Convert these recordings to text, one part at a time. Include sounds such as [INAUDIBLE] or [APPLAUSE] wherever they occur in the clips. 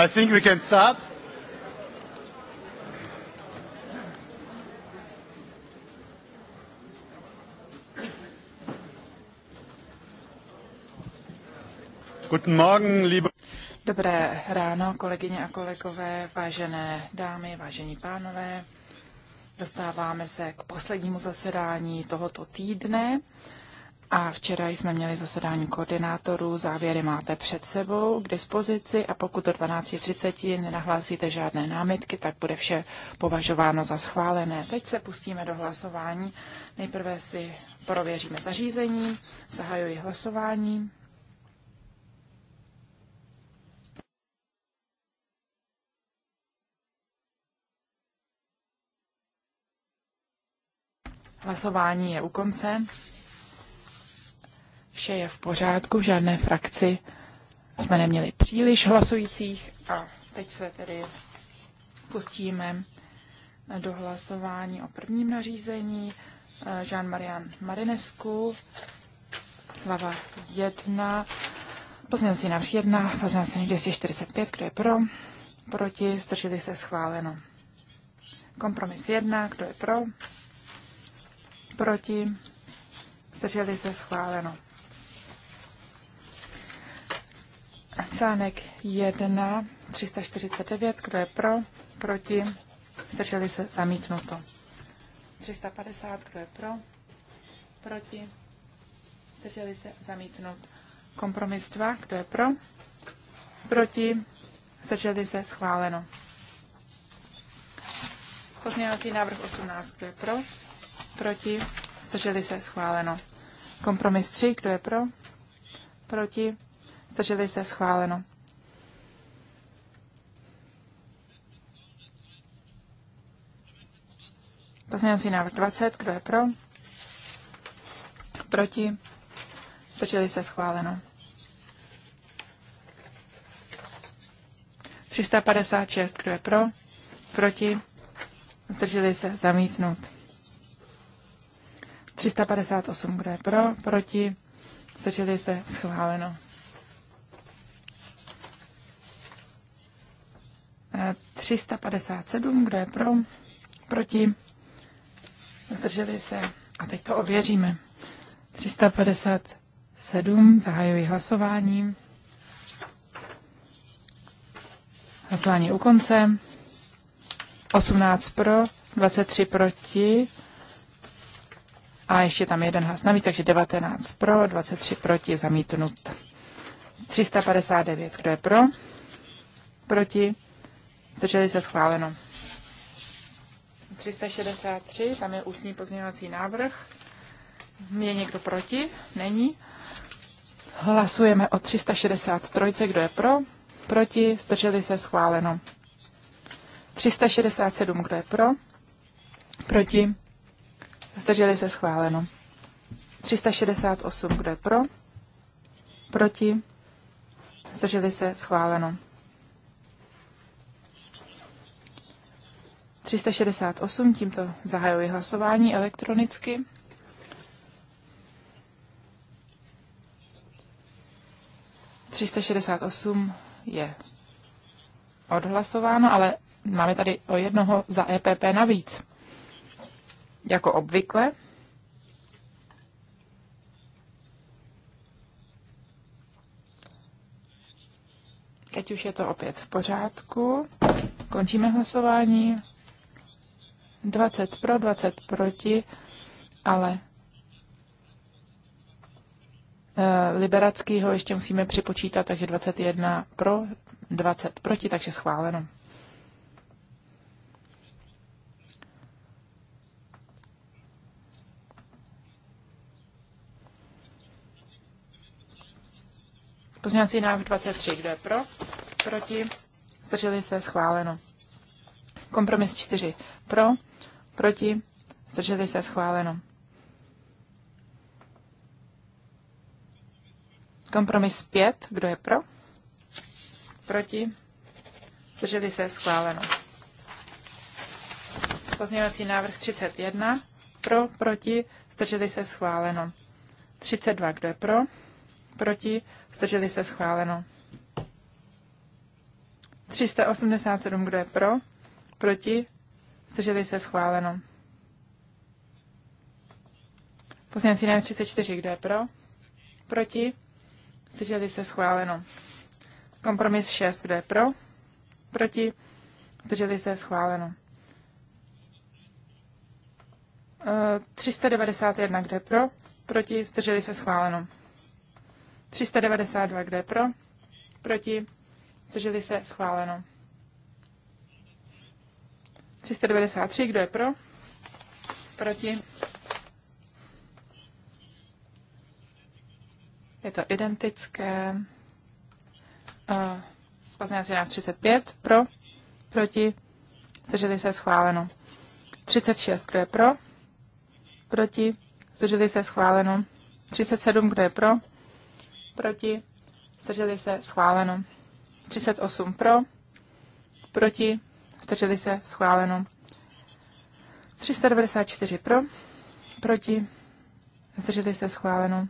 I think we can start. Guten Morgen, liebe Dobré ráno, kolegyně a kolegové, vážené dámy, vážení pánové. Dostáváme se k poslednímu zasedání tohoto týdne a včera jsme měli zasedání koordinátorů, závěry máte před sebou k dispozici a pokud do 12.30 nenahlásíte žádné námitky, tak bude vše považováno za schválené. Teď se pustíme do hlasování. Nejprve si prověříme zařízení, zahajuji hlasování. Hlasování je u konce vše je v pořádku, v žádné frakci jsme neměli příliš hlasujících a teď se tedy pustíme do hlasování o prvním nařízení. Jean-Marian Marinescu, hlava 1, pozměnací návrh 1, pozměnací 245, kdo je pro, proti, stržili se schváleno. Kompromis 1, kdo je pro, proti, stržili se schváleno. Článek 1, 349, kdo je pro, proti, zdrželi se, zamítnuto. 350, kdo je pro, proti, zdrželi se, zamítnut. Kompromis 2, kdo je pro, proti, zdrželi se, schváleno. Pozměňovací návrh 18, kdo je pro, proti, zdrželi se, schváleno. Kompromis 3, kdo je pro, proti, Zdrželi se schváleno. Pozměňovací návrh 20, kdo je pro? Proti? Zdrželi se schváleno. 356, kdo je pro? Proti? Zdrželi se zamítnout. 358, kdo je pro? Proti? Zdrželi se schváleno. 357, kdo je pro, proti, zdrželi se. A teď to ověříme. 357, zahajuji hlasování. Hlasování u konce. 18 pro, 23 proti. A ještě tam jeden hlas navíc, takže 19 pro, 23 proti, zamítnut. 359, kdo je pro? Proti? Drželi se schváleno. 363, tam je ústní pozměňovací návrh. Je někdo proti? Není. Hlasujeme o 363, kdo je pro? Proti, zdrželi se schváleno. 367, kdo je pro? Proti, zdrželi se schváleno. 368, kdo je pro? Proti, zdrželi se schváleno. 368, tímto zahajuji hlasování elektronicky. ...368 je odhlasováno, ale máme tady o jednoho za EPP navíc. Jako obvykle. Teď už je to opět v pořádku. Končíme hlasování. 20 pro, 20 proti, ale eh, Liberackýho ještě musíme připočítat, takže 21 pro, 20 proti, takže schváleno. Pozměňovací návrh 23, kdo je pro? Proti? Zdrželi se, schváleno. Kompromis 4 pro, proti, zdrželi se schváleno. Kompromis 5, kdo je pro? Proti? Zdrželi se schváleno. Pozměňovací návrh 31, pro, proti, zdrželi se schváleno. 32, kdo je pro? Proti, zdrželi se schváleno. 387, kdo je pro? proti, zdrželi se schváleno. Poslanecí návrh 34, kdo je pro, proti, zdrželi se schváleno. Kompromis 6, kdo je pro, proti, zdrželi se schváleno. 391, eh, kde pro, proti, zdrželi se schváleno. 392, kde pro, proti, zdrželi se schváleno. 393, kdo je pro? Proti? Je to identické. Uh, Pozměňovací návrh 35, pro? Proti? Zdrželi se schváleno. 36, kdo je pro? Proti? Zdrželi se schváleno. 37, kdo je pro? Proti? Zdrželi se schváleno. 38 pro, proti, zdrželi se, schváleno. 394 pro, proti, zdrželi se, schváleno.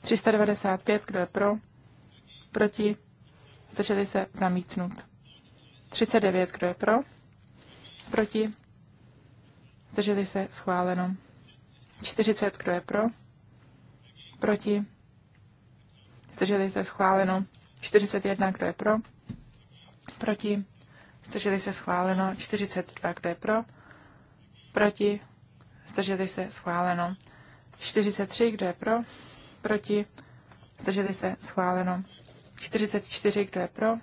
395, kdo je pro, proti, zdrželi se, zamítnut. 39, kdo je pro, proti, zdrželi se, schváleno. 40, kdo je pro, proti, zdrželi se, schváleno. 41, kdo je pro, proti, Zdrželi se schváleno. 42, kdo je pro? Proti. Zdrželi se schváleno. 43, kdo je pro? Proti. Zdrželi se schváleno. 44, kdo je pro?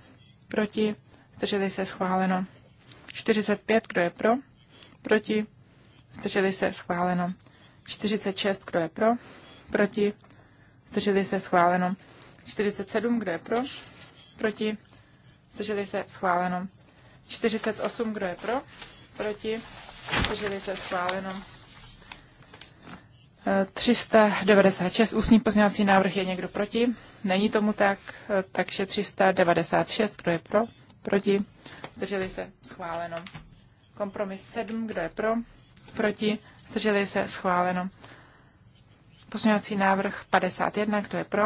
Proti. Zdrželi se schváleno. 45, kdo je pro? Proti. Zdrželi se schváleno. 46, kdo je pro? Proti. Zdrželi se schváleno. 47, kdo je pro? Proti. Zdrželi se schváleno. 48, kdo je pro? Proti? Zdrželi se schváleno. 396 e, ústní pozměňovací návrh je někdo proti? Není tomu tak, e, takže 396, kdo je pro? Proti? Zdrželi se schváleno. Kompromis 7, kdo je pro? Proti? Zdrželi se schváleno. Pozměňovací návrh 51, kdo je pro?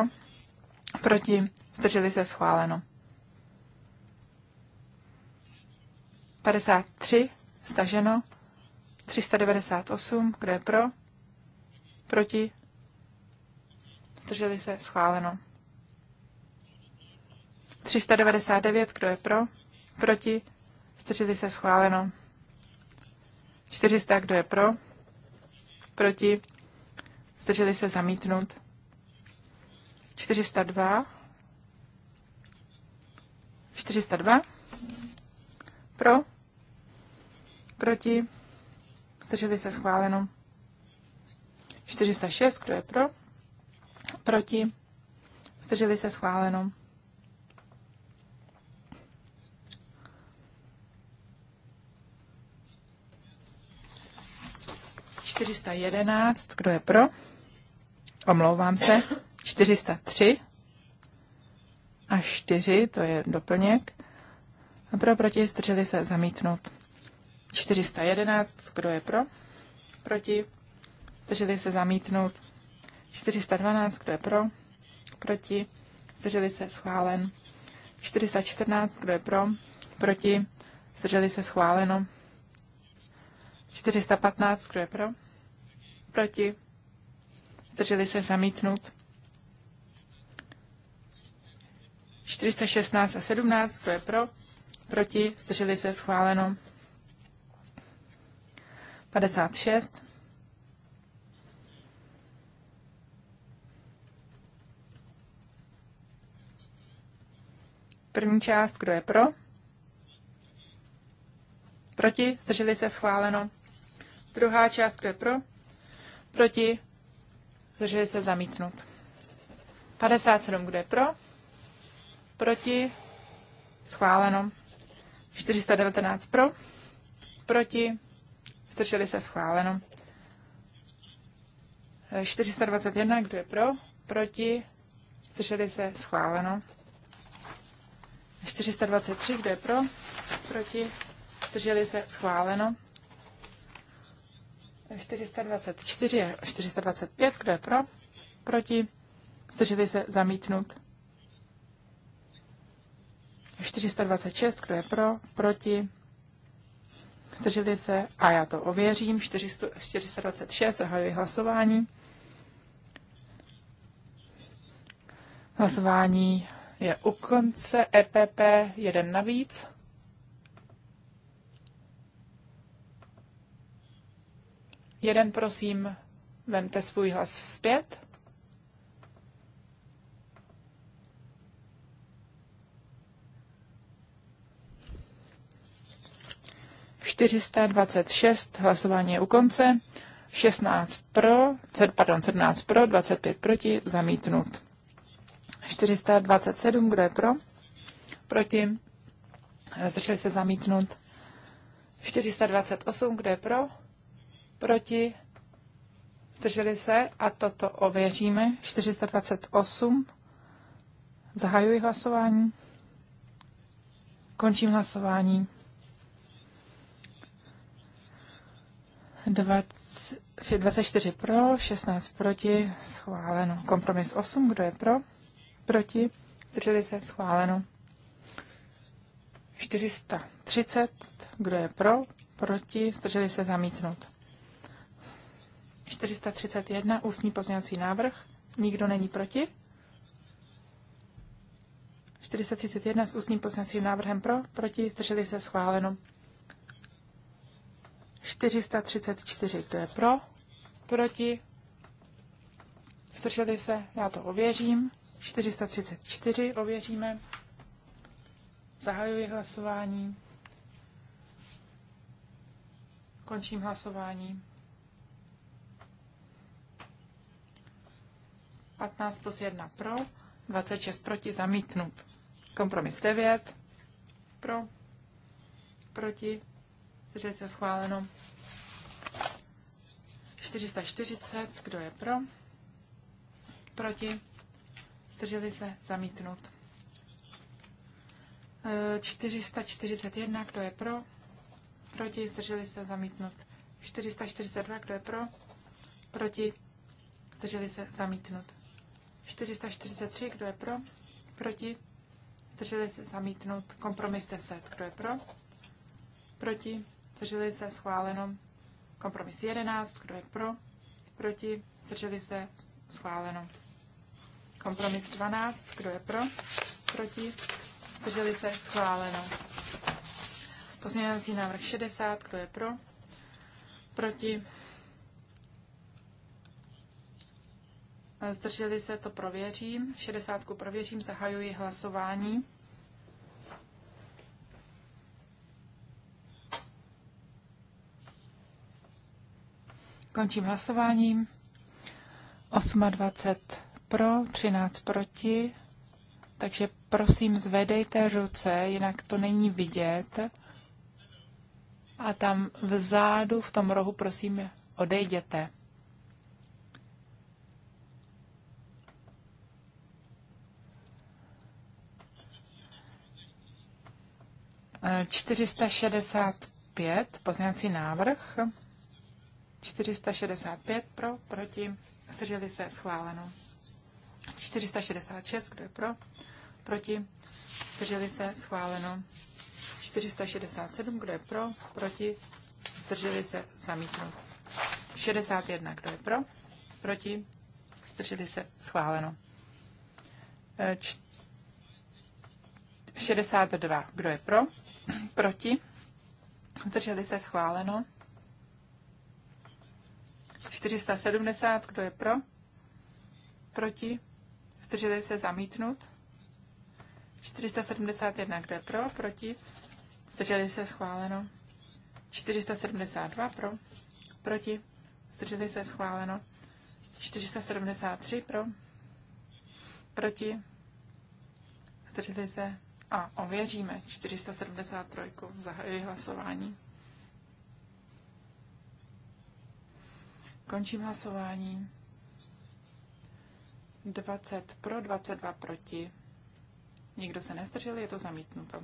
Proti? Zdrželi se schváleno. 53, staženo. 398, kdo je pro? Proti? Zdrželi se, schváleno. 399, kdo je pro? Proti? Zdrželi se, schváleno. 400, kdo je pro? Proti? Zdrželi se, zamítnut. 402. 402. Pro? Proti? Zdrželi se schváleno. 406, kdo je pro? Proti? Zdrželi se schváleno. Čtyřista jedenáct, kdo je pro? Omlouvám se. 403 a 4, to je doplněk. A pro proti zdrželi se zamítnout. 411, kdo je pro? Proti? Zdrželi se zamítnout. 412, kdo je pro? Proti? Zdrželi se schválen. 414, kdo je pro? Proti? Zdrželi se schváleno. 415, kdo je pro? Proti? Zdrželi se zamítnout. 416 a 17, kdo je pro? Proti? Zdrželi se schváleno. 56. První část, kdo je pro? Proti? Zdrželi se schváleno. Druhá část, kdo je pro? Proti? Zdrželi se zamítnut. 57, kdo je pro? Proti? Schváleno. 419 pro? Proti? Zdrželi se schváleno. 421, eh, kdo je pro? Proti? Zdrželi se schváleno. 423, kdo je pro? Proti? Zdrželi se schváleno. 424 eh, 425, kdo je pro? Proti? Zdrželi se zamítnut. 426, kdo je pro? Proti? zdrželi se a já to ověřím. 426, zahajuji hlasování. Hlasování je u konce, EPP jeden navíc. Jeden, prosím, vemte svůj hlas zpět. 426, hlasování je u konce. 16 pro, pardon, 17 pro, 25 proti, zamítnut. 427, kdo je pro? Proti, zdrželi se zamítnut. 428, kdo je pro? Proti, zdrželi se a toto ověříme. 428, zahajuji hlasování, končím hlasování. 20, 24 pro, 16 proti, schváleno. Kompromis 8, kdo je pro? Proti, zdrželi se, schváleno. 430, kdo je pro? Proti, zdrželi se, zamítnout. 431, ústní pozměňovací návrh, nikdo není proti. 431 s ústním pozměňovacím návrhem pro, proti, zdrželi se, schváleno. 434, kdo je pro, proti, zdrželi se, já to ověřím. 434 ověříme. Zahajuji hlasování. Končím hlasování. 15 plus 1 pro, 26 proti, zamítnut. Kompromis 9 pro, proti, 40 schváleno. 440, kdo je pro? Proti? Zdrželi se? Zamítnut. 441, e, kdo je pro? Proti? Zdrželi se? Zamítnut. 442, kdo je pro? Proti? Zdrželi se? Zamítnut. 443, kdo je pro? Proti? Zdrželi se? Zamítnut. Kompromis 10, kdo je pro? Proti? zdrželi se, schváleno. Kompromis 11, kdo je pro, proti, zdrželi se, schváleno. Kompromis 12, kdo je pro, proti, zdrželi se, schváleno. Pozměňovací návrh 60, kdo je pro, proti, zdrželi se, to prověřím. 60 prověřím, zahajuji hlasování. Končím hlasováním. 28 pro, 13 proti. Takže prosím, zvedejte ruce, jinak to není vidět. A tam vzadu, v tom rohu, prosím, odejděte. E, eh, 465, pozměňovací návrh. 465 pro, proti, zdrželi se, schváleno. 466, kdo je pro, proti, zdrželi se, schváleno. 467, kdo je pro, proti, zdrželi se, zamítnut. 61, kdo je pro, proti, zdrželi se, schváleno. 62, e, kdo je pro, [CLEARS THROAT] proti, zdrželi se, schváleno. 470, kdo je pro? Proti? Zdrželi se zamítnut? 471, kdo je pro? Proti? Zdrželi se schváleno? 472 pro? Proti? Zdrželi se schváleno? 473 pro? Proti? Zdrželi se? A ověříme 473. Zahajuji hlasování. Končím hlasování. 20 pro, 22 proti. Nikdo se nestržel, je to zamítnuto.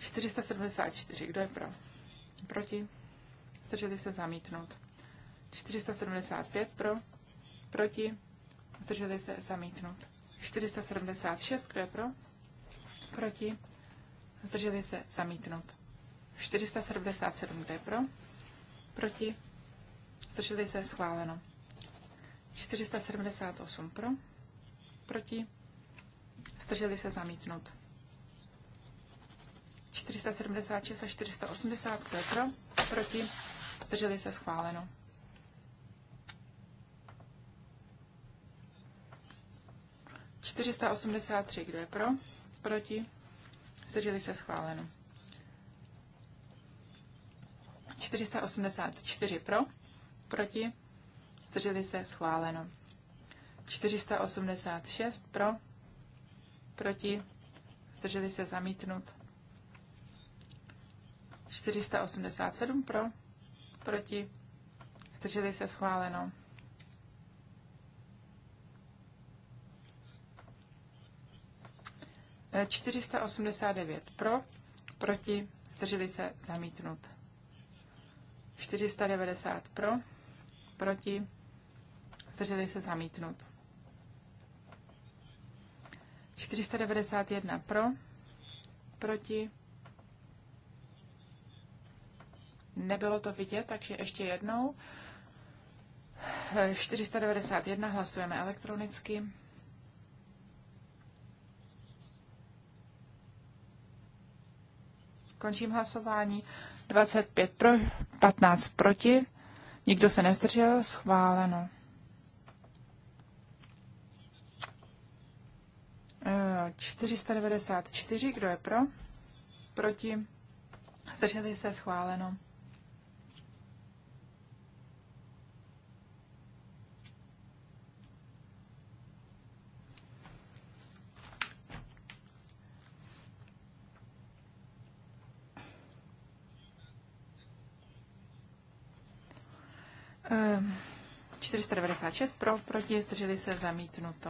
474, kdo je pro? Proti? Zdrželi se zamítnout. 475 pro, proti, zdrželi se zamítnout. 476, kdo je pro? Proti, zdrželi se zamítnout. 477, kdo je pro? Proti, Zdrželi se schváleno. 478 pro, proti, zdrželi se zamítnout. 476 a 480 pro, proti, zdrželi se schváleno. tři, kdo je pro, proti, zdrželi se schváleno. 484 pro, proti, zdrželi se, schváleno. 486 pro, proti, zdrželi se, zamítnut. 487 pro, proti, zdrželi se, schváleno. 489 e, pro, proti, zdrželi se zamítnut. 490 pro, proti, zdrželi se zamítnut. 491 pro, proti, nebylo to vidět, takže ještě jednou. 491 hlasujeme elektronicky. Končím hlasování. 25 pro, 15 proti. Nikdo se nezdržel? Schváleno. E, eh, 494, kdo je pro? Proti? Zdrželi se? Schváleno. 496 eh, pro, proti, zdrželi se zamítnuto.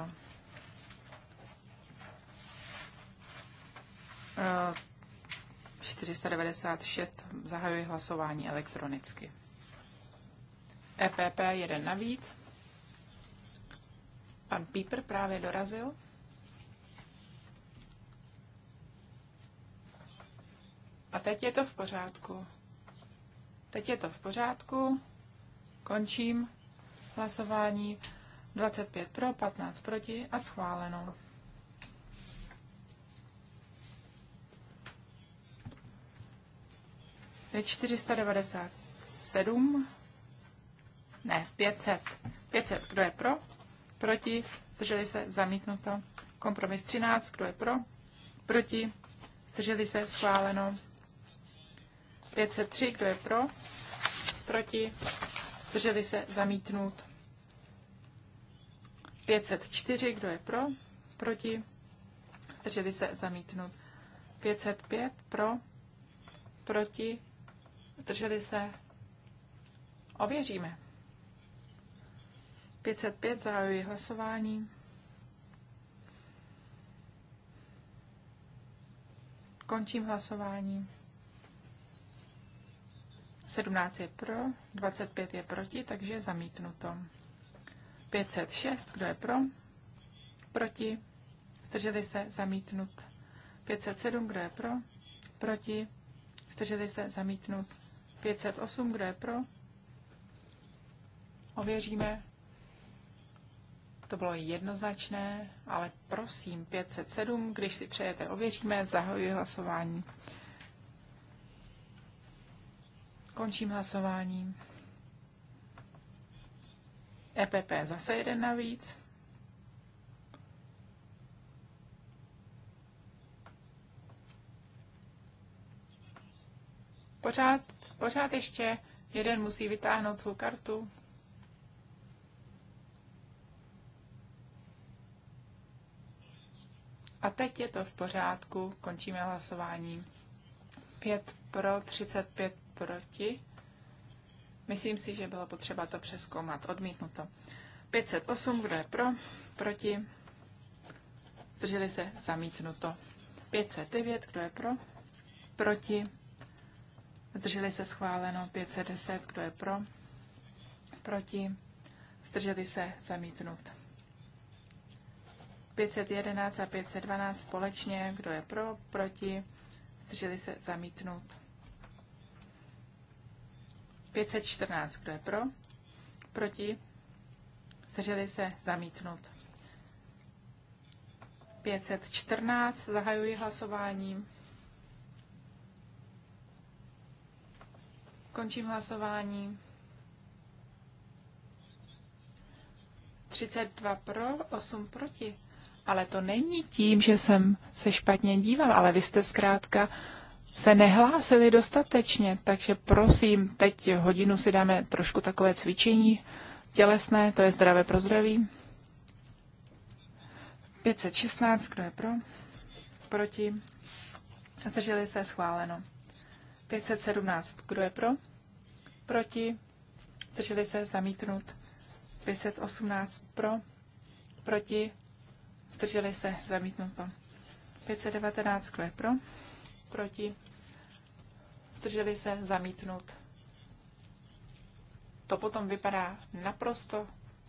Uh, eh, 496 zahajuji hlasování elektronicky. EPP jeden navíc. Pan Píper právě dorazil. A teď je to v pořádku. Teď je to v pořádku. Končím hlasování. 25 pro, 15 proti a schváleno. Je 497, ne, 500. 500, kdo je pro? Proti, zdrželi se, zamítnuto. Kompromis 13, kdo je pro? Proti, zdrželi se, schváleno. 503, kdo je pro? Proti, zdrželi se, zamítnout. 504, kdo je pro, proti, zdrželi se, zamítnout. 505, pro, proti, zdrželi se, ověříme. 505, zahajuji hlasování. Končím hlasování. 17 je pro, 25 je proti, takže zamítnuto. 506, kdo je pro, proti, zdrželi se, zamítnut. 507, kdo je pro, proti, zdrželi se, zamítnut. 508, kdo je pro, ověříme. To bylo jednoznačné, ale prosím, 507, když si přejete, ověříme, zahajuji hlasování. Končím hlasování. EPP zase jeden navíc. Pořád, pořád ještě jeden musí vytáhnout svou kartu. A teď je to v pořádku, končíme hlasování. 5 pro, 35 proti. Myslím si, že bylo potřeba to přeskoumat. Odmítnuto. 508, kdo je pro, proti. Zdrželi se, zamítnuto. 509, kdo je pro, proti. Zdrželi se, schváleno. 510, kdo je pro, proti. Zdrželi se, zamítnut. 511 a 512 společně, kdo je pro, proti. Zdrželi se, zamítnout. 514, kdo je pro? Proti? Zdrželi se zamítnout. 514, zahajuji hlasování. Končím hlasování. 32 pro, 8 proti. Ale to není tím, že jsem se špatně díval, ale vy jste zkrátka se nehlásili dostatečně, takže prosím, teď hodinu si dáme trošku takové cvičení tělesné, to je zdravé pro zdraví. 516, kdo je pro? Proti? Zdrželi se, schváleno. 517, kdo je pro? Proti? Zdrželi se, zamítnut. 518, pro? Proti? Zdrželi se, zamítnuto. 519, kdo je pro? proti, zdrželi se, zamítnut. To potom vypadá naprosto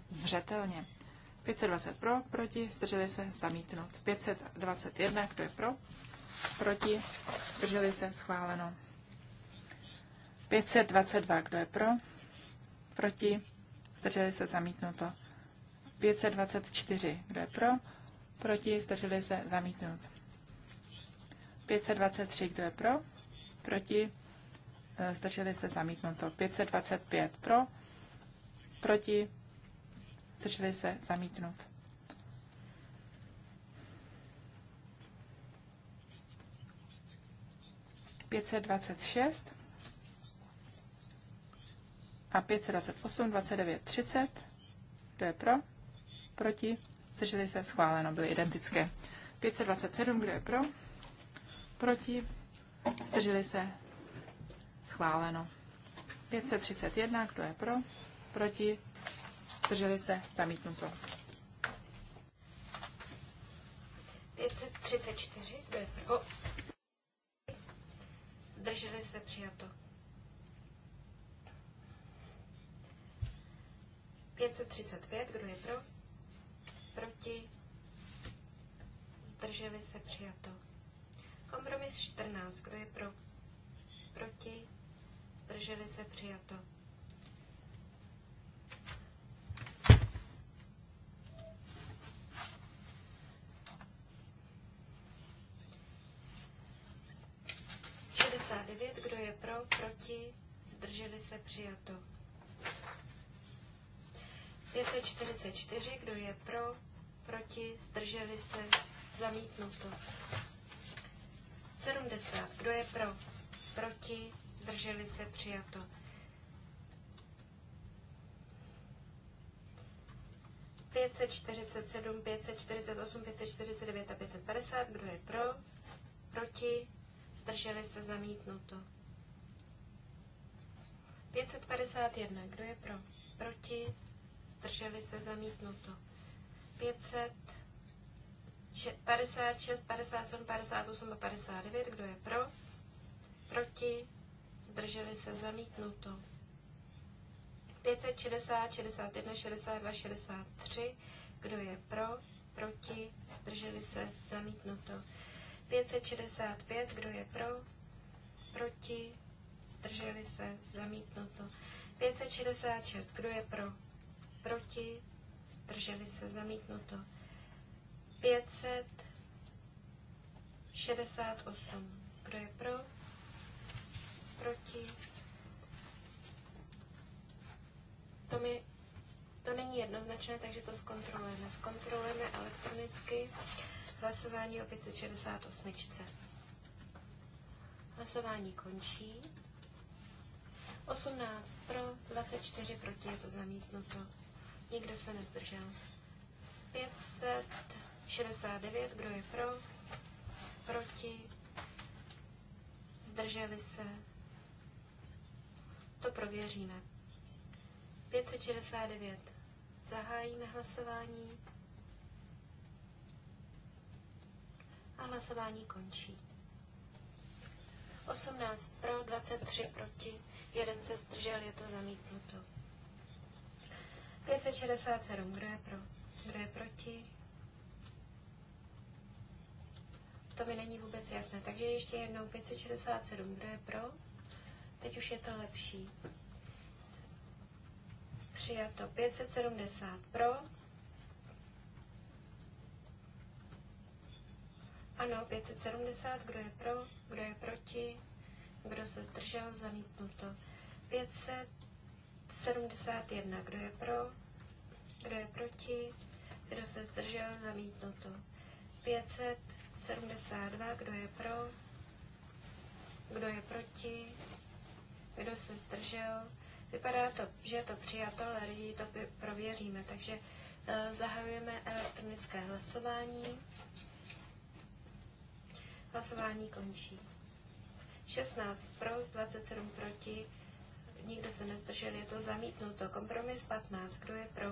zřetelně. 520 pro, proti, zdrželi se, zamítnut. 521, kdo je pro, proti, zdrželi se, schváleno. 522, kdo je pro, proti, zdrželi se, zamítnuto. 524, kdo je pro, proti, zdrželi se, zamítnut. 523, kdo je pro? Proti? E, zdrželi se zamítnuto. 525 pro? Proti? Zdrželi se zamítnout. Pětset dvacet šest a 528, 29, 30. Kdo je pro? Proti? Zdrželi se schváleno, byly identické. 527, kdo je pro? proti, zdrželi se, schváleno. 531, kdo je pro, proti, zdrželi se, zamítnuto. 534, kdo je pro, zdrželi se, přijato. 535, kdo je pro, proti, zdrželi se, přijato. Kompromis 14. Kdo je pro? Proti? Zdrželi se přijato. Kdo je pro, proti, zdrželi se přijato. 544, kdo je pro, proti, zdrželi se, zamítnuto. 70. Kdo je pro? Proti? Zdrželi se? Přijato. Pětset čtyřicet sedm, pětset čtyřicet osm, pětset čtyřicet devět a pětset padesát. Kdo je pro? Proti? Zdrželi se? Zamítnuto. 551. Kdo je pro? Proti? Zdrželi se? Zamítnuto. 500. 56, 57, 58 a 59. Kdo je pro? Proti? Zdrželi se zamítnuto. 560, 61, 62, 63. Kdo je pro? Proti? Zdrželi se zamítnuto. 565. Kdo je pro? Proti? Zdrželi se zamítnuto. 566. Kdo je pro? Proti? Zdrželi se zamítnuto. 568. Kdo je pro? Proti? To, mi, to není jednoznačné, takže to zkontrolujeme. Zkontrolujeme elektronicky hlasování o 568. Hlasování končí. 18 pro, 24 proti, je to zamítnuto. Nikdo se nezdržel. 500 69, kdo je pro, proti, zdrželi se, to prověříme. 569, zahájíme hlasování a hlasování končí. 18 pro, 23 proti, jeden se zdržel, je to zamítnuto. 567, kdo je pro, kdo je proti, to mi není vůbec jasné. Takže ještě jednou 567, kdo je pro? Teď už je to lepší. Přijato 570 pro. Ano, 570, kdo je pro, kdo je proti, kdo se zdržel, zamítnuto. 571, kdo je pro, kdo je proti, kdo se zdržel, zamítnuto. 500 72, kdo je pro, kdo je proti, kdo se zdržel. Vypadá to, že je to přijato, ale lidi to prověříme. Takže eh, zahajujeme elektronické hlasování. Hlasování končí. 16 pro, 27 proti, nikdo se nezdržel, je to zamítnuto. Kompromis 15, kdo je pro?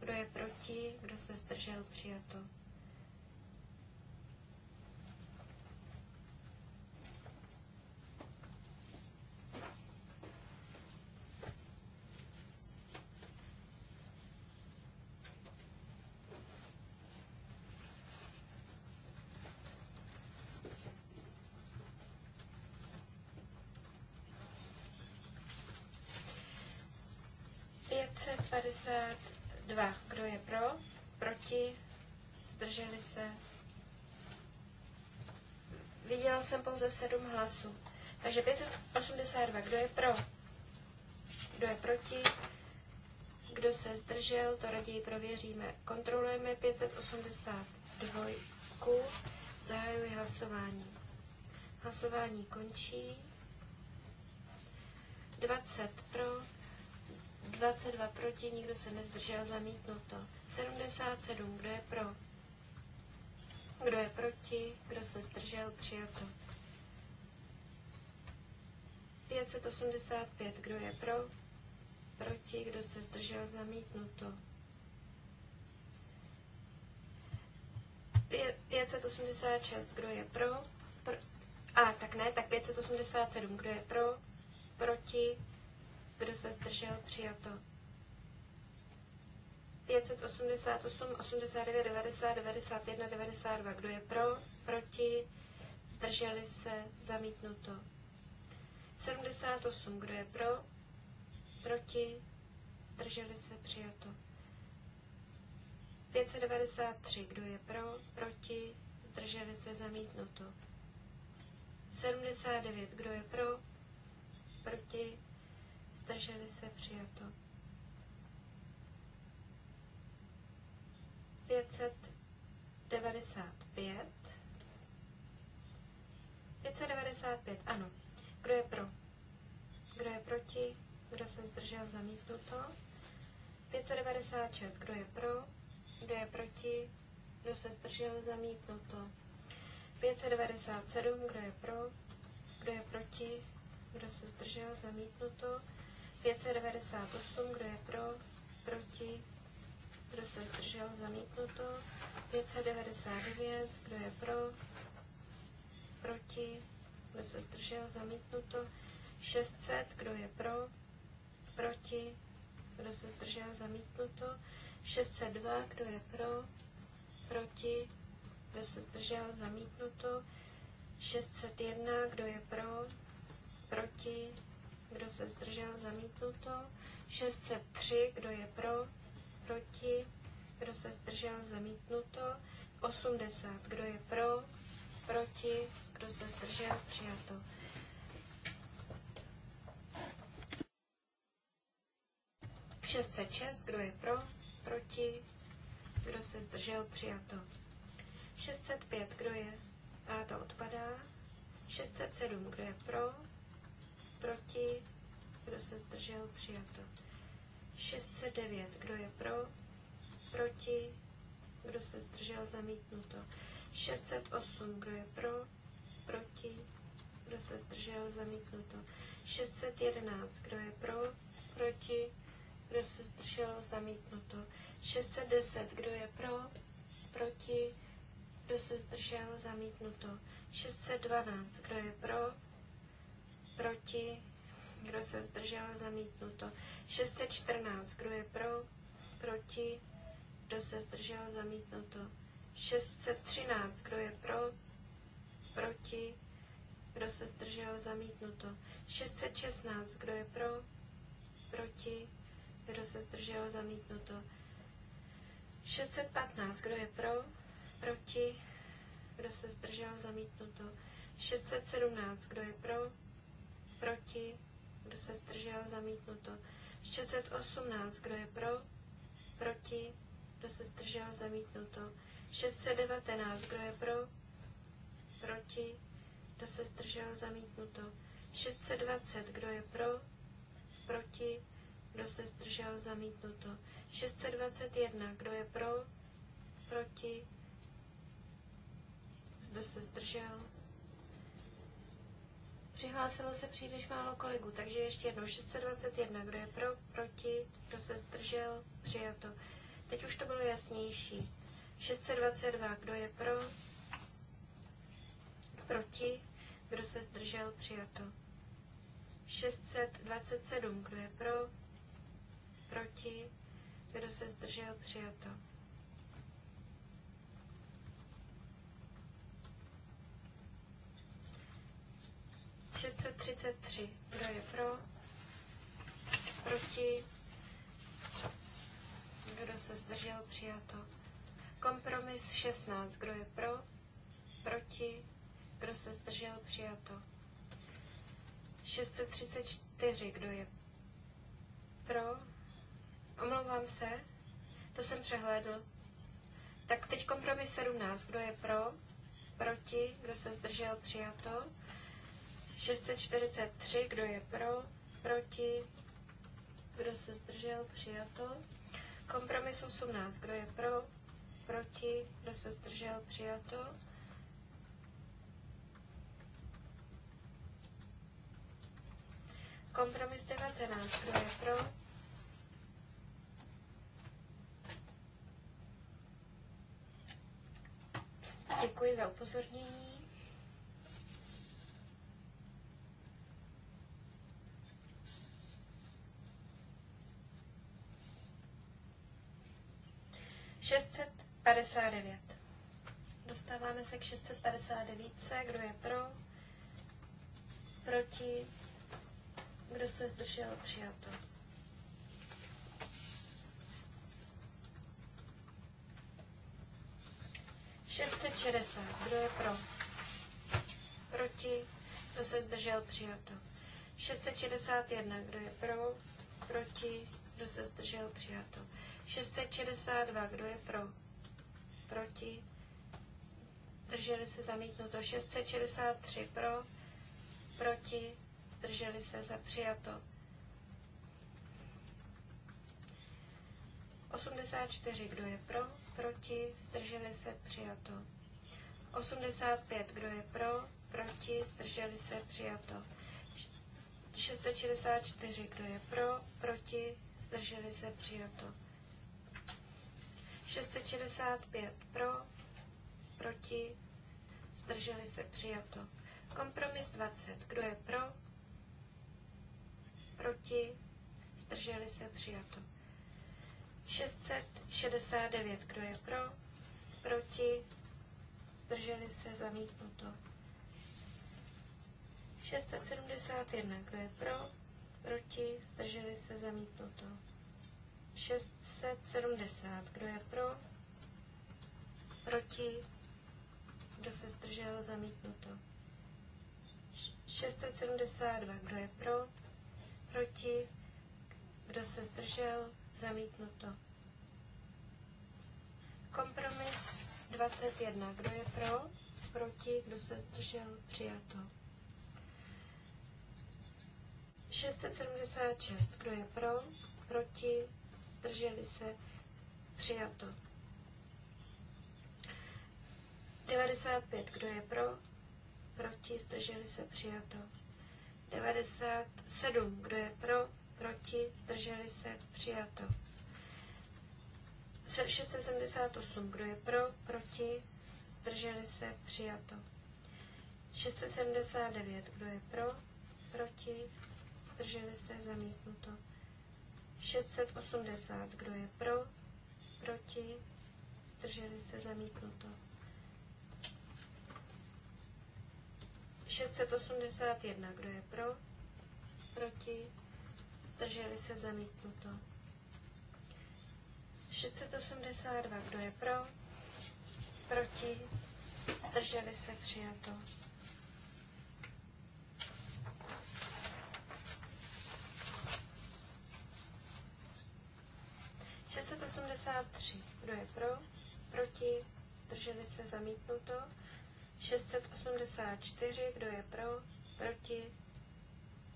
Kdo je proti? Kdo se zdržel? Přijato. 152. Kdo je pro? Proti? Zdrželi se? Viděla jsem pouze 7 hlasů. Takže 582. Kdo je pro? Kdo je proti? Kdo se zdržel? To raději prověříme. Kontrolujeme 582. Zahajuji hlasování. Hlasování končí. 20 pro, 22 proti, nikdo se nezdržel, zamítnuto. 77, kdo je pro? Kdo je proti, kdo se zdržel, přijato. 585, kdo je pro? Proti, kdo se zdržel, zamítnuto. 586, kdo je pro? pro? A, tak ne, tak 587, kdo je pro? Proti, kdo se zdržel? Přijato. 588, 89, 90, 91, 92. Kdo je pro? Proti? Zdrželi se? Zamítnuto. 78. Kdo je pro? Proti? Zdrželi se? Přijato. 593. Kdo je pro? Proti? Zdrželi se? Zamítnuto. 79. Kdo je pro? Proti? zdrželi se, přijato. 595. 595, ano. Kdo je pro? Kdo je proti? Kdo se zdržel zamítnuto? 596. Kdo je pro? Kdo je proti? Kdo se zdržel zamítnuto? 597. Kdo je pro? Kdo je proti? Kdo se zdržel zamítnuto? 598, kdo je pro, proti, kdo se zdržel, zamítnuto. 599, kdo je pro, proti, kdo se zdržel, zamítnuto. 600, kdo je pro, proti, kdo se zdržel, zamítnuto. 602, kdo je pro, proti, kdo se zdržel, zamítnuto. 601, kdo je pro, proti, kdo se zdržel, to. 603, kdo je pro, proti, kdo se zdržel, zamítnuto. 80, kdo je pro, proti, kdo se zdržel, přijato. Šestset šest, kdo je pro, proti, kdo se zdržel, přijato. 605, kdo je, a to odpadá. 607, kdo je pro, proti, kdo se zdržel, přijato. 609, kdo je pro, proti, kdo se zdržel, zamítnuto. 608, kdo je pro, proti, kdo se zdržel, zamítnuto. 611, kdo je pro, proti, kdo se zdržel, zamítnuto. 610, kdo je pro, proti, kdo se zdržel, zamítnuto. 612, kdo je pro, proti, kdo se zdržel, zamítnuto. 614, kdo je pro, proti, kdo se zdržel, zamítnuto. 613, kdo je pro, proti, kdo se zdržel, zamítnuto. 616, kdo je pro, proti, kdo se zdržel, zamítnuto. 615, kdo je pro, proti, kdo se zdržel, zamítnuto. 617, kdo je pro, proti, kdo se zdržel, zamítnuto. 618, kdo je pro, proti, kdo se zdržel, zamítnuto. 619, kdo je pro, proti, kdo se zdržel, zamítnuto. 620, kdo je pro, proti, kdo se zdržel, zamítnuto. 621, kdo je pro, proti, kdo se zdržel, Přihlásilo se příliš málo kolegů, takže ještě jednou 621, kdo je pro, proti, kdo se zdržel, přijato. Teď už to bylo jasnější. 622, kdo je pro, proti, kdo se zdržel, přijato. 627, kdo je pro, proti, kdo se zdržel, přijato. 633. Kdo je pro? Proti? Kdo se zdržel? Přijato. Kompromis 16. Kdo je pro? Proti? Kdo se zdržel? Přijato. 634. Kdo je pro? Omlouvám se. To jsem přehlédl. Tak teď kompromis 17. Kdo je pro? Proti? Kdo se zdržel? Přijato. 643, kdo je pro, proti, kdo se zdržel, přijato. Kompromis 18, kdo je pro, proti, kdo se zdržel, přijato. Kompromis 19, kdo je pro, Děkuji za upozornění. 69. Dostáváme se k 659. Kdo je pro? Proti? Kdo se zdržel? Přijato. Kdo je pro? Proti? Kdo se zdržel? Přijato. 661. Kdo je pro? Proti? Kdo se zdržel? Přijato. 662. Kdo je pro? proti, zdrželi se zamítnuto 663 pro, proti, zdrželi se za přijato 84, kdo je pro, proti, zdrželi se přijato 85, kdo je pro, proti, zdrželi se přijato 664, kdo je pro, proti, zdrželi se přijato 665 pro, proti, zdrželi se přijato. Kompromis 20. Kdo je pro? Proti, zdrželi se přijato. 669. Kdo je pro? Proti, zdrželi se zamítnuto. 671. Kdo je pro? Proti, zdrželi se zamítnuto. 670. Kdo je pro? Proti? Kdo se zdržel? Zamítnuto. 672. Kdo je pro? Proti? Kdo se zdržel? Zamítnuto. Kompromis 21. Kdo je pro? Proti? Kdo se zdržel? Přijato. 676. Kdo je pro? Proti? zdrželi se, přijato. 95, kdo je pro, proti, zdrželi se, přijato. 97, kdo je pro, proti, zdrželi se, přijato. 678, kdo je pro, proti, zdrželi se, přijato. 679, kdo je pro, proti, zdrželi se, zamítnuto. 680. Kdo je pro? Proti? Zdrželi se zamítnuto. 681. Kdo je pro? Proti? Zdrželi se zamítnuto. 682. Kdo je pro? Proti? Zdrželi se přijato. 683. Kdo je pro? Proti? Zdrželi se zamítnuto. 684. Kdo je pro? Proti?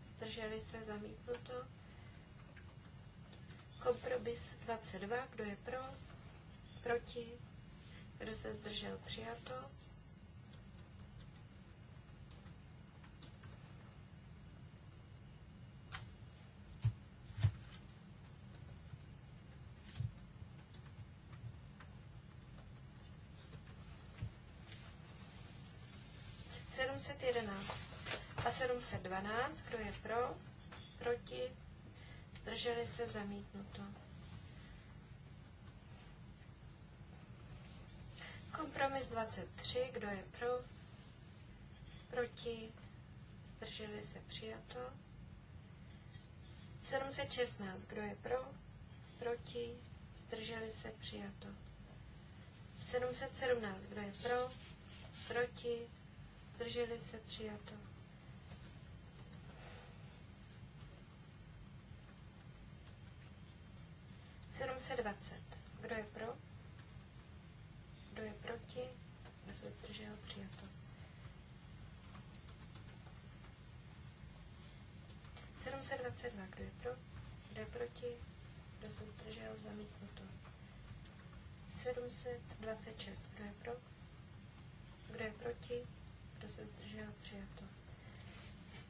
Zdrželi se zamítnuto. Kompromis 22. Kdo je pro? Proti? Kdo se zdržel? Přijato. 711 a 712. Kdo je pro? Proti? Zdrželi se zamítnuto. Kompromis 23. Kdo je pro? Proti? Zdrželi se přijato. 716. Kdo je pro? Proti? Zdrželi se přijato. 717. Kdo je pro? Proti? zdrželi se, přijato. Kdo je pro? Kdo je proti? Kdo se zdržel? Přijato. 722. Kdo je pro? Kdo je proti? Kdo se zdržel? Zamítnuto. 726. Kdo je pro? Kdo je proti? kdo se zdržel, přijato.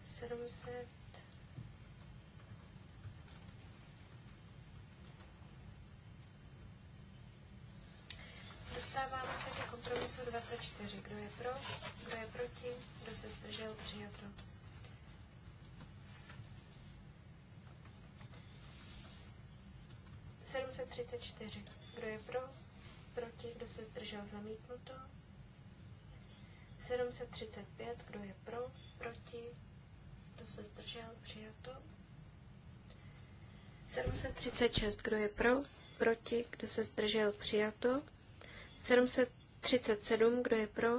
700 Dostáváme se ke kompromisu 24. Kdo je pro, kdo je proti, kdo se zdržel, přijato. Kdo je pro, proti, kdo se zdržel, zamítnuto. 735, kdo je pro, proti, kdo se zdržel, přijato. 736, kdo je pro, proti, kdo se zdržel, přijato. 737, kdo je pro,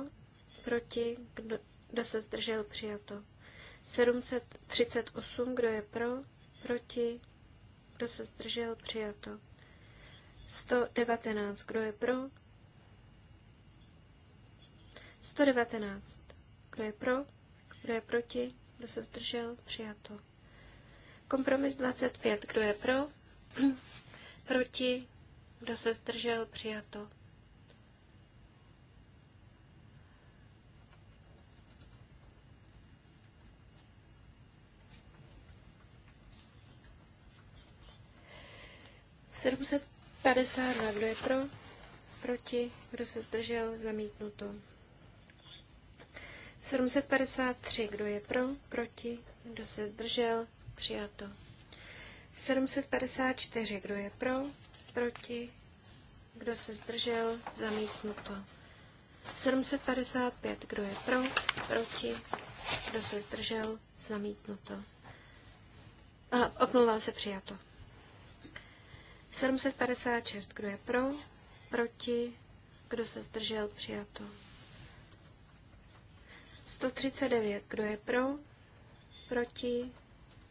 proti, kdo, kdo se zdržel, přijato. 738, kdo je pro, proti, kdo se zdržel, přijato. 119, kdo je pro, 119. Kdo je pro? Kdo je proti? Kdo se zdržel? Přijato. Kompromis 25. Kdo je pro? [CLEARS THROAT] proti? Kdo se zdržel? Přijato. padesát Kdo je pro? Proti? Kdo se zdržel? Zamítnuto. 753, kdo je pro, proti, kdo se zdržel, přijato. 754, kdo je pro, proti, kdo se zdržel, zamítnuto. 755, kdo je pro, proti, kdo se zdržel, zamítnuto. A omlouvám se, přijato. 756, kdo je pro, proti, kdo se zdržel, přijato. 139. Kdo je pro? Proti?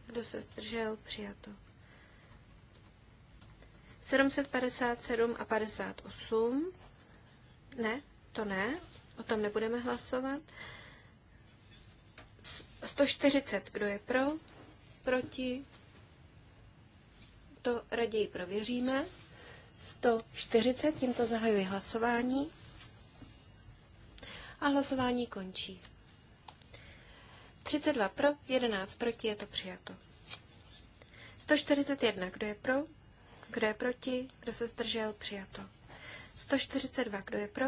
Kdo se zdržel? Přijato. 757 a 58. Ne, to ne. O tom nebudeme hlasovat. 140. Kdo je pro? Proti? To raději prověříme. 140. Tímto zahajuji hlasování. A hlasování končí. 32 pro, 11 proti, je to přijato. 141, kdo je pro, kdo je proti, kdo se zdržel, přijato. 142, kdo je pro,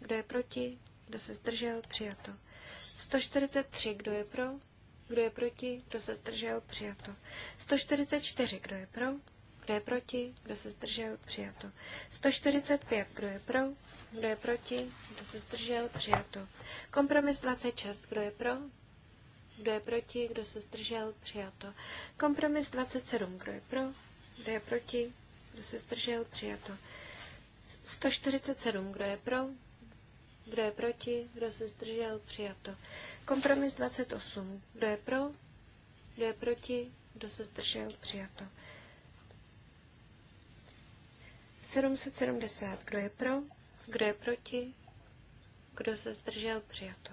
kdo je proti, kdo se zdržel, přijato. 143, kdo je pro, kdo je proti, kdo se zdržel, přijato. 144, kdo je pro, kdo je proti, kdo se zdržel, přijato. 145, kdo je pro, kdo je proti, kdo se zdržel, přijato. Kompromis 26, kdo je pro, kdo je proti? Kdo se zdržel? Přijato. Kompromis 27. Kdo je pro? Kdo je proti? Kdo se zdržel? Přijato. 147. Kdo je pro? Kdo je proti? Kdo se zdržel? Přijato. Kompromis 28. Kdo je pro? Kdo je proti? Kdo se zdržel? Přijato. 770. Kdo je pro? Kdo je proti? Kdo se zdržel? Přijato.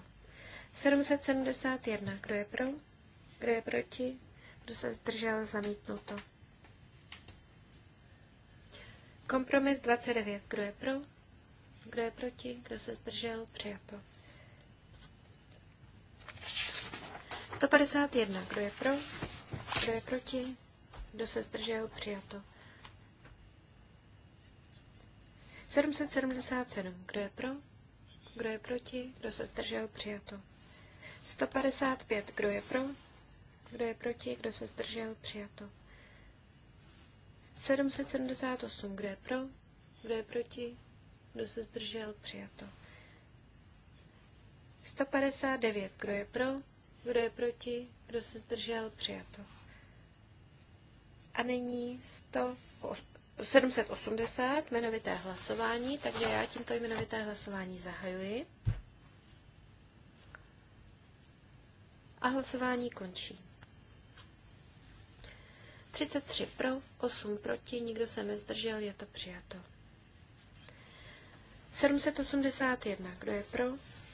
771. Kdo je pro? Kdo je proti? Kdo se zdržel? Zamítnuto. Kompromis 29. Kdo je pro? Kdo je proti? Kdo se zdržel? Přijato. 151. Kdo je pro? Kdo je proti? Kdo se zdržel? Přijato. 777. Kdo je pro? Kdo je proti? Kdo se zdržel? Přijato. 155. Kdo je pro? Kdo je proti? Kdo se zdržel? Přijato. 778. Kdo je pro? Kdo je proti? Kdo se zdržel? Přijato. 159. Kdo je pro? Kdo je proti? Kdo se zdržel? Přijato. A nyní 100, 780 jmenovité hlasování, takže já tímto jmenovité hlasování zahajuji. A hlasování končí. 33 pro, 8 proti, nikdo se nezdržel, je to přijato. 781. Kdo je pro?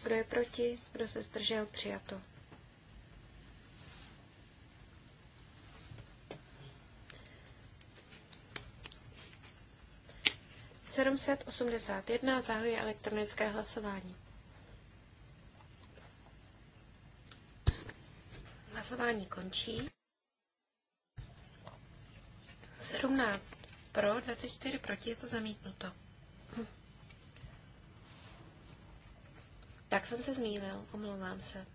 Kdo je proti? Kdo se zdržel? Přijato. 781, osmdesát zahajuje elektronické hlasování. Hlasování končí. 17 pro, 24 proti, je to zamítnuto. Hm. Tak jsem se zmínil, omlouvám se.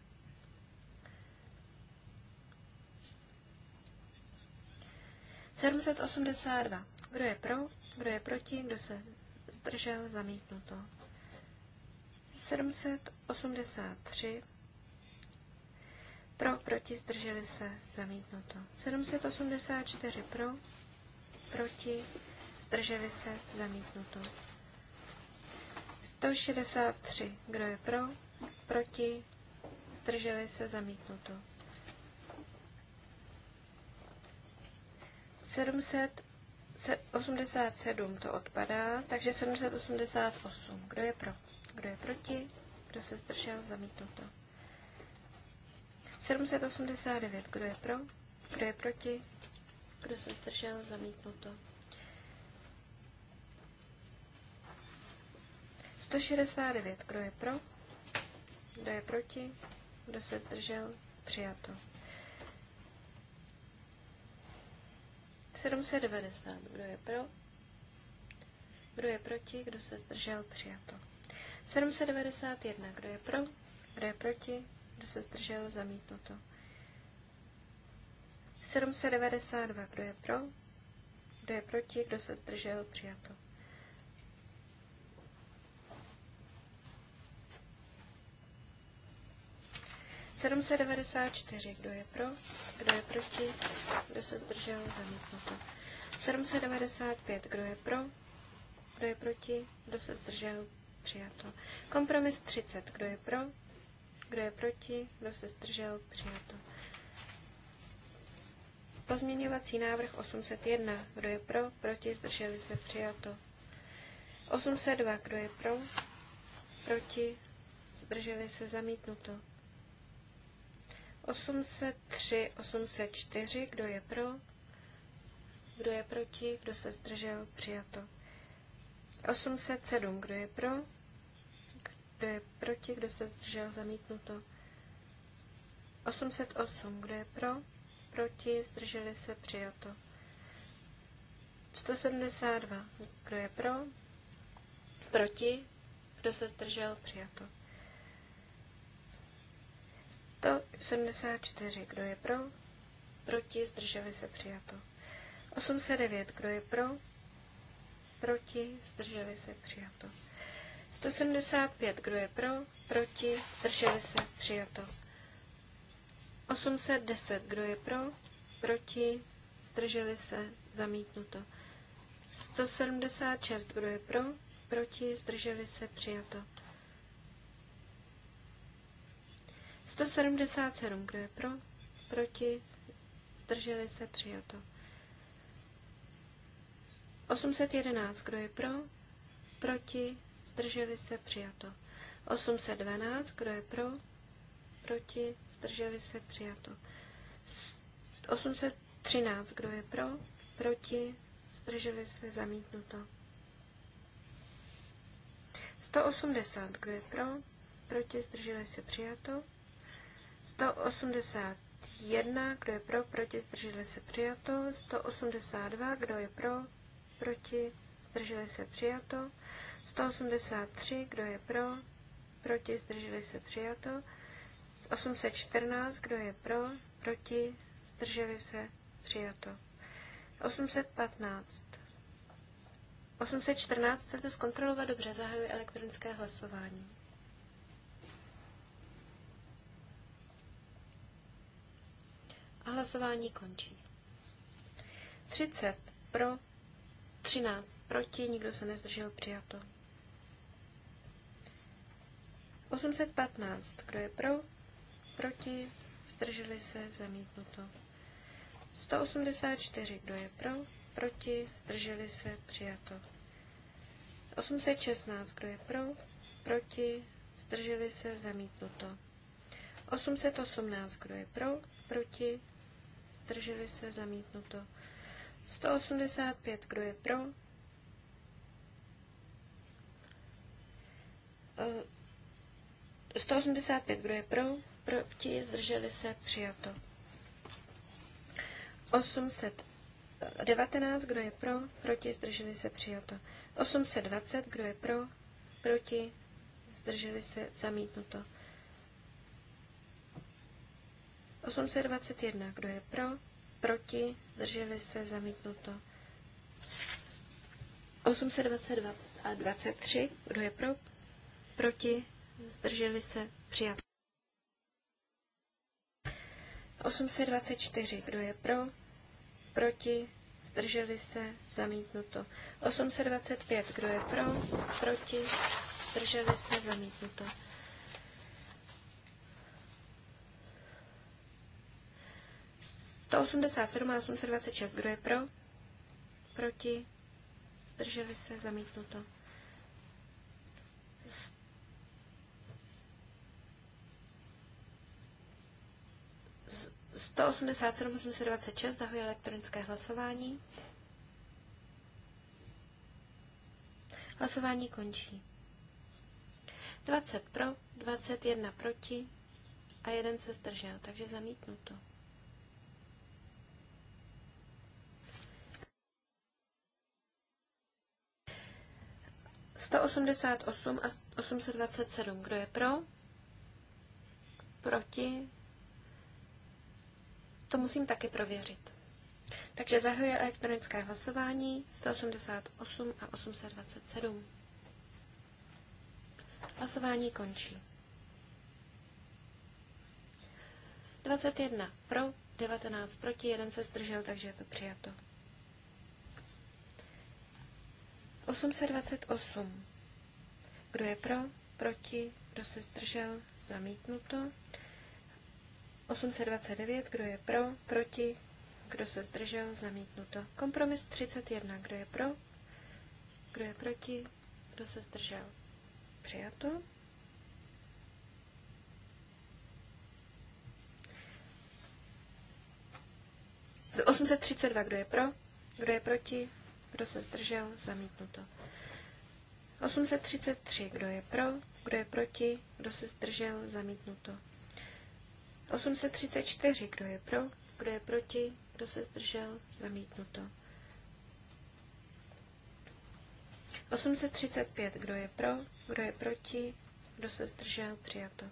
Sedmset Kdo je pro, kdo je proti, kdo se zdržel, zamítnuto. 783 pro, proti, zdrželi se, zamítnuto. 784 pro, proti, zdrželi se, zamítnuto. 163, kdo je pro, proti, zdrželi se, zamítnuto. 787 to odpadá, takže 788. Kdo je pro? Kdo je proti? Kdo se zdržel? Zamítnuto. 789. Kdo je pro? Kdo je proti? Kdo se zdržel? Zamítnuto. 169. Kdo je pro? Kdo je proti? Kdo se zdržel? Přijato. 790. Kdo je pro? Kdo je proti? Kdo se zdržel? Přijato. 791. Kdo je pro? Kdo je proti? Kdo se zdržel? Zamítnuto. 792. Kdo je pro? Kdo je proti? Kdo se zdržel? Přijato. Sedm Kdo je pro? Kdo je proti? Kdo se zdržel? Zamítnuto. 795. Kdo je pro? Kdo je proti? Kdo se zdržel? Přijato. Kompromis 30. Kdo je pro? Kdo je proti? Kdo se zdržel? Přijato. Pozměňovací návrh 801. Kdo je pro? Proti? Zdrželi se? Přijato. 802. Kdo je pro? Proti? Zdrželi se? Zamítnuto. 803, 804, kdo je pro, kdo je proti, kdo se zdržel, přijato. 807, kdo je pro, kdo je proti, kdo se zdržel, zamítnuto. 808, kdo je pro, proti, zdrželi se, přijato. 172, kdo je pro, proti, kdo se zdržel, přijato. 174, kdo je pro, proti, zdrželi se, přijato. 809, kdo je pro, proti, zdrželi se, přijato. 175, kdo je pro, proti, zdrželi se, přijato. 810, kdo je pro, proti, zdrželi se, zamítnuto. 176, kdo je pro, proti, zdrželi se, přijato. 177, kdo je pro, proti, zdrželi se, přijato. 811, kdo je pro, proti, zdrželi se, přijato. 812, kdo je pro, proti, zdrželi se, přijato. 813, kdo je pro, proti, zdrželi se, zamítnuto. 180, kdo je pro, proti, zdrželi se, přijato. 181, kdo je pro, proti, zdrželi se, přijato. 182, kdo je pro, proti, zdrželi se přijato. 183, kdo je pro, proti, zdrželi se přijato. 814, kdo je pro, proti, zdrželi se přijato. 815. 814 chcete zkontrolovat dobře, zahajuji elektronické hlasování. A hlasování končí. 30 pro, 13 proti, nikdo se nezdržel, přijato. 815, kdo je pro, proti, zdrželi se, zamítnuto. 184, kdo je pro, proti, zdrželi se, přijato. 816, kdo je pro, proti, zdrželi se, zamítnuto. 818, kdo je pro, proti, zdrželi se, zamítnuto. 185, kdo je pro? Uh, eh, 185, kdo je pro? Proti, zdrželi se, přijato. 819, kdo je pro? Proti, zdrželi se, přijato. 820, kdo je pro? Proti, zdrželi se, zamítnuto. 821, kdo je pro? proti, zdrželi se, zamítnuto. 822 a 23, kdo je pro, proti, zdrželi se, přijat. 824, kdo je pro, proti, zdrželi se, zamítnuto. 825, kdo je pro, proti, zdrželi se, zamítnuto. 187 a 826, kdo je pro? Proti? Zdrželi se, zamítnuto. 187 826 zahojí elektronické hlasování. Hlasování končí. 20 pro, 21 proti a jeden se zdržel, takže zamítnuto. 188 a 827. Kdo je pro? Proti? To musím taky prověřit. Takže zahajuje elektronické hlasování 188 a 827. Hlasování končí. 21 pro, 19 proti, 1 se zdržel, takže je to přijato. 828. Kdo je pro? Proti? Kdo se zdržel? Zamítnuto. 829. Kdo je pro? Proti? Kdo se zdržel? Zamítnuto. Kompromis 31. Kdo je pro? Kdo je proti? Kdo se zdržel? Přijato. Do 832. Kdo je pro? Kdo je proti? Kdo se zdržel? Zamítnuto. 833. Kdo je pro? Kdo je proti? Kdo se zdržel? Zamítnuto. 834. Kdo je pro? Kdo je proti? Kdo se zdržel? Zamítnuto. 835. Kdo je pro? Kdo je proti? Kdo se zdržel? Přijato.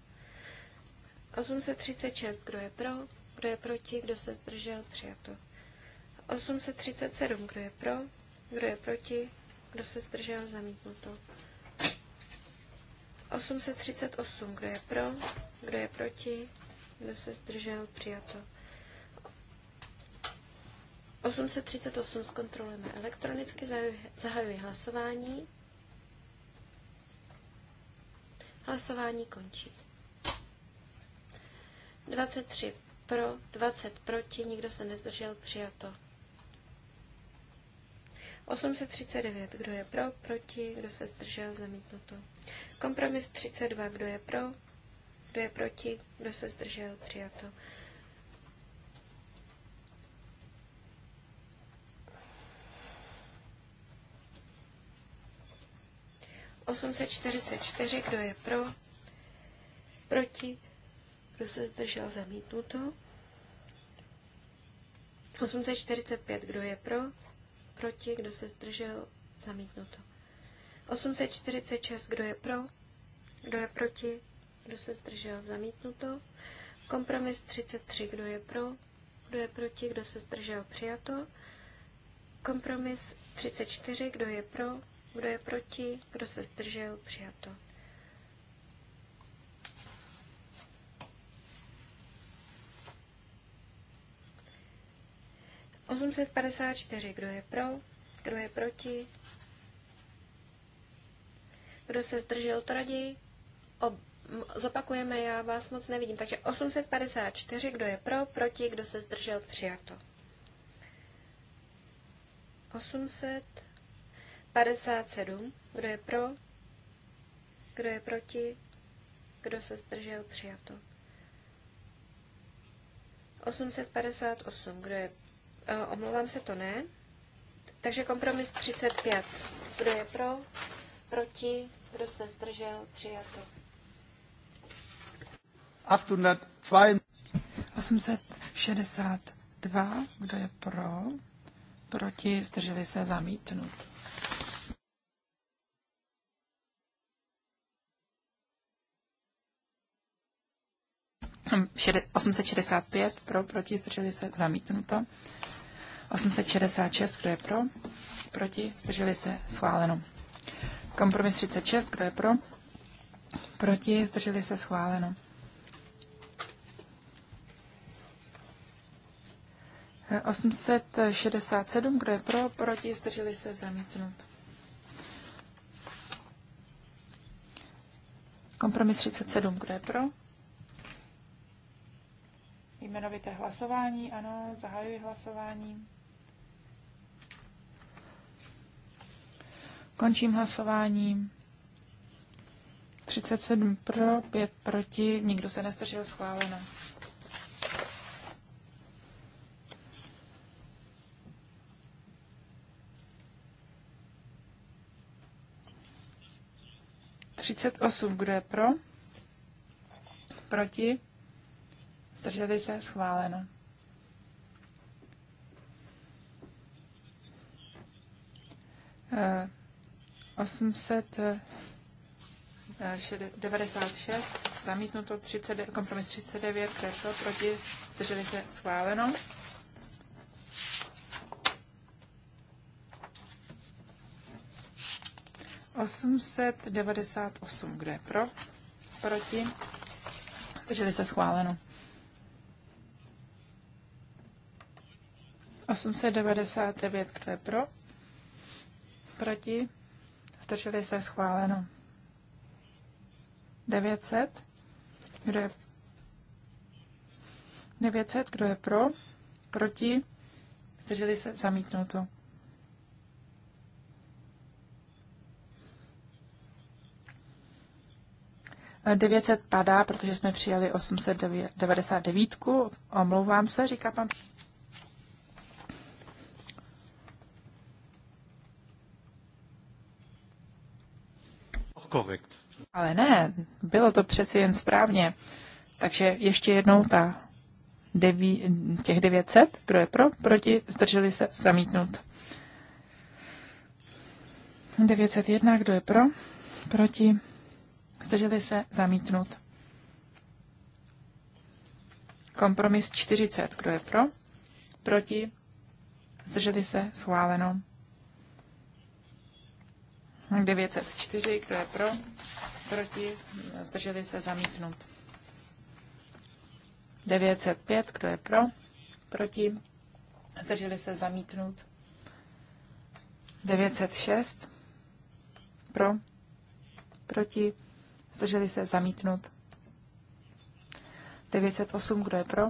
836. Kdo je pro? Kdo je proti? Kdo se zdržel? Přijato. 837. Kdo je pro? Kdo je proti? Kdo se zdržel? Zamítnuto. 838. Kdo je pro? Kdo je proti? Kdo se zdržel? Přijato. 838 zkontrolujeme elektronicky, zahajuji hlasování. Hlasování končí. 23 pro, 20 proti, nikdo se nezdržel, přijato. 839. Kdo je pro? Proti? Kdo se zdržel? Zamítnuto. Kompromis 32. Kdo je pro? Kdo je proti? Kdo se zdržel? Přijato. čtyři, kdo je pro, proti, kdo se zdržel zamítnuto. 845, kdo je pro, proti, kdo se zdržel, zamítnuto. 846, kdo je pro, kdo je proti, kdo se zdržel, zamítnuto. Kompromis 33, kdo je pro, kdo je proti, kdo se zdržel, přijato. Kompromis 34, kdo je pro, kdo je proti, kdo se zdržel, přijato. 854. Kdo je pro? Kdo je proti? Kdo se zdržel, to raději ob- zopakujeme, já vás moc nevidím. Takže 854, kdo je pro, proti, kdo se zdržel, přijato. 857, kdo je pro, kdo je proti, kdo se zdržel, přijato. 858, kdo je Eh, omlouvám se, to ne. Takže kompromis 35. Kdo je pro? Proti? Kdo se zdržel? Přijato. 862. Kdo je pro? Proti? Zdrželi se zamítnut. Šede, 865 pro, proti, zdrželi se zamítnuto. 866, kdo je pro? Proti? Zdrželi se? Schváleno. Kompromis 36, kdo je pro? Proti? Zdrželi se? Schváleno. E, 867, kdo je pro? Proti? Zdrželi se? Zamítnut. Kompromis 37, kdo je pro? Jmenovité hlasování, ano, zahajuji hlasování. Končím hlasování. 37 pro, 5 proti, nikdo se nestržil schválené. Třicet osm, kdo je pro? Proti? Zdrželi se, schváleno. Uh. 896, eh, zamítnuto 30, kompromis 39, pro, proti, zdrželi se schváleno. Osmset devadesát osm, kde je pro, proti, zdrželi se schváleno. 899, kde je pro, proti, zdrželi se, schváleno. 900, kdo je 900, kdo je pro, proti, zdrželi se, zamítnuto. A 900 padá, protože jsme přijali 899. Omlouvám se, říká pan Ale ne, bylo to přeci jen správně. Takže ještě jednou ta deví, těch 900, kdo je pro, proti, zdrželi se, zamítnut. 901, kdo je pro, proti, zdrželi se, zamítnut. Kompromis 40, kdo je pro, proti, zdrželi se, schváleno. 904, kdo je pro, proti, zdrželi se zamítnout. 905, kdo je pro, proti, zdrželi se zamítnout. 906, pro, proti, zdrželi se zamítnout. 908, kdo je pro,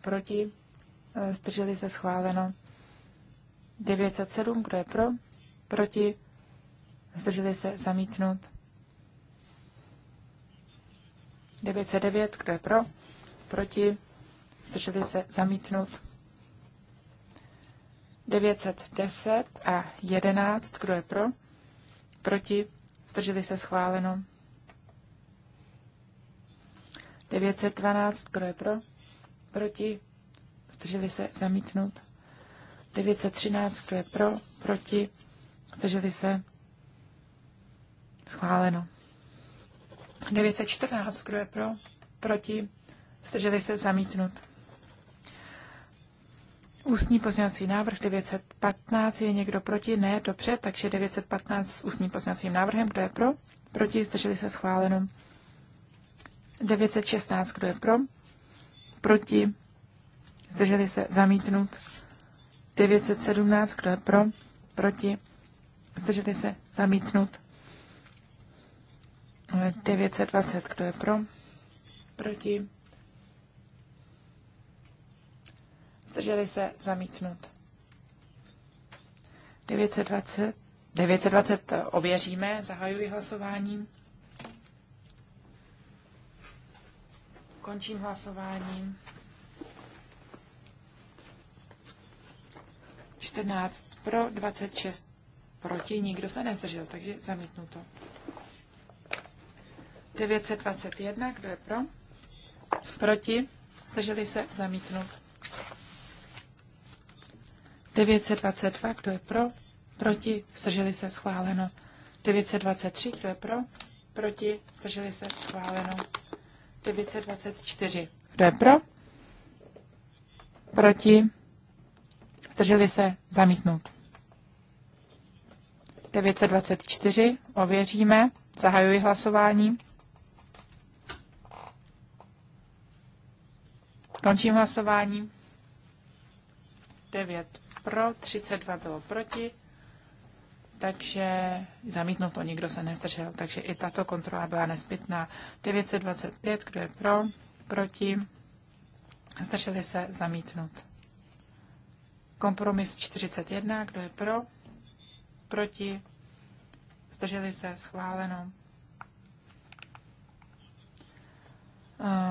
proti, zdrželi se schváleno. 907, kdo je pro, proti, zdrželi se, zamítnout. 909, kdo je pro, proti, zdrželi se, zamítnout. 910 a 11, kdo je pro, proti, zdrželi se, schváleno. 912, kdo je pro, proti, zdrželi se, zamítnout. 913, kdo je pro, proti, zdrželi se, Schváleno. 914, kdo je pro? Proti? Zdrželi se zamítnut. Ústní pozměňovací návrh 915, je někdo proti? Ne, dobře, takže 915 s ústním pozměňovacím návrhem, kdo je pro? Proti, zdrželi se schváleno. 916, kdo je pro? Proti, zdrželi se zamítnut. 917, kdo je pro? Proti, zdrželi se zamítnut. 920, kdo je pro? Proti? Zdrželi se zamítnout. 920, 920 ověříme, zahajuji hlasování. Končím hlasování. 14 pro, 26 proti, nikdo se nezdržel, takže zamítnu to. 921, kdo je pro? Proti? Zdrželi se zamítnout. 922, kdo je pro? Proti? Zdrželi se schváleno. 923, kdo je pro? Proti? Zdrželi se schváleno. 924, kdo je pro? Proti? Zdrželi se zamítnout. 924 ověříme. Zahajuji hlasování. Končím hlasování. 9 pro, 32 bylo proti, takže zamítnuto, nikdo se nezdržel, takže i tato kontrola byla nezbytná. 925, kdo je pro, proti, zdrželi se, zamítnut. Kompromis 41, kdo je pro, proti, zdrželi se, schváleno.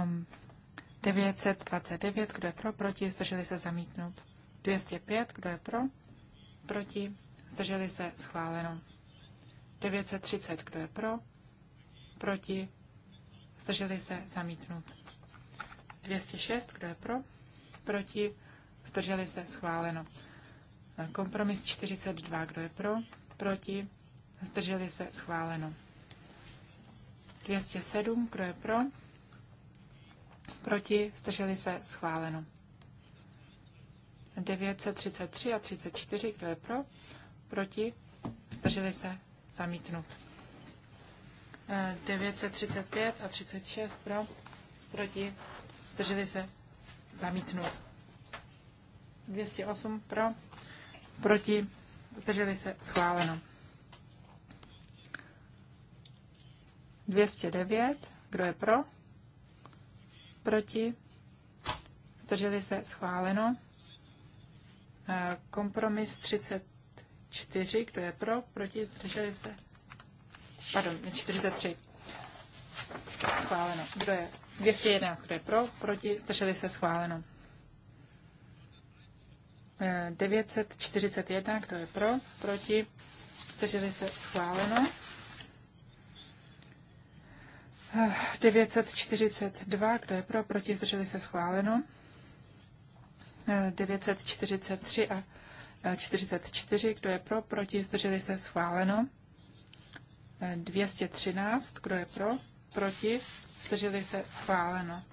Um, 929, kdo je pro, proti, zdrželi se zamítnout. 205, kdo je pro, proti, zdrželi se schváleno. 930, kdo je pro, proti, zdrželi se zamítnout. 206, kdo je pro, proti, zdrželi se schváleno. Kompromis 42, kdo je pro, proti, zdrželi se schváleno. 207, kdo je pro, proti, zdrželi se, schváleno. 933 a 34, kdo je pro, proti, zdrželi se, zamítnut. 935 eh, a 36 pro, proti, zdrželi se, zamítnut. 208 pro, proti, zdrželi se, schváleno. 209, kdo je pro, proti, zdrželi se schváleno. E, kompromis 34, kdo je pro, proti, zdrželi se, pardon, 43, schváleno. Kdo je 211, kdo je pro, proti, zdrželi se schváleno. 941, e, kdo je pro, proti, zdrželi se schváleno. 942, kdo je pro, proti, zdrželi se schváleno. 943 a 44, e, kdo je pro, proti, zdrželi se schváleno. 213, e, kdo je pro, proti, zdrželi se schváleno.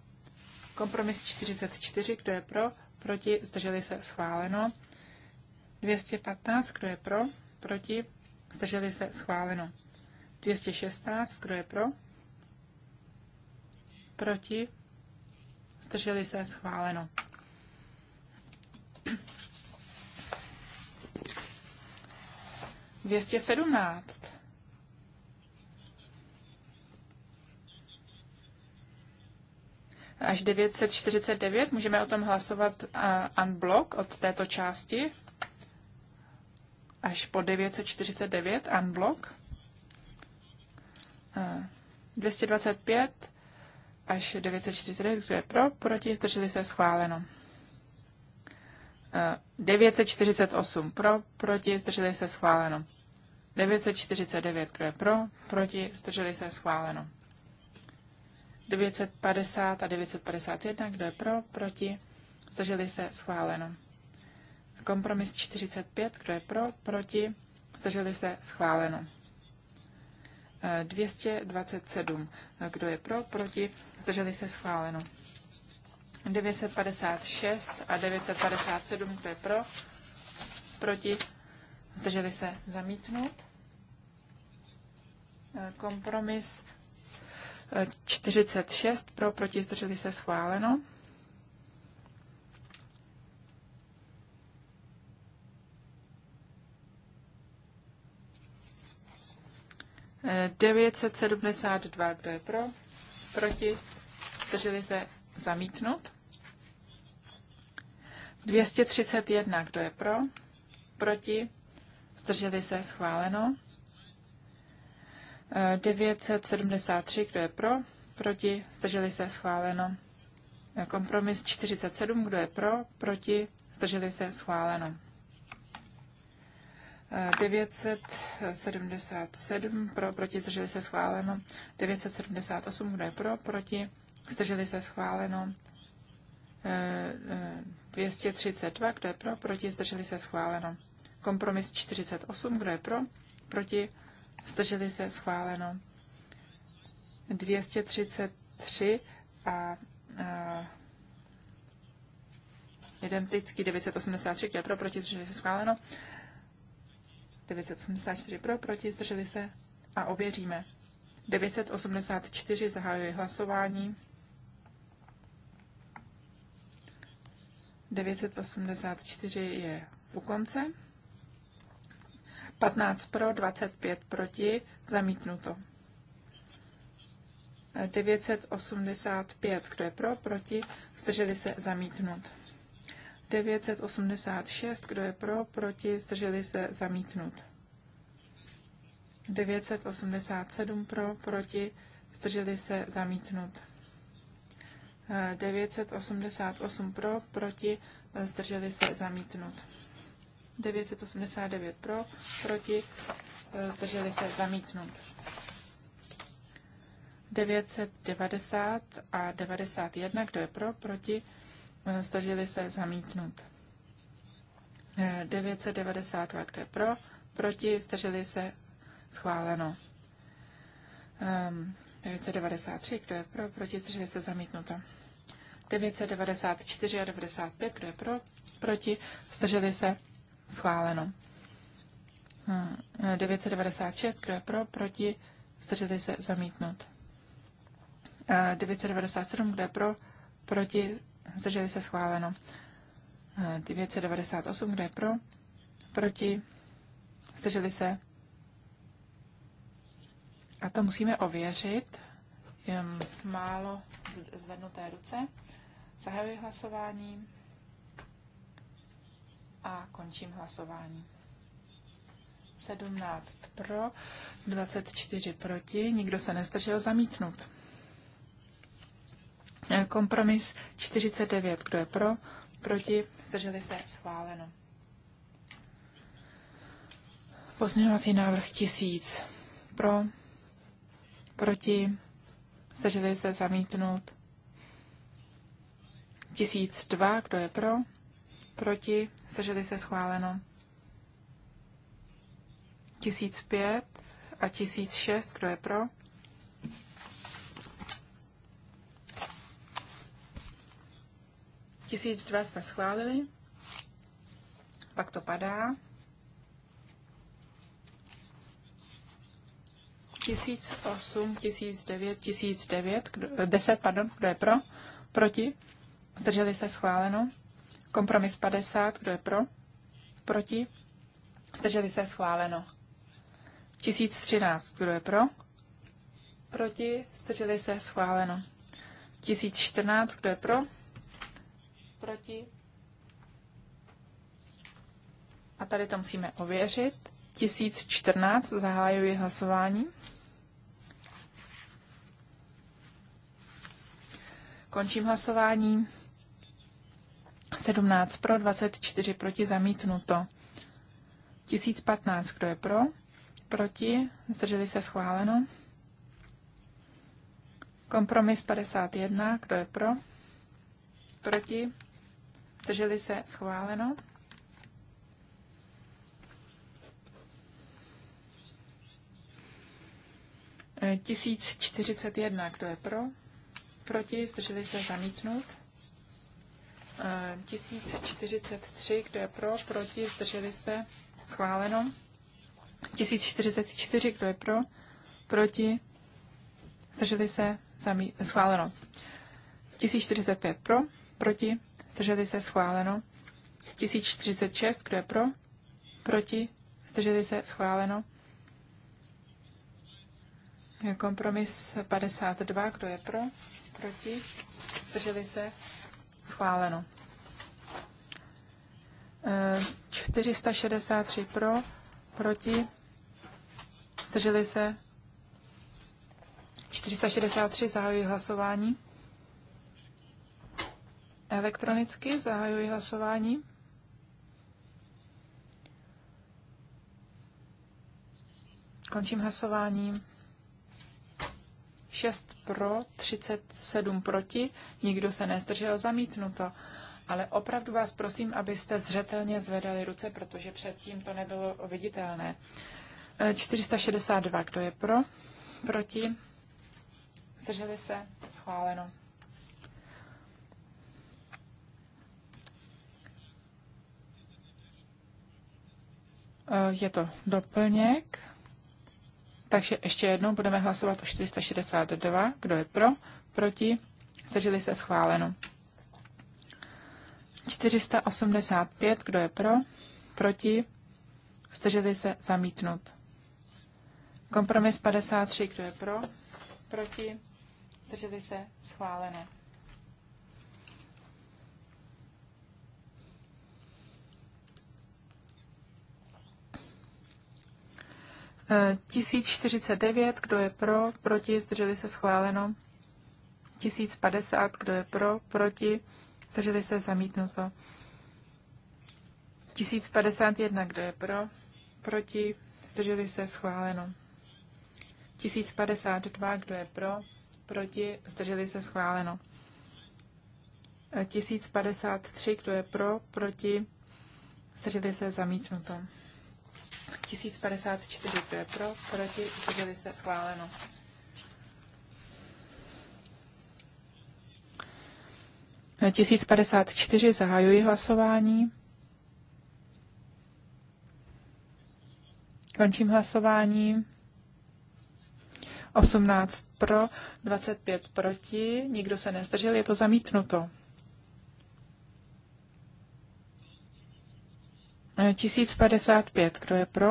Kompromis 44, kdo je pro, proti, zdrželi se schváleno. 215, kdo je pro, proti, zdrželi se schváleno. 216, kdo je pro, proti, zdrželi se, schváleno. Dvěstě sedmnáct. Až 949 můžeme o tom hlasovat unblock od této části. Až po 949 unblock. 225, až 949, kdo je pro, proti, zdrželi se, schváleno. 948 eh, pro, proti, zdrželi se, schváleno. 949, kdo je pro, proti, zdrželi se, schváleno. 950 a 951, kdo je pro, proti, zdrželi se, schváleno. Kompromis 45, kdo je pro, proti, zdrželi se, schváleno. 227. Kdo je pro, proti, zdrželi se schváleno. 956 a 957, kdo je pro, proti, zdrželi se zamítnout. Eh, kompromis 46, eh, pro, proti, zdrželi se schváleno. 972, kdo je pro? Proti? Zdrželi se zamítnut. 231, kdo je pro? Proti? Zdrželi se schváleno. 973, kdo je pro? Proti? Zdrželi se schváleno. Kompromis 47, kdo je pro? Proti? Zdrželi se schváleno. 977 pro, proti, zdrželi se schváleno. 978, kdo je pro, proti, zdrželi se schváleno. 232, eh, eh, kdo je pro, proti, zdrželi se schváleno. Kompromis 48, kdo je pro, proti, zdrželi se schváleno. 233 a, a identický 983, je pro proti, zdrželi se schváleno. 984 pro, proti, zdrželi se a ověříme. 984 zahajuje hlasování. 984 je u konce. 15 pro, 25 proti, zamítnuto. 985, kdo je pro, proti, zdrželi se zamítnut. 986, kdo je pro, proti, zdrželi se, zamítnut. 987 pro, proti, zdrželi se, zamítnut. 988 pro, proti, zdrželi se, zamítnut. 989 pro, proti, zdrželi se, zamítnut. 990 a 91, kdo je pro, proti, Eh, snažili se zamítnout. 992, eh, je pro, proti, zdrželi se schváleno. 993, kdo je pro, proti, zdrželi se zamítnuto. 994 a 95, kdo je pro, proti, zdrželi se schváleno. 996, kdo je pro, proti, zdrželi se zamítnut. Hmm, eh, 997, kdo je pro, proti, Zdrželi se schváleno. 998, eh, kde je pro? Proti? Zdrželi se? A to musíme ověřit. Je málo zvednuté ruce. Zahajuji hlasování a končím hlasování. 17 pro, 24 proti, nikdo se nestačil zamítnout. Eh, kompromis 49. Kdo je pro? Proti? Zdrželi se? Schváleno. Pozměňovací návrh 1000. Pro? Proti? Zdrželi se? Zamítnout. 1002. Kdo je pro? Proti? Zdrželi se? Schváleno. 1005 a 1006. Kdo je pro? 1002 jsme schválili, pak to padá. 1008, 1009, 1009, 10, pardon, kdo je pro, proti, zdrželi se schváleno. Kompromis 50, kdo je pro, proti, zdrželi se schváleno. 1013, kdo je pro, proti, zdrželi se schváleno. 1014, kdo je pro, proti. A tady to musíme ověřit. 1014 zahájuji hlasování. Končím hlasování. 17 pro, 24 proti, zamítnuto. 1015, kdo je pro? Proti, zdrželi se schváleno. Kompromis 51, kdo je pro? Proti, zdrželi se schváleno. E, eh, 1041, kdo je pro? Proti, zdrželi se zamítnout. E, 1043, kdo je pro? Proti, zdrželi se schváleno. 1044, kdo je pro? Proti, zdrželi se zamí- schváleno. 1045 pro, Proti? Zdrželi se schváleno. 1046, kdo je pro? Proti? Zdrželi se schváleno. Kompromis 52, kdo je pro? Proti? Zdrželi se schváleno. 463 e, pro, proti, zdrželi se 463, zahajují hlasování. Elektronicky zahajuji hlasování. Končím hlasování. 6 pro, 37 proti, nikdo se nezdržel zamítnuto. Ale opravdu vás prosím, abyste zřetelně zvedali ruce, protože předtím to nebylo viditelné. 462, e, kdo je pro, proti, zdrželi se, schváleno. Eh, je to doplněk. Takže ještě jednou budeme hlasovat o 462. Kdo je pro? Proti? Zdrželi se schváleno. 485. Kdo je pro? Proti? Zdrželi se zamítnut. Kompromis 53. Kdo je pro? Proti? Zdrželi se schváleno. 1049, kdo je pro, proti, zdrželi se schváleno. 1050, kdo je pro, proti, zdrželi se zamítnuto. 1051, kdo je pro, proti, zdrželi se schváleno. 1052, kdo je pro, proti, zdrželi se schváleno. 1053, kdo je pro, proti, zdrželi se zamítnuto. 1054, to je pro, proti, zdrželi se, schváleno. Na 1054 zahajuji hlasování. Končím hlasování. 18 pro, 25 proti, nikdo se nezdržel, je to zamítnuto. 1055, eh, kdo je pro?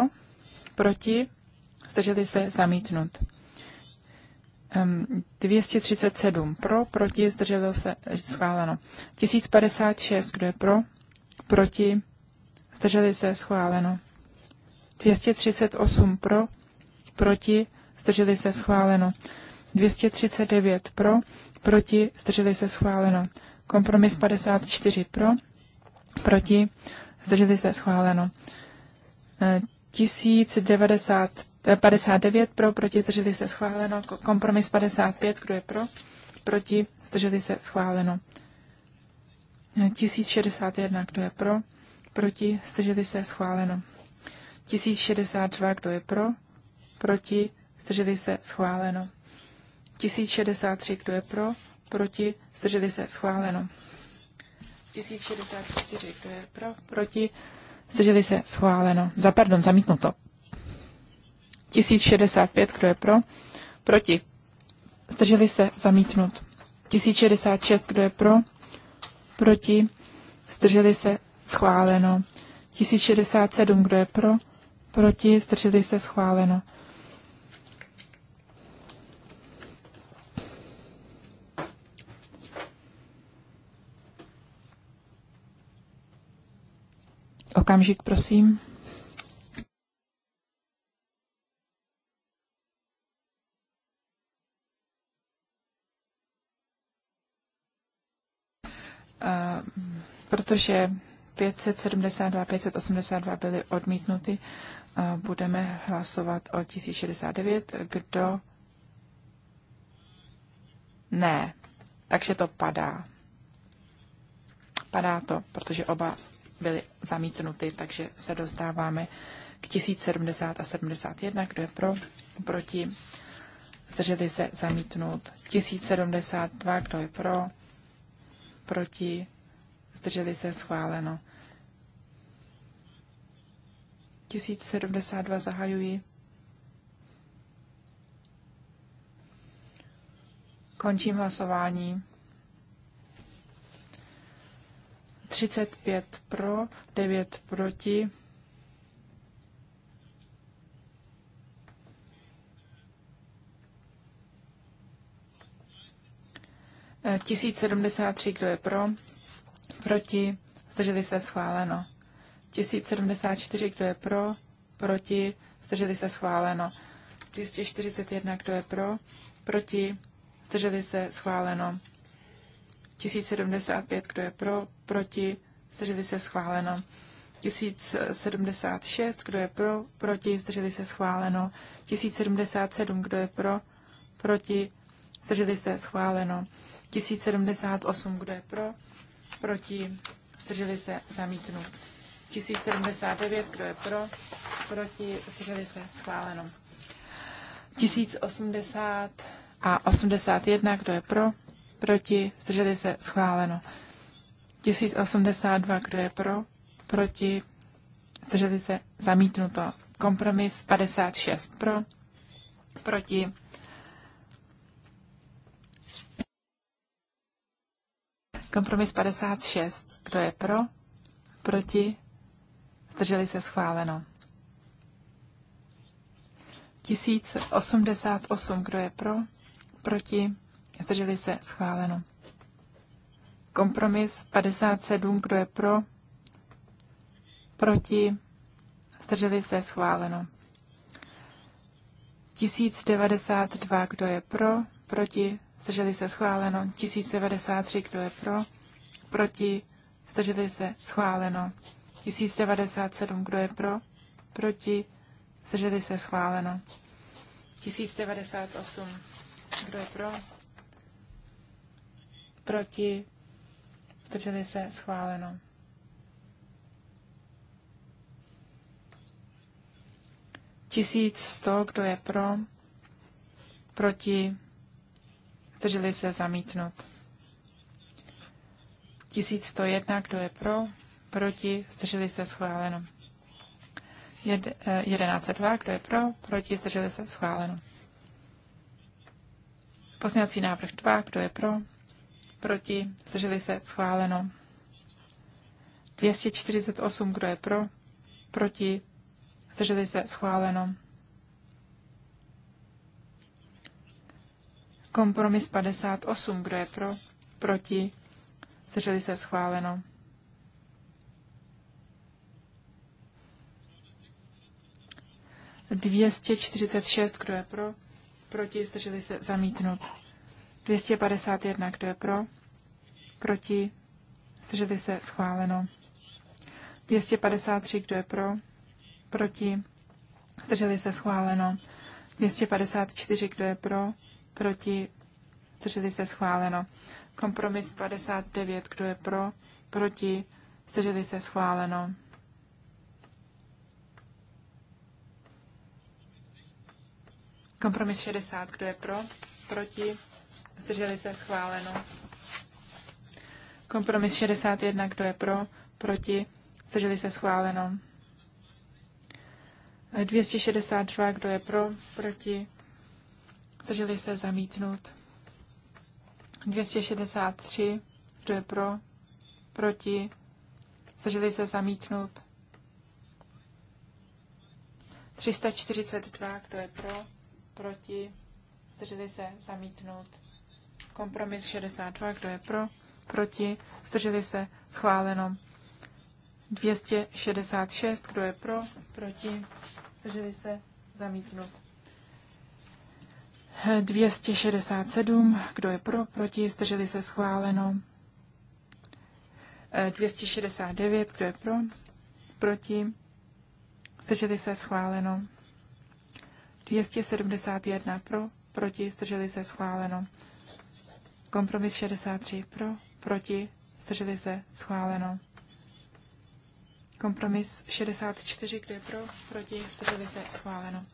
Proti? Zdrželi se zamítnut. 237 pro, proti, zdrželo se, schváleno. 1056, kdo je pro, proti, zdrželi se, schváleno. 238 pro, proti, zdrželi se, schváleno. 239 pro, proti, zdrželi se, schváleno. Kompromis 54 pro, proti, zdrželi se schváleno. 1090, eh, 59 eh, pro, proti, zdrželi se schváleno. Kompromis 55, kdo je pro, proti, zdrželi se schváleno. 1061, eh, kdo je pro, proti, zdrželi se schváleno. 1062, kdo je pro, proti, zdrželi se schváleno. 1063, kdo je pro, proti, zdrželi se schváleno. 1064, kdo je pro, proti, zdrželi se, schváleno. Za, pardon, zamítnuto. 1065, kdo je pro, proti, zdrželi se, zamítnut. 1066, kdo je pro, proti, zdrželi se, schváleno. 1067, kdo je pro, proti, zdrželi se, schváleno. Okamžik, prosím. Eh, protože 572 582 byly odmítnuty, eh, budeme hlasovat o 1069. Kdo? Ne. Takže to padá. Padá to, protože oba byly zamítnuty, takže se dostáváme k 1070 a 71. Kdo je pro? Proti? Zdrželi se zamítnout. 1072. Kdo je pro? Proti? Zdrželi se schváleno. 1072 zahajuji. Končím hlasování. 35 pro, 9 proti. E, eh, 1073, kdo je pro, proti, zdrželi se schváleno. 1074, kdo je pro, proti, zdrželi se schváleno. 241, kdo je pro, proti, zdrželi se schváleno. 1075, kdo je pro, proti, zdrželi se schváleno. 1076, kdo je pro, proti, zdrželi se schváleno. 1077, kdo je pro, proti, zdrželi se schváleno. 1078, kdo je pro, proti, zdrželi se zamítnu. 1079, kdo je pro, proti, zdrželi se schváleno. 1080 a 81, kdo je pro, proti, zdrželi se, schváleno. 1082, kdo je pro, proti, zdrželi se, zamítnuto. Kompromis 56 pro, proti. Kompromis 56, kdo je pro, proti, zdrželi se, schváleno. 1088, kdo je pro, proti, zdrželi se, schváleno. Kompromis 57, kdo je pro, proti, zdrželi se, schváleno. 1092, kdo je pro, proti, zdrželi se, schváleno. 1093, kdo je pro, proti, zdrželi se, schváleno. 1097, kdo je pro, proti, zdrželi se, schváleno. 1098, kdo je pro, proti, zdrželi se, schváleno. Tisíc sto, kdo je pro, proti, zdrželi se, zamítnut. Tisíc sto jedna, kdo je pro, proti, zdrželi se, schváleno. 1102, eh, kdo je pro, proti, zdrželi se, schváleno. Poslanecí návrh 2, kdo je pro, proti, zdrželi se, schváleno. 248, kdo je pro, proti, zdrželi se, schváleno. Kompromis 58, kdo je pro, proti, zdrželi se, schváleno. 246, kdo je pro, proti, zdrželi se, zamítnut. 251, kdo je pro, proti, zdrželi se, schváleno. 253, kdo je pro, proti, zdrželi se, schváleno. 254, kdo je pro, proti, zdrželi se, schváleno. Kompromis 59, kdo je pro, proti, zdrželi se, schváleno. Kompromis 60, kdo je pro, proti, zdrželi se schváleno. Kompromis 61, kdo je pro, proti, zdrželi se schváleno. 262, kdo je pro, proti, zdrželi se zamítnout. 263, kdo je pro, proti, zdrželi se zamítnout. 342, kdo je pro, proti, zdrželi se zamítnout. Kompromis 62, kdo je pro, proti, zdrželi se, schváleno. 266, kdo je pro, proti, zdrželi se, zamítnut. 267, kdo je pro, proti, zdrželi se, schváleno. 269, kdo je pro, proti, zdrželi se, schváleno. 271 pro, proti, zdrželi se, schváleno. Kompromis 63 pro, proti, zdrželi se, schváleno. Kompromis 64, kde je pro, proti, zdrželi se, schváleno.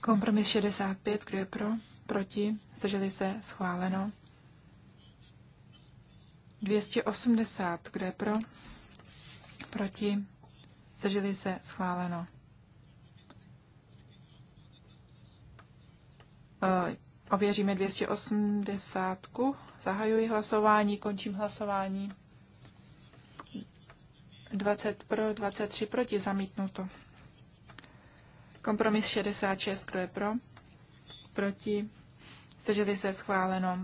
Kompromis 65, kde je pro, proti, zdrželi se, schváleno. 280, kde je pro, proti, zdrželi se, schváleno. E Ověříme 280. Zahajuji hlasování, končím hlasování. 20 pro, 23 proti, zamítnuto. Kompromis 66, kdo je pro? Proti, zdrželi se schváleno.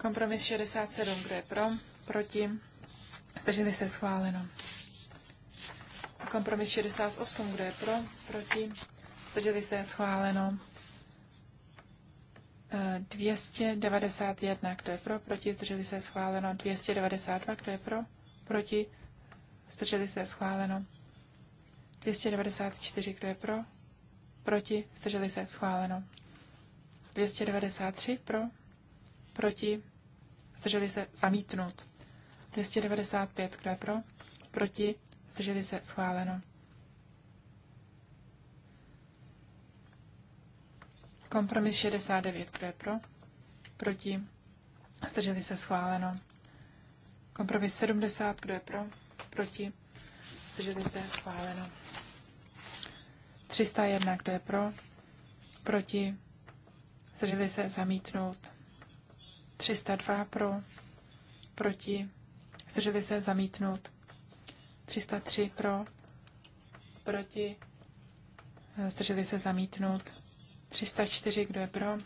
Kompromis 67, kdo je pro? Proti, zdrželi se schváleno. Kompromis 68, kdo je pro, proti, zdrželi se, schváleno. 291, e, kdo je pro, proti, zdrželi se, schváleno. 292, kdo je pro, proti, zdrželi se, schváleno. 294, kdo je pro, proti, zdrželi se, schváleno. 293 pro, proti, zdrželi se, zamítnut. 295, kdo je pro, proti, zdrželi se, schváleno. Kompromis 69, kdo je pro? Proti, zdrželi se, schváleno. Kompromis 70, kdo je pro? Proti, zdrželi se, schváleno. 301, kdo je pro? Proti, zdrželi se, zamítnout. 302 pro, proti, zdrželi se, zamítnout. 303 pro, proti, zdrželi se zamítnout. 304, kdo je pro,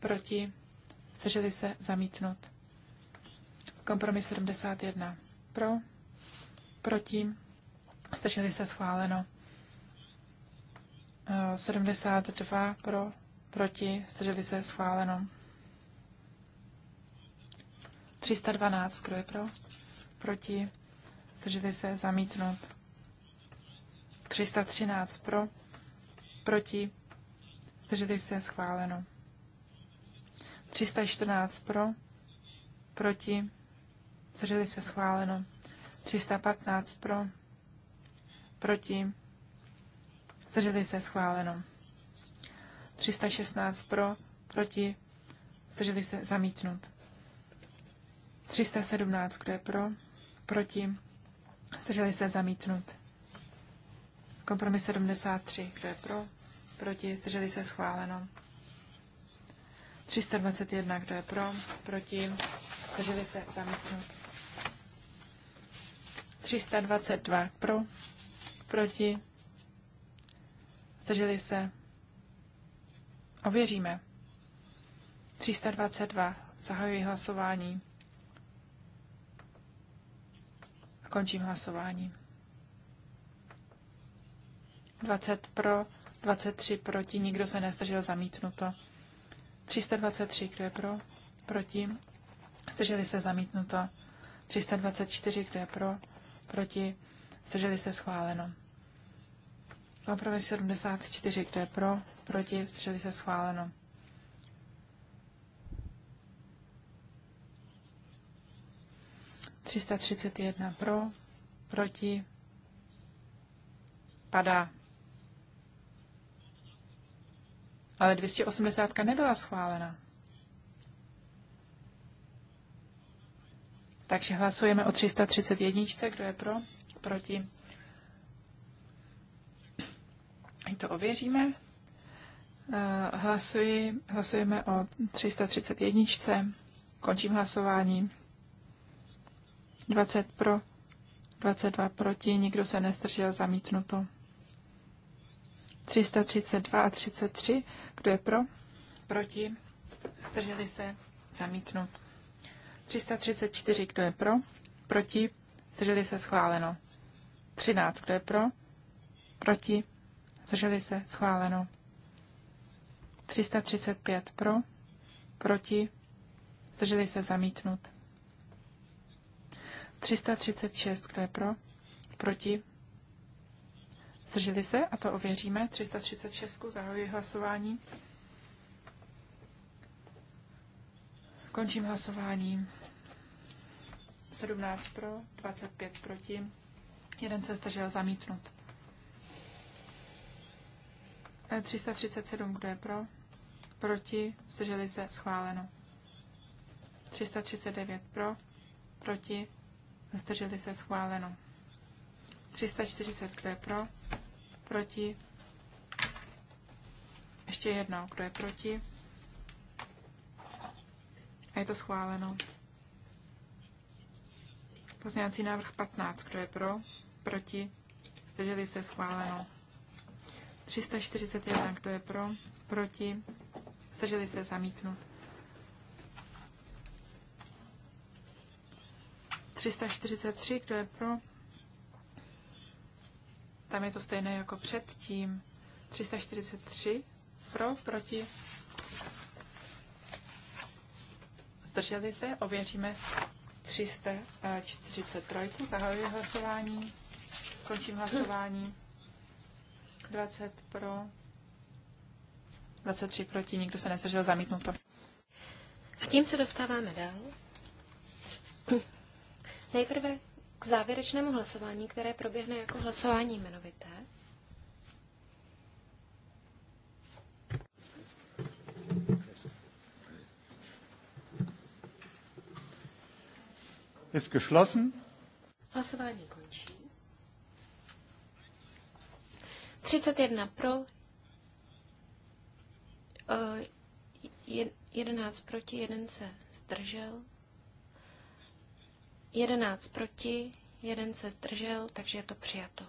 proti, zdrželi se zamítnout. Kompromis 71 pro, proti, zdrželi se schváleno. 72 eh, pro, proti, zdrželi se schváleno. 312, kdo je pro, proti, zdrželi se, zamítnout. 313 pro, proti, zdrželi se, schváleno. 314 pro, proti, zdrželi se, schváleno. 315 pro, proti, zdrželi se, schváleno. 316 pro, proti, zdrželi se, zamítnout. 317, kdo je pro, proti, Zdrželi se zamítnut. Kompromis 73. Kdo je pro? Proti? Zdrželi se schváleno. 321. Kdo je pro? Proti? Zdrželi se zamítnut. 322. Pro? Proti? Zdrželi se. Ověříme. 322. Zahajuji hlasování. Končím hlasování. 20 pro, 23 proti, nikdo se nezdržel zamítnuto. 323, kdo je pro, proti, zdrželi se zamítnuto. 324, kdo je pro, proti, zdrželi se schváleno. Kompromis 74, kdo je pro, proti, zdrželi se schváleno. 331 pro, proti, padá. Ale 280 nebyla schválena. Takže hlasujeme o 331, kdo je pro, proti. I to ověříme. Eh, hlasuji, hlasujeme o 331. Končím hlasování. 20 pro, 22 proti, nikdo se nestržel zamítnuto. 332 a 33, kdo je pro, proti, zdrželi se zamítnut. 334, kdo je pro, proti, zdrželi se schváleno. 13, kdo je pro, proti, zdrželi se schváleno. 335 pro, proti, zdrželi se zamítnut. 336, kdo je pro? Proti? Zdrželi se? A to ověříme. 336, zahajuji hlasování. Končím hlasování. 17 pro, 25 proti. Jeden se zdržel zamítnut. 337, e, kdo je pro? Proti, zdrželi se, schváleno. 339 pro, proti, zdrželi se schváleno. 340, kdo je pro, proti, ještě jednou, kdo je proti. A je to schváleno. Pozměňovací návrh 15, kdo je pro, proti, zdrželi se schváleno. 341, kdo je pro, proti, zdrželi se zamítnut. 343, kdo je pro? Tam je to stejné jako předtím. 343 pro, proti. Zdrželi se, ověříme 343. Zahajuji hlasování. Končím hlasování. 20 pro. 23 proti, nikdo se nezdržel, zamítnuto. A tím se dostáváme dál Nejprve k závěrečnému hlasování, které proběhne jako hlasování jmenovité. Ist geschlossen. Hlasování končí. 31 pro, 11 eh, proti, 1 se zdržel. 11 proti, jeden se zdržel, takže je to přijato.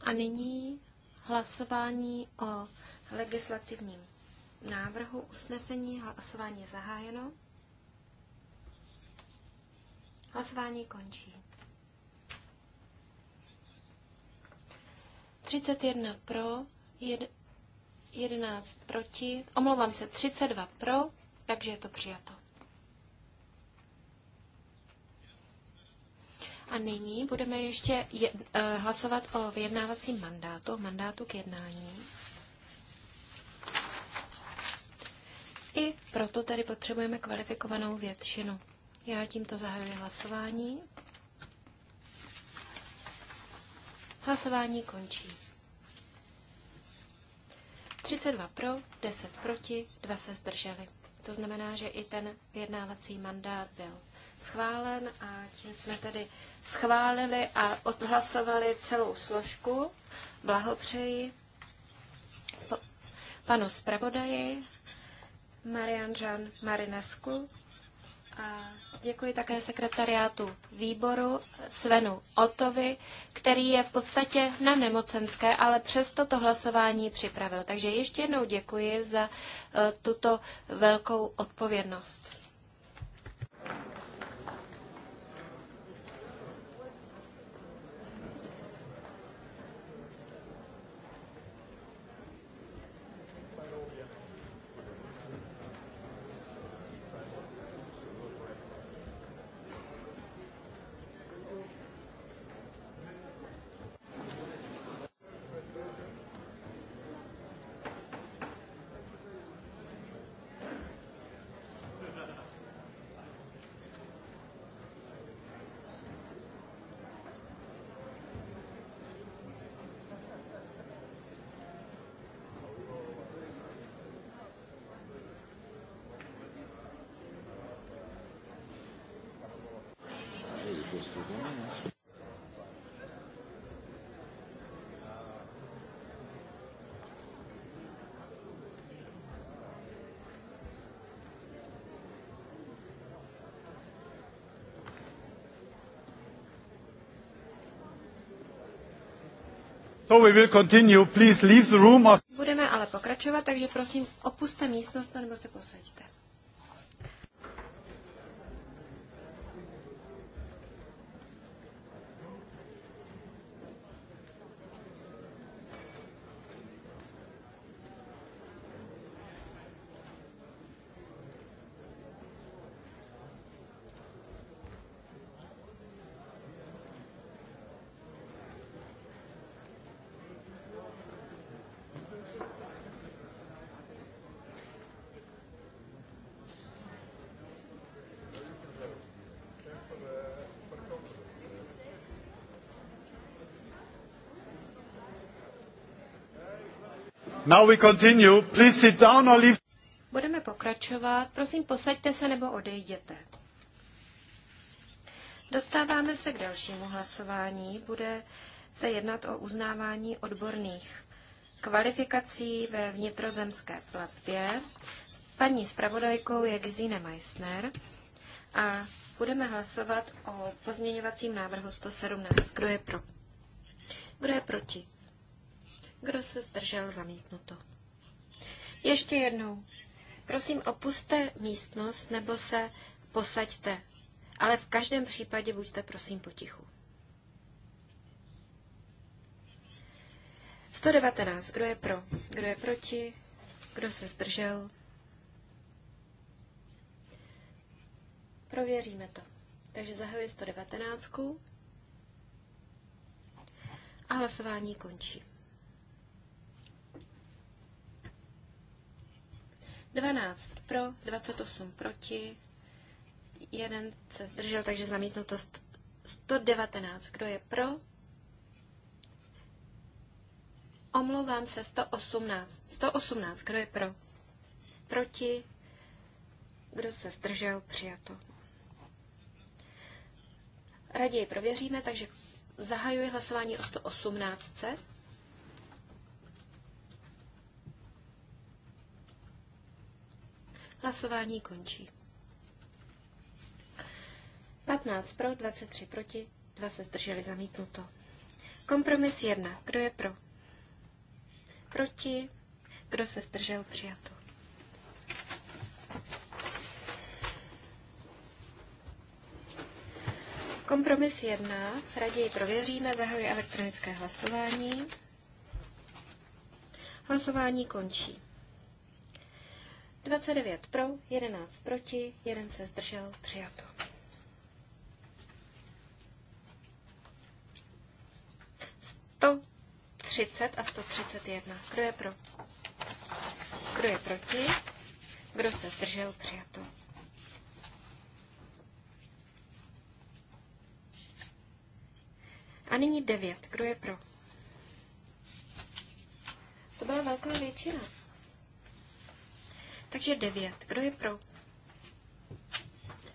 A nyní hlasování o legislativním návrhu usnesení. Hlasování je zahájeno. Hlasování končí. 31 pro, 11 proti, omlouvám se, 32 pro, takže je to přijato. A nyní budeme ještě je, uh, eh, hlasovat o vyjednávacím mandátu, mandátu k jednání. I proto tady potřebujeme kvalifikovanou většinu. Já tímto zahajuji hlasování. Hlasování končí. 32 pro, 10 proti, 2 se zdrželi. To znamená, že i ten vyjednávací mandát byl schválen a tím jsme tedy schválili a odhlasovali celou složku. Blahopřeji panu zpravodaji Marian Jean Marinescu. A děkuji také sekretariátu výboru Svenu Otovi, který je v podstatě na nemocenské, ale přesto to hlasování připravil. Takže ještě jednou děkuji za e, tuto velkou odpovědnost. So we will continue. Please leave the room. Budeme ale pokračovat, takže prosím opuste místnost nebo se posaďte. Now we continue. Please sit down or leave. Budeme pokračovat. Prosím, posaďte se nebo odejděte. Dostáváme se k dalšímu hlasování. Bude se jednat o uznávání odborných kvalifikací ve vnitrozemské platbě. Paní zpravodajkou je Gizine Meissner a budeme hlasovat o pozměňovacím návrhu 117. Kdo je pro? Kdo je proti? Kdo se zdržel? Zamítnuto. Ještě jednou. Prosím, opuste místnost nebo se posaďte. Ale v každém případě buďte prosím potichu. 119. Kdo je pro? Kdo je proti? Kdo se zdržel? Prověříme to. Takže zahajuji 119. A hlasování končí. 12 pro, 28 proti, jeden se zdržel, takže zamítnuto 119. Kdo je pro? Omlouvám se, 118. 118, kdo je pro? Proti? Kdo se zdržel? Přijato. Raději prověříme, takže zahajuji hlasování o 118. Hlasování končí. 15 pro, 23 proti, 2 se zdrželi zamítnuto. Kompromis 1. Kdo je pro? Proti. Kdo se zdržel přijato? Kompromis 1. Raději prověříme, zahajuji elektronické hlasování. Hlasování končí. 29 pro, 11 proti, 1 se zdržel, přijato. Sto 30 a 131. Kdo je pro? Kdo je proti? Kdo se zdržel, přijato. A nyní 9. Kdo je pro? To byla velká většina. Takže 9. Kdo je pro?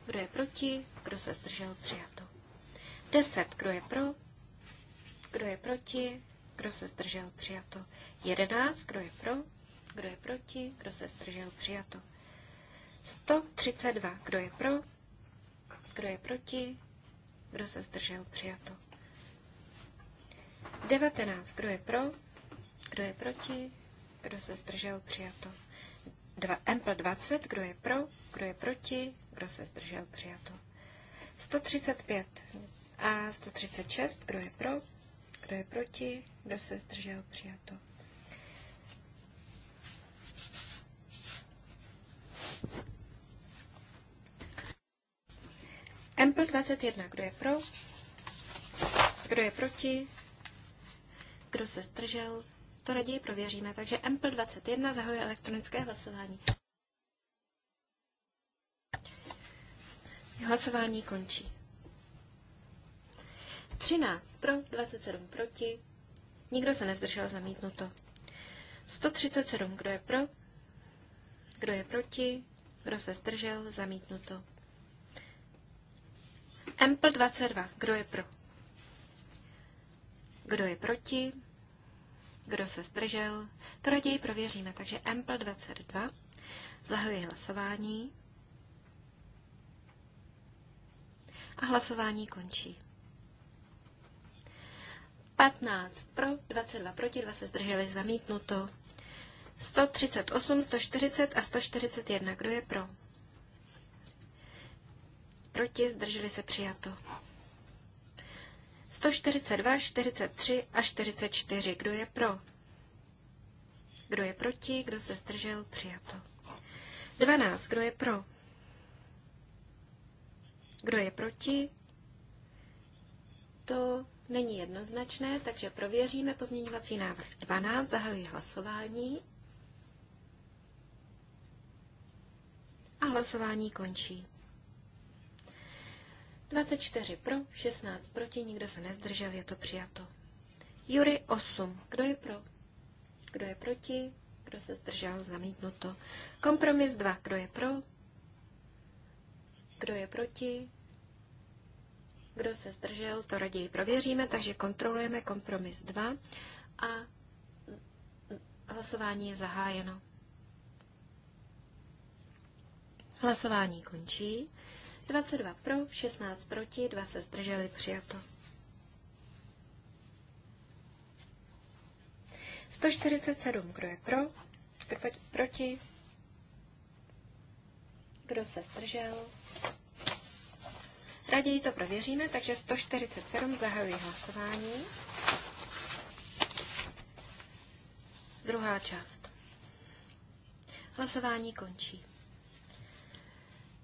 Kdo je proti? Kdo se zdržel? Přijato. 10. Kdo je pro? Kdo je proti? Kdo se zdržel? Přijato. 11. Kdo je pro? Kdo je proti? Kdo se zdržel? Přijato. 132. Kdo je pro? Kdo je proti? Kdo se zdržel? Přijato. 19. Kdo je pro? Kdo je proti? Kdo se zdržel? Přijato. 2, Ample 20, kdo je pro, kdo je proti, kdo se zdržel, přijato. 135 a 136, kdo je pro, kdo je proti, kdo se zdržel, přijato. Ample 21, kdo je pro, kdo je proti, kdo se zdržel, to raději prověříme. Takže Ample 21 zahajuje elektronické hlasování. Hlasování končí. 13 pro, 27 proti. Nikdo se nezdržel zamítnuto. 137, kdo je pro, kdo je proti, kdo se zdržel, zamítnuto. Ample 22, kdo je pro, kdo je proti, kdo se zdržel, to raději prověříme. Takže mpl 22, zahajuji hlasování a hlasování končí. 15 pro, 22 proti, 2 se zdrželi, zamítnuto. 138, 140 a 141. Kdo je pro? Proti, zdrželi se, přijato. 142, 43 a 44. Kdo je pro? Kdo je proti? Kdo se zdržel? Přijato. 12. Kdo je pro? Kdo je proti? To není jednoznačné, takže prověříme pozměňovací návrh 12. Zahajuji hlasování. A hlasování končí. 24 pro, 16 proti, nikdo se nezdržel, je to přijato. Jury 8. Kdo je pro? Kdo je proti? Kdo se zdržel? Zamítnuto. Kompromis 2. Kdo je pro? Kdo je proti? Kdo se zdržel? To raději prověříme, takže kontrolujeme kompromis 2 a hlasování je zahájeno. Hlasování končí. 22 pro, 16 proti, 2 se zdrželi, přijato. 147, kdo je pro, kdo proti, kdo se zdržel. Raději to prověříme, takže 147 zahajuji hlasování. Druhá část. Hlasování končí.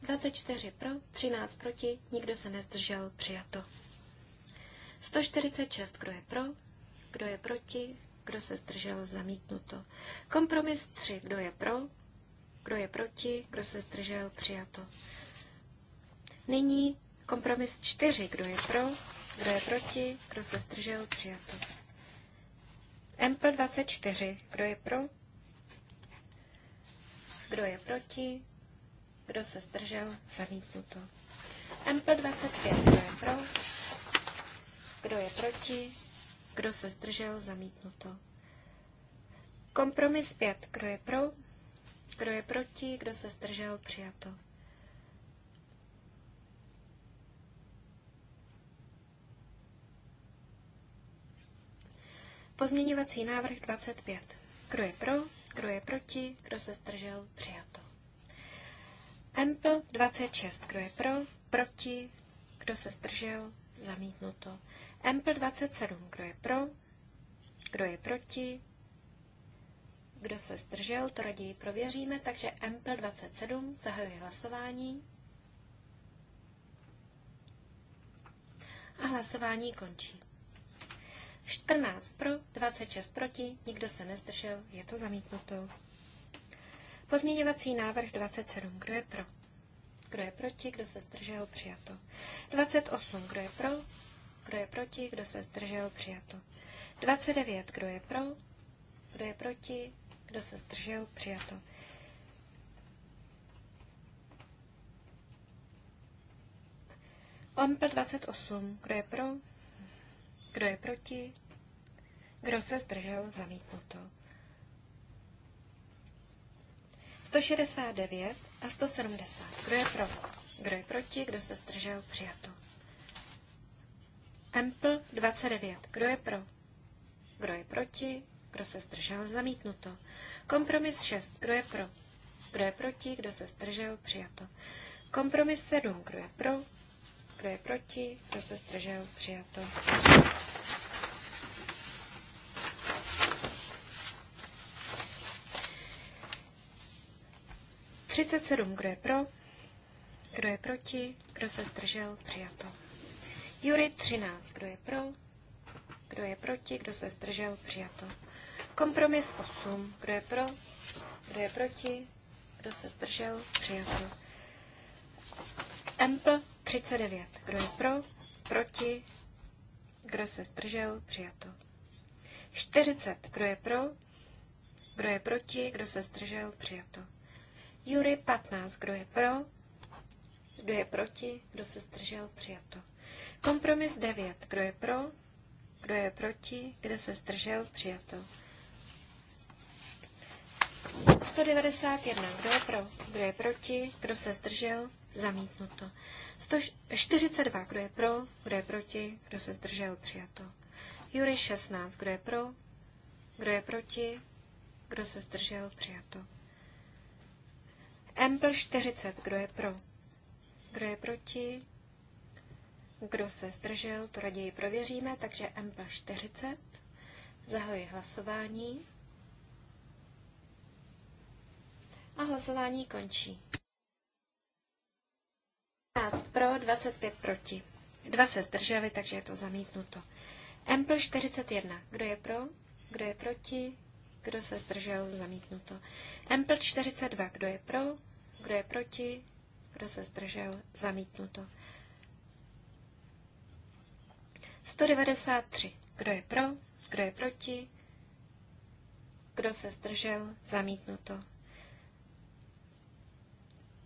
24 pro, 13 proti, nikdo se nezdržel, přijato. 146, kdo je pro, kdo je proti, kdo se zdržel, zamítnuto. Kompromis 3, kdo je pro, kdo je proti, kdo se zdržel, přijato. Nyní kompromis 4, kdo je pro, kdo je proti, kdo se zdržel, přijato. MP24, kdo je pro, kdo je proti, kdo se zdržel? Zamítnuto. MP25. Kdo je pro? Kdo je proti? Kdo se zdržel? Zamítnuto. Kompromis 5. Kdo je pro? Kdo je proti? Kdo se zdržel? Přijato. Pozměňovací návrh 25. Kdo je pro? Kdo je proti? Kdo se zdržel? Přijato. Ample 26, kdo je pro, proti, kdo se zdržel, zamítnuto. Ample 27, kdo je pro, kdo je proti, kdo se zdržel, to raději prověříme, takže Ample 27, zahajuji hlasování. A hlasování končí. 14 pro, 26 proti, nikdo se nezdržel, je to zamítnuto. Pozměňovací návrh 27. Kdo je pro? Kdo je proti? Kdo se zdržel? Přijato. 28. Kdo je pro? Kdo je proti? Kdo se zdržel? Přijato. 29. Kdo je pro? Kdo je proti? Kdo se zdržel? Přijato. Ompl 28. Kdo je pro? Kdo je proti? Kdo se zdržel? Zamítnuto. 169 a 170. Kdo je pro? Kdo je proti? Kdo se zdržel? Přijato. Empl 29. Kdo je pro? Kdo je proti? Kdo se zdržel? Zamítnuto. Kompromis 6. Kdo je pro? Kdo je proti? Kdo se zdržel? Přijato. Kompromis 7. Kdo je pro? Kdo je proti? Kdo se zdržel? Přijato. 37. Kdo je pro? Kdo je proti? Kdo se zdržel? Přijato. Jury 13. Kdo je pro? Kdo je proti? Kdo se zdržel? Přijato. Kompromis 8. Kdo je pro? Kdo je proti? Kdo se zdržel? Přijato. Empl 39. Kdo je pro? Proti? Kdo se zdržel? Přijato. 40. Kdo je pro? Kdo je proti? Kdo se zdržel? Přijato. Jury 15. Kdo je pro? Kdo je proti? Kdo se zdržel? Přijato. Kompromis 9. Kdo je pro? Kdo je proti? Kdo se zdržel? Přijato. 191. Kdo je pro? Kdo je proti? Kdo se zdržel? Zamítnuto. 142. Kdo je pro? Kdo je proti? Kdo se zdržel? Přijato. Jury 16. Kdo je pro? Kdo je proti? Kdo se zdržel? Přijato. Ample 40, kdo je pro? Kdo je proti? Kdo se zdržel, to raději prověříme, takže Ample 40. Zahoji hlasování. A hlasování končí. 15 pro, 25 proti. Dva se zdrželi, takže je to zamítnuto. Ample 41. Kdo je pro? Kdo je proti? Kdo se zdržel? Zamítnuto. Empl 42. Kdo je pro? Kdo je proti? Kdo se zdržel? Zamítnuto. 193. Kdo je pro? Kdo je proti? Kdo se zdržel? Zamítnuto.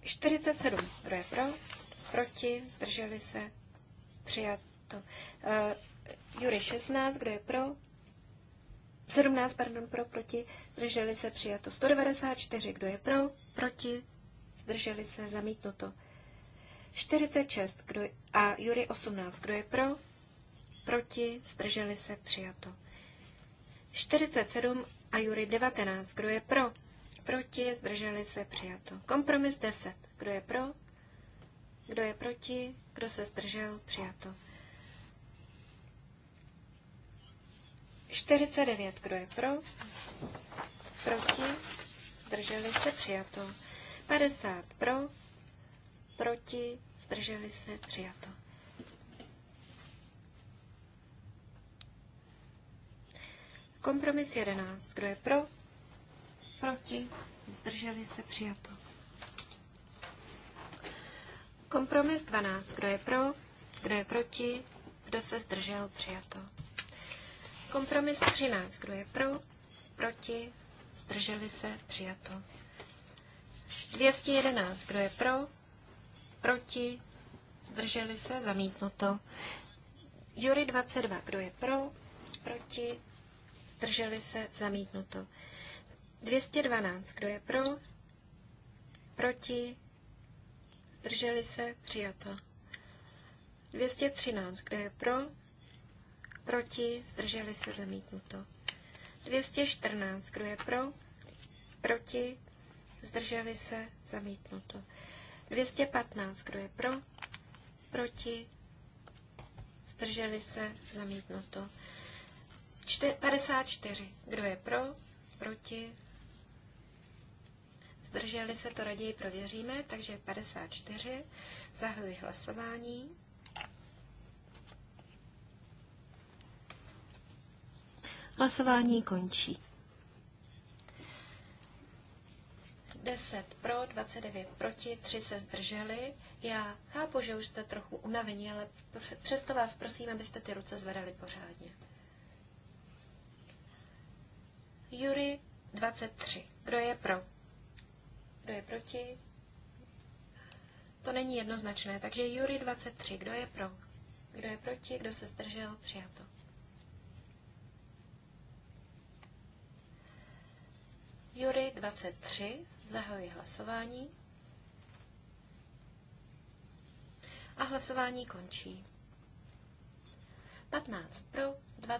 47. Kdo je pro? Proti? Zdrželi se? Přijato. Uh, Jury 16. Kdo je pro? 17, pardon, pro, proti, zdrželi se přijato. 194, kdo je pro, proti, zdrželi se zamítnuto. 46 kdo je, a Jury 18, kdo je pro, proti, zdrželi se přijato. 47 a Jury 19, kdo je pro, proti, zdrželi se přijato. Kompromis 10, kdo je pro, kdo je proti, kdo se zdržel, přijato. 49. Kdo je pro? Proti? Zdrželi se? Přijato. 50. Pro? Proti? Zdrželi se? Přijato. Kompromis 11. Kdo je pro? Proti? Zdrželi se? Přijato. Kompromis 12. Kdo je pro? Kdo je proti? Kdo se zdržel? Přijato. Kompromis 13. Kdo je pro? Proti? Zdrželi se? Přijato. 211. Kdo je pro? Proti? Zdrželi se? Zamítnuto. Jury 22. Kdo je pro? Proti? Zdrželi se? Zamítnuto. 212. Kdo je pro? Proti? Zdrželi se? Přijato. 213. Kdo je pro? Proti? Zdrželi se zamítnuto. 214. Kdo je pro? Proti? Zdrželi se zamítnuto. 215. Kdo je pro? Proti? Zdrželi se zamítnuto. 54. Kdo je pro? Proti? Zdrželi se, to raději prověříme, takže 54. Zahajuji hlasování. Hlasování končí. 10 pro, 29 proti, 3 se zdrželi. Já chápu, že už jste trochu unavení, ale přesto vás prosím, abyste ty ruce zvedali pořádně. Jury 23. Kdo je pro? Kdo je proti? To není jednoznačné, takže Jury 23. Kdo je pro? Kdo je proti? Kdo se zdržel? Přijato. Jury 23. Zahajuji hlasování. A hlasování končí. 15 pro, 2,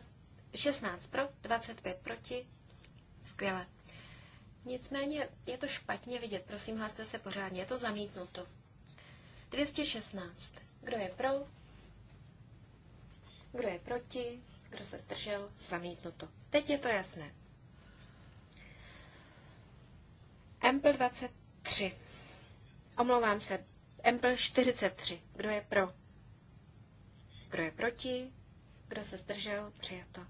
16 pro, 25 proti. Skvěle. Nicméně je to špatně vidět. Prosím, hlaste se pořádně. Je to zamítnuto. 216. Kdo je pro? Kdo je proti? Kdo se zdržel? Zamítnuto. Teď je to jasné. Ample 23. Omlouvám se. Ample 43. Kdo je pro? Kdo je proti? Kdo se zdržel? Přijato.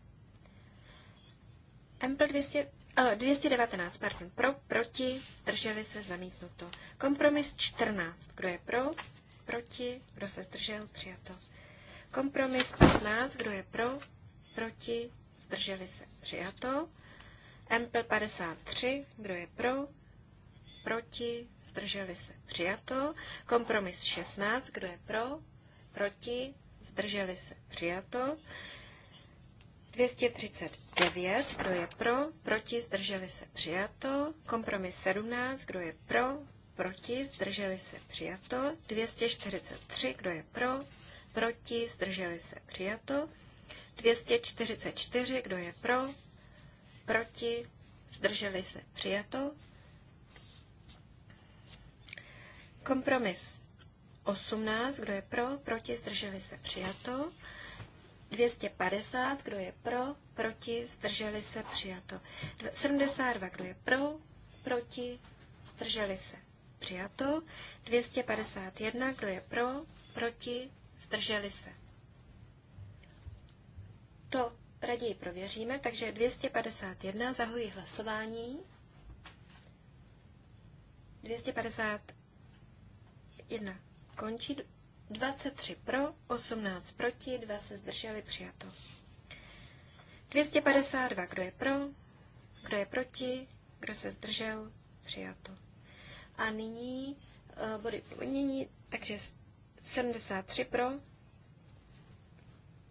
Ample 200, uh, 219, pardon, pro, proti, zdrželi se, zamítnuto. Kompromis 14, kdo je pro, proti, kdo se zdržel, přijato. Kompromis 15, kdo je pro, proti, zdrželi se, přijato. Ample 53, kdo je pro, proti, zdrželi se, přijato. Kompromis 16, kdo je pro, proti, zdrželi se, přijato. 239, kdo je pro, proti, zdrželi se, přijato. Kompromis 17, kdo je pro, proti, zdrželi se, přijato. 243, kdo je pro, proti, zdrželi se, přijato. 244, kdo je pro, proti, zdrželi se, přijato. Kompromis 18, kdo je pro, proti, zdrželi se, přijato. 250, kdo je pro, proti, zdrželi se, přijato. 72, kdo je pro, proti, zdrželi se, přijato. 251, kdo je pro, proti, zdrželi se. To raději prověříme, takže 251, zahojí hlasování. 250 1 končí, 23 pro, 18 proti, 2 se zdrželi, přijato. 252, kdo je pro, kdo je proti, kdo se zdržel, přijato. A nyní uh, body povinění, takže 73 pro,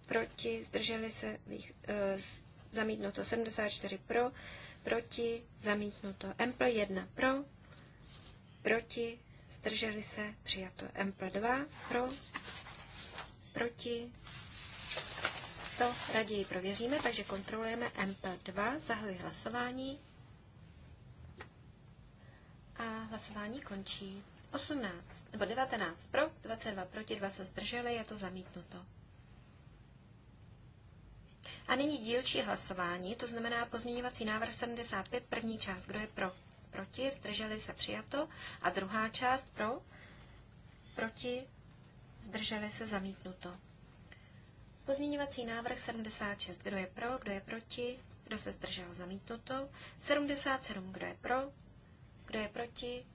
proti, zdrželi se, uh, zamítnuto 74 pro, proti, zamítnuto. Empl 1 pro, proti, zdrželi se, přijato. mp 2 pro, proti, to raději prověříme, takže kontrolujeme mp 2, zahoji hlasování a hlasování končí. 18, nebo 19 pro, 22 proti, 2 se zdrželi, je to zamítnuto. A nyní dílčí hlasování, to znamená pozměňovací návrh 75, první část. Kdo je pro? proti, zdrželi se přijato. A druhá část pro, proti, zdrželi se zamítnuto. Pozměňovací návrh 76. Kdo je pro, kdo je proti, kdo se zdržel zamítnuto. 77. Kdo je pro, kdo je proti,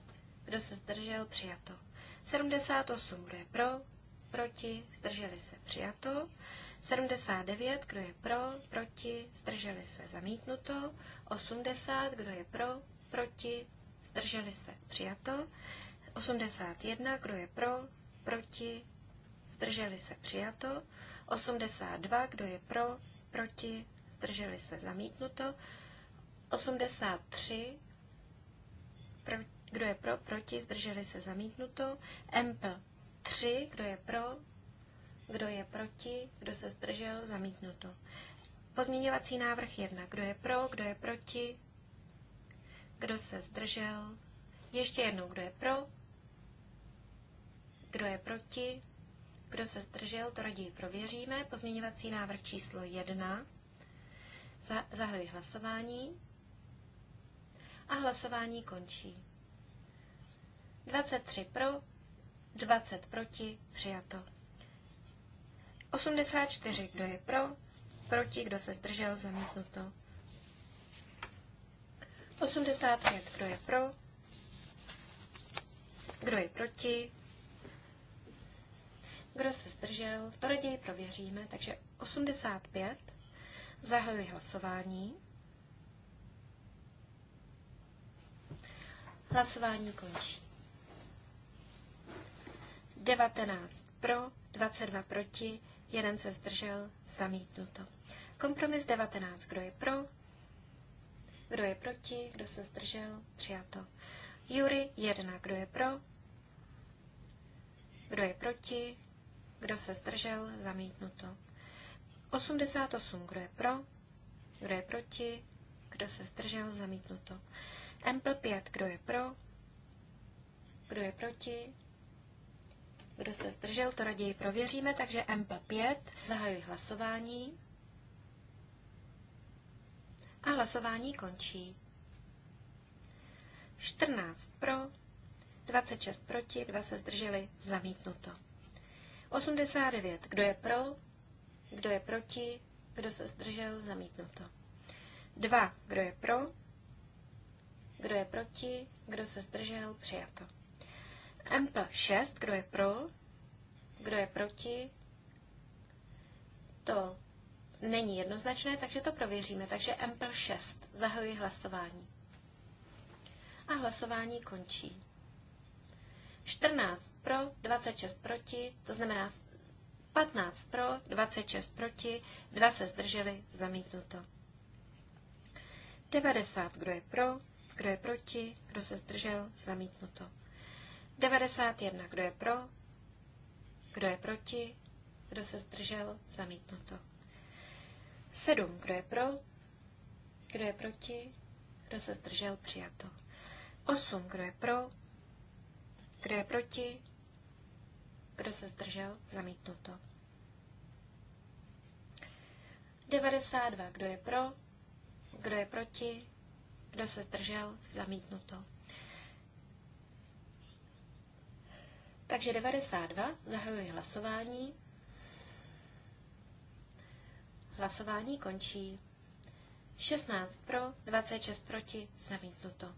kdo se zdržel přijato. 78. Kdo je pro, proti, zdrželi se přijato. 79. Kdo je pro, proti, zdrželi se zamítnuto. 80. Kdo je pro, proti, zdrželi se, přijato. 81, kdo je pro, proti, zdrželi se, přijato. 82, kdo je pro, proti, zdrželi se, zamítnuto. 83, pro, kdo je pro, proti, zdrželi se, zamítnuto. MP 3, kdo je pro, kdo je proti, kdo se zdržel, zamítnuto. Pozměňovací návrh 1, kdo je pro, kdo je proti, kdo se zdržel? Ještě jednou, kdo je pro? Kdo je proti? Kdo se zdržel, to raději prověříme. Pozměňovací návrh číslo 1. Zahajuji hlasování. A hlasování končí. 23 pro, 20 proti, přijato. 84, kdo je pro, proti, kdo se zdržel, zamítnuto. 85. Kdo je pro? Kdo je proti? Kdo se zdržel? To raději prověříme. Takže 85. Zahajuji hlasování. Hlasování končí. 19 pro, 22 proti, jeden se zdržel, zamítnuto. Kompromis 19. Kdo je pro? Kdo je proti? Kdo se zdržel? Přijato. Jury 1. Kdo je pro? Kdo je proti? Kdo se zdržel? Zamítnuto. 88. Kdo je pro? Kdo je proti? Kdo se zdržel? Zamítnuto. Ample 5. Kdo je pro? Kdo je proti? Kdo se zdržel, to raději prověříme, takže Ample 5. Zahajuji hlasování. A hlasování končí. 14 pro, 26 proti, 2 se zdrželi, zamítnuto. 89. Kdo je pro, kdo je proti, kdo se zdržel, zamítnuto. 2. Kdo je pro, kdo je proti, kdo se zdržel, přijato. MP 6. Kdo je pro, kdo je proti, to není jednoznačné, takže to prověříme. Takže MPL 6. Zahajuji hlasování. A hlasování končí. 14 pro, 26 proti, to znamená 15 pro, 26 proti, 2 se zdrželi, zamítnuto. 90, kdo je pro, kdo je proti, kdo se zdržel, zamítnuto. 91, kdo je pro, kdo je proti, kdo se zdržel, zamítnuto. 7. Kdo je pro? Kdo je proti? Kdo se zdržel? Přijato. 8. Kdo je pro? Kdo je proti? Kdo se zdržel? Zamítnuto. 92. Kdo je pro? Kdo je proti? Kdo se zdržel? Zamítnuto. Takže 92. Zahajuji hlasování. Hlasování končí. 16 pro, 26 proti, zamítnuto.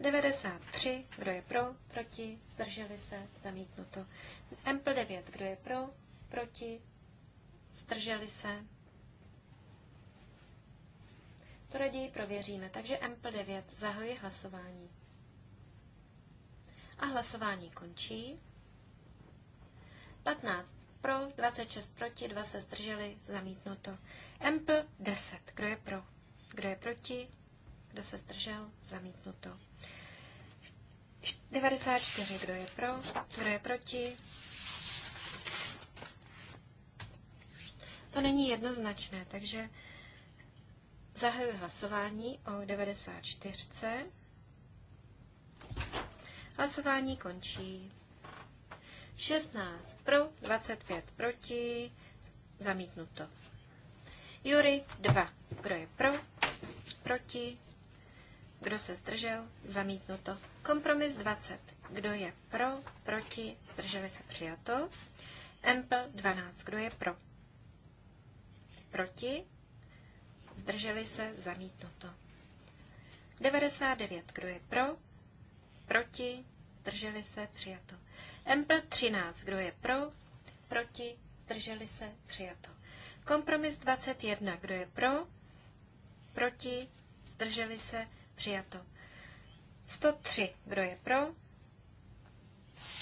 93, kdo je pro, proti, zdrželi se, zamítnuto. Ample 9, kdo je pro, proti, zdrželi se. To raději prověříme, takže Ample 9 zahoji hlasování. A hlasování končí. 15 pro, 26 proti, 2 se zdrželi, zamítnuto. Empl 10, kdo je pro, kdo je proti, kdo se zdržel, zamítnuto. 94, kdo je pro, kdo je proti. To není jednoznačné, takže zahajuji hlasování o 94. Hlasování končí. 16 pro, 25 proti, zamítnuto. Jury 2. Kdo je pro? Proti? Kdo se zdržel? Zamítnuto. Kompromis 20. Kdo je pro? Proti? Zdrželi se přijato. Empl 12. Kdo je pro? Proti? Zdrželi se zamítnuto. 99. Kdo je pro? Proti? zdrželi se, přijato. Empl 13, kdo je pro, proti, zdrželi se, přijato. Kompromis 21, kdo je pro, proti, zdrželi se, přijato. 103, kdo je pro,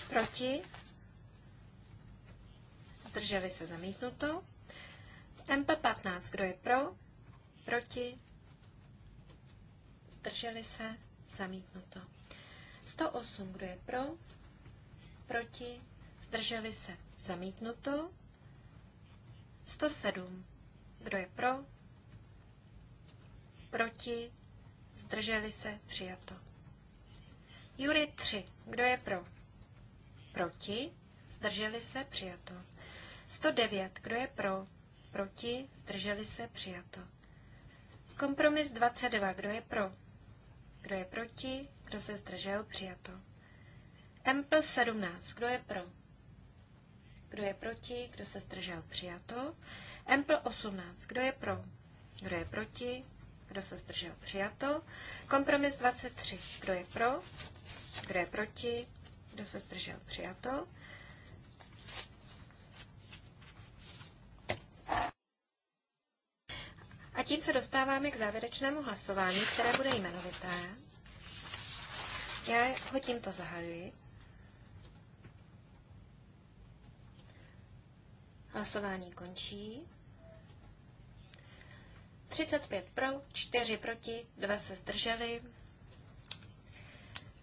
proti, zdrželi se, zamítnuto. Empl 15, kdo je pro, proti, zdrželi se, zamítnuto. 108, kdo je pro, proti, zdrželi se, zamítnuto. 107, kdo je pro, proti, zdrželi se, přijato. Jury 3, kdo je pro, proti, zdrželi se, přijato. 109, kdo je pro, proti, zdrželi se, přijato. Kompromis 22, kdo je pro, kdo je proti, kdo se zdržel? Přijato. Empl 17. Kdo je pro? Kdo je proti? Kdo se zdržel? Přijato. Empl 18. Kdo je pro? Kdo je proti? Kdo se zdržel? Přijato. Kompromis 23. Kdo je pro? Kdo je proti? Kdo se zdržel? Přijato. A tím se dostáváme k závěrečnému hlasování, které bude jmenovité. Já ho tímto zahajuji. Hlasování končí. 35 pro, 4 proti, 2 se zdrželi.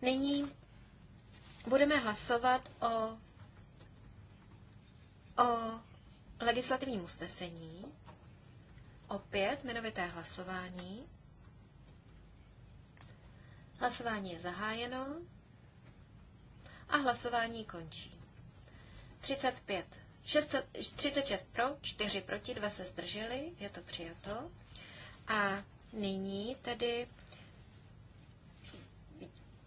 Nyní budeme hlasovat o, o legislativním usnesení. Opět jmenovité hlasování. Hlasování je zahájeno a hlasování končí. 35. 6, 36 pro, 4 proti, 2 se zdrželi, je to přijato. A nyní tedy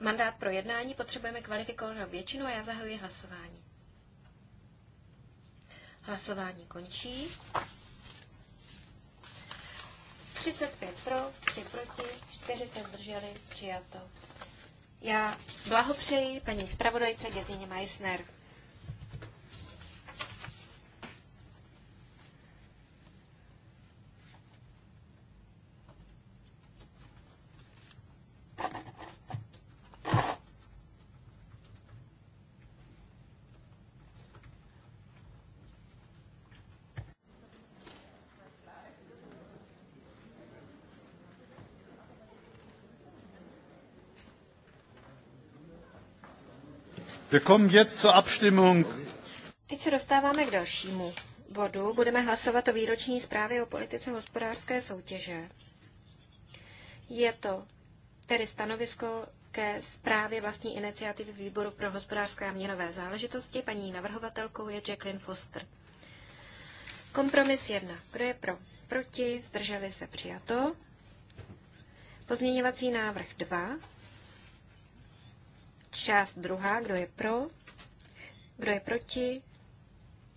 mandát pro jednání, potřebujeme kvalifikovanou většinu a já zahajuji hlasování. Hlasování končí. 35 pro, 3 proti, 40 zdrželi, přijato. Já blahopřeji paní zpravodajce Gesine Meissner. Wir kommen jetzt zur Abstimmung. Teď se dostáváme k dalšímu bodu. Budeme hlasovat o výroční zprávě o politice hospodářské soutěže. Je to tedy stanovisko ke zprávě vlastní iniciativy Výboru pro hospodářské a měnové záležitosti. Paní navrhovatelkou je Jacqueline Foster. Kompromis 1. Kdo je pro? Proti? Zdrželi se přijato. Pozměňovací návrh 2. Část druhá, kdo je pro, kdo je proti,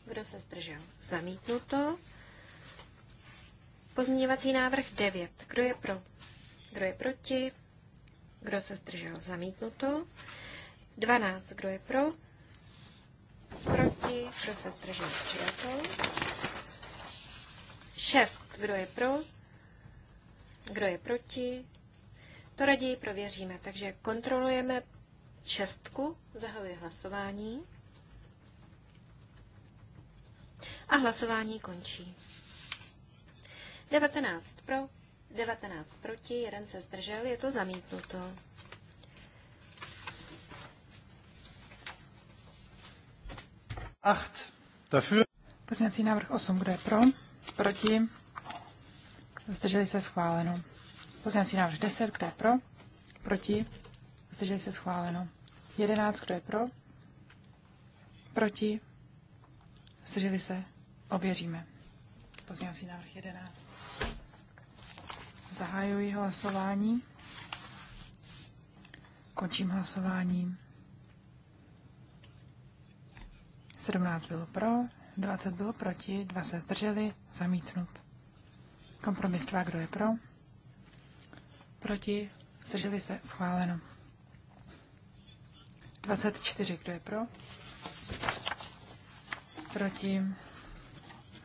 kdo se zdržel. Zamítnuto. Pozměňovací návrh 9. Kdo je pro? Kdo je proti? Kdo se zdržel? Zamítnuto. 12. Kdo je pro? Proti? Kdo se zdržel? Přijato. 6. Kdo je pro? Kdo je proti? To raději prověříme. Takže kontrolujeme šestku, zahajuji hlasování a hlasování končí. 19 pro, 19 proti, jeden se zdržel, je to zamítnuto. Acht. Dafür. Poznací návrh 8, kdo je pro? Proti? Zdrželi se schváleno. Poznací návrh 10, kdo je pro? Proti? Zdrželi se schváleno. 11, kdo je pro? Proti? Zdrželi se? Ověříme. Pozměňovací návrh 11. Zahajuji hlasování. Končím hlasování. 17 bylo pro, 20 bylo proti, 2 se zdrželi, zamítnut. Kompromis 2, kdo je pro? Proti, zdrželi se, schváleno. 24, kdo je pro? Proti?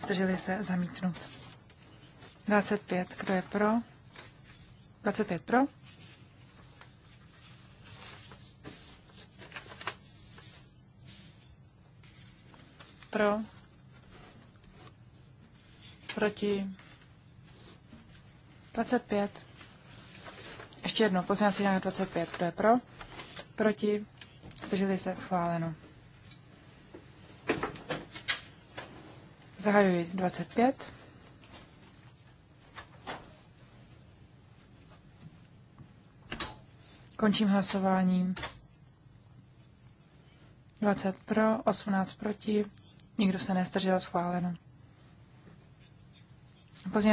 Zdrželi se zamítnout. 25, kdo je pro? 25 pro? Pro? Proti? 25. Ještě jedno, pozměňovací návrh 25, kdo je pro? Proti? Zdrželi se schváleno. Zahajuji 25. Končím hlasováním. 20 pro, 18 proti, nikdo se nestržel, schváleno.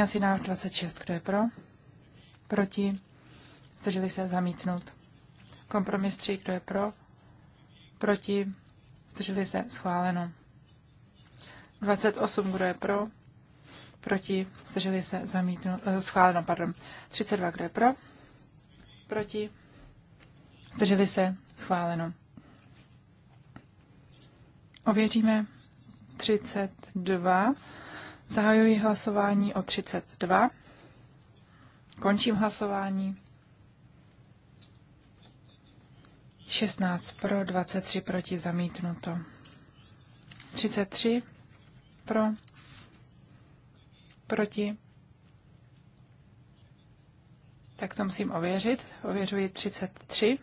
si návrh 26, kdo je pro? Proti, zdrželi se zamítnout. Kompromis 3, kdo je pro? proti, zdrželi se, schváleno. 28, kdo je pro, proti, zdrželi se, zamítnu, eh, schváleno, pardon. 32, kdo je pro, proti, zdrželi se, schváleno. Ověříme 32. Zahajuji hlasování o 32. Končím hlasování. 16 pro, 23 proti, zamítnuto. 33 pro, proti. Tak to musím ověřit. Ověřuji 33.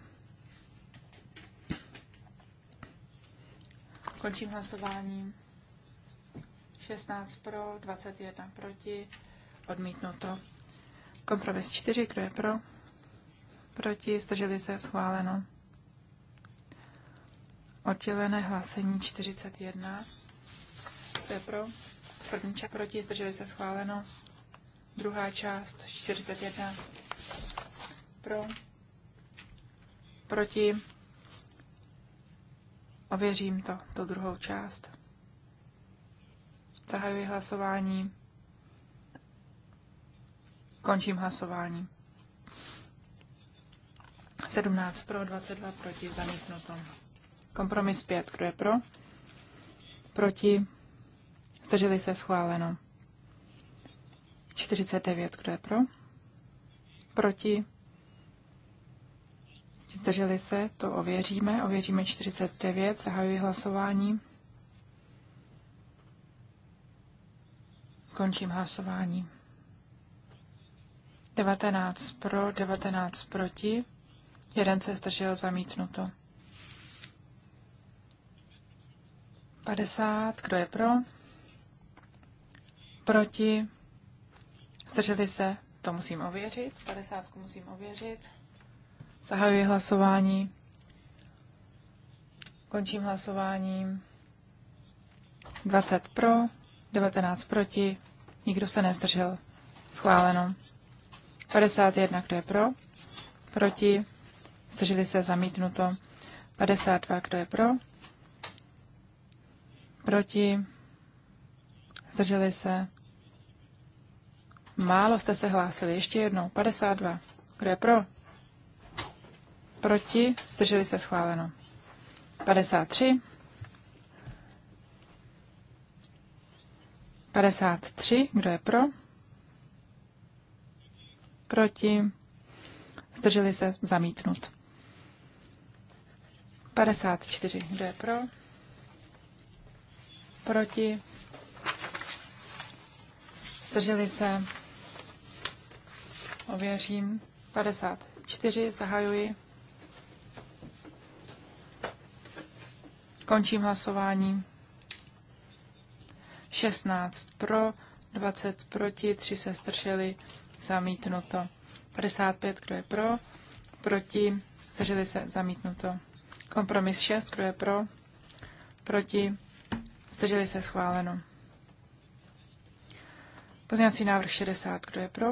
Končím hlasování. 16 pro, 21 proti, odmítnuto. Kompromis 4, kdo je pro? Proti, zdrželi se, schváleno. Oddělené hlásení 41. To je pro. První čas proti, zdrželi se schváleno. Druhá část 41. Pro. Proti. Ověřím to, tu druhou část. Zahajuji hlasování. Končím hlasování. 17 pro, 22 proti, zamítnuto. Kompromis 5. Kdo je pro? Proti? Zdrželi se schváleno. 49. Kdo je pro? Proti? Zdrželi se, to ověříme. Ověříme 49, zahajuji hlasování. Končím hlasování. 19 pro, 19 proti. Jeden se zdržel zamítnuto. 50, kdo je pro? Proti? Zdrželi se? To musím ověřit. 50 musím ověřit. Zahajuji hlasování. Končím hlasování. 20 pro, 19 proti, nikdo se nezdržel. Schváleno. 51, kdo je pro? Proti? Zdrželi se zamítnuto. 52, kdo je pro? Proti? Zdrželi se? Málo jste se hlásili. Ještě jednou. 52. Kdo je pro? Proti? Zdrželi se schváleno. 53. 53. Kdo je pro? Proti? Zdrželi se zamítnut. 54. Kdo je pro? proti, zdrželi se, ověřím, 54, zahajuji, končím hlasování, 16 pro, 20 proti, 3 se zdrželi, zamítnuto, 55, kdo je pro, proti, zdrželi se, zamítnuto. Kompromis 6, kdo je pro, proti, Zdrželi se schváleno. Pozměňovací návrh 60. Kdo je pro?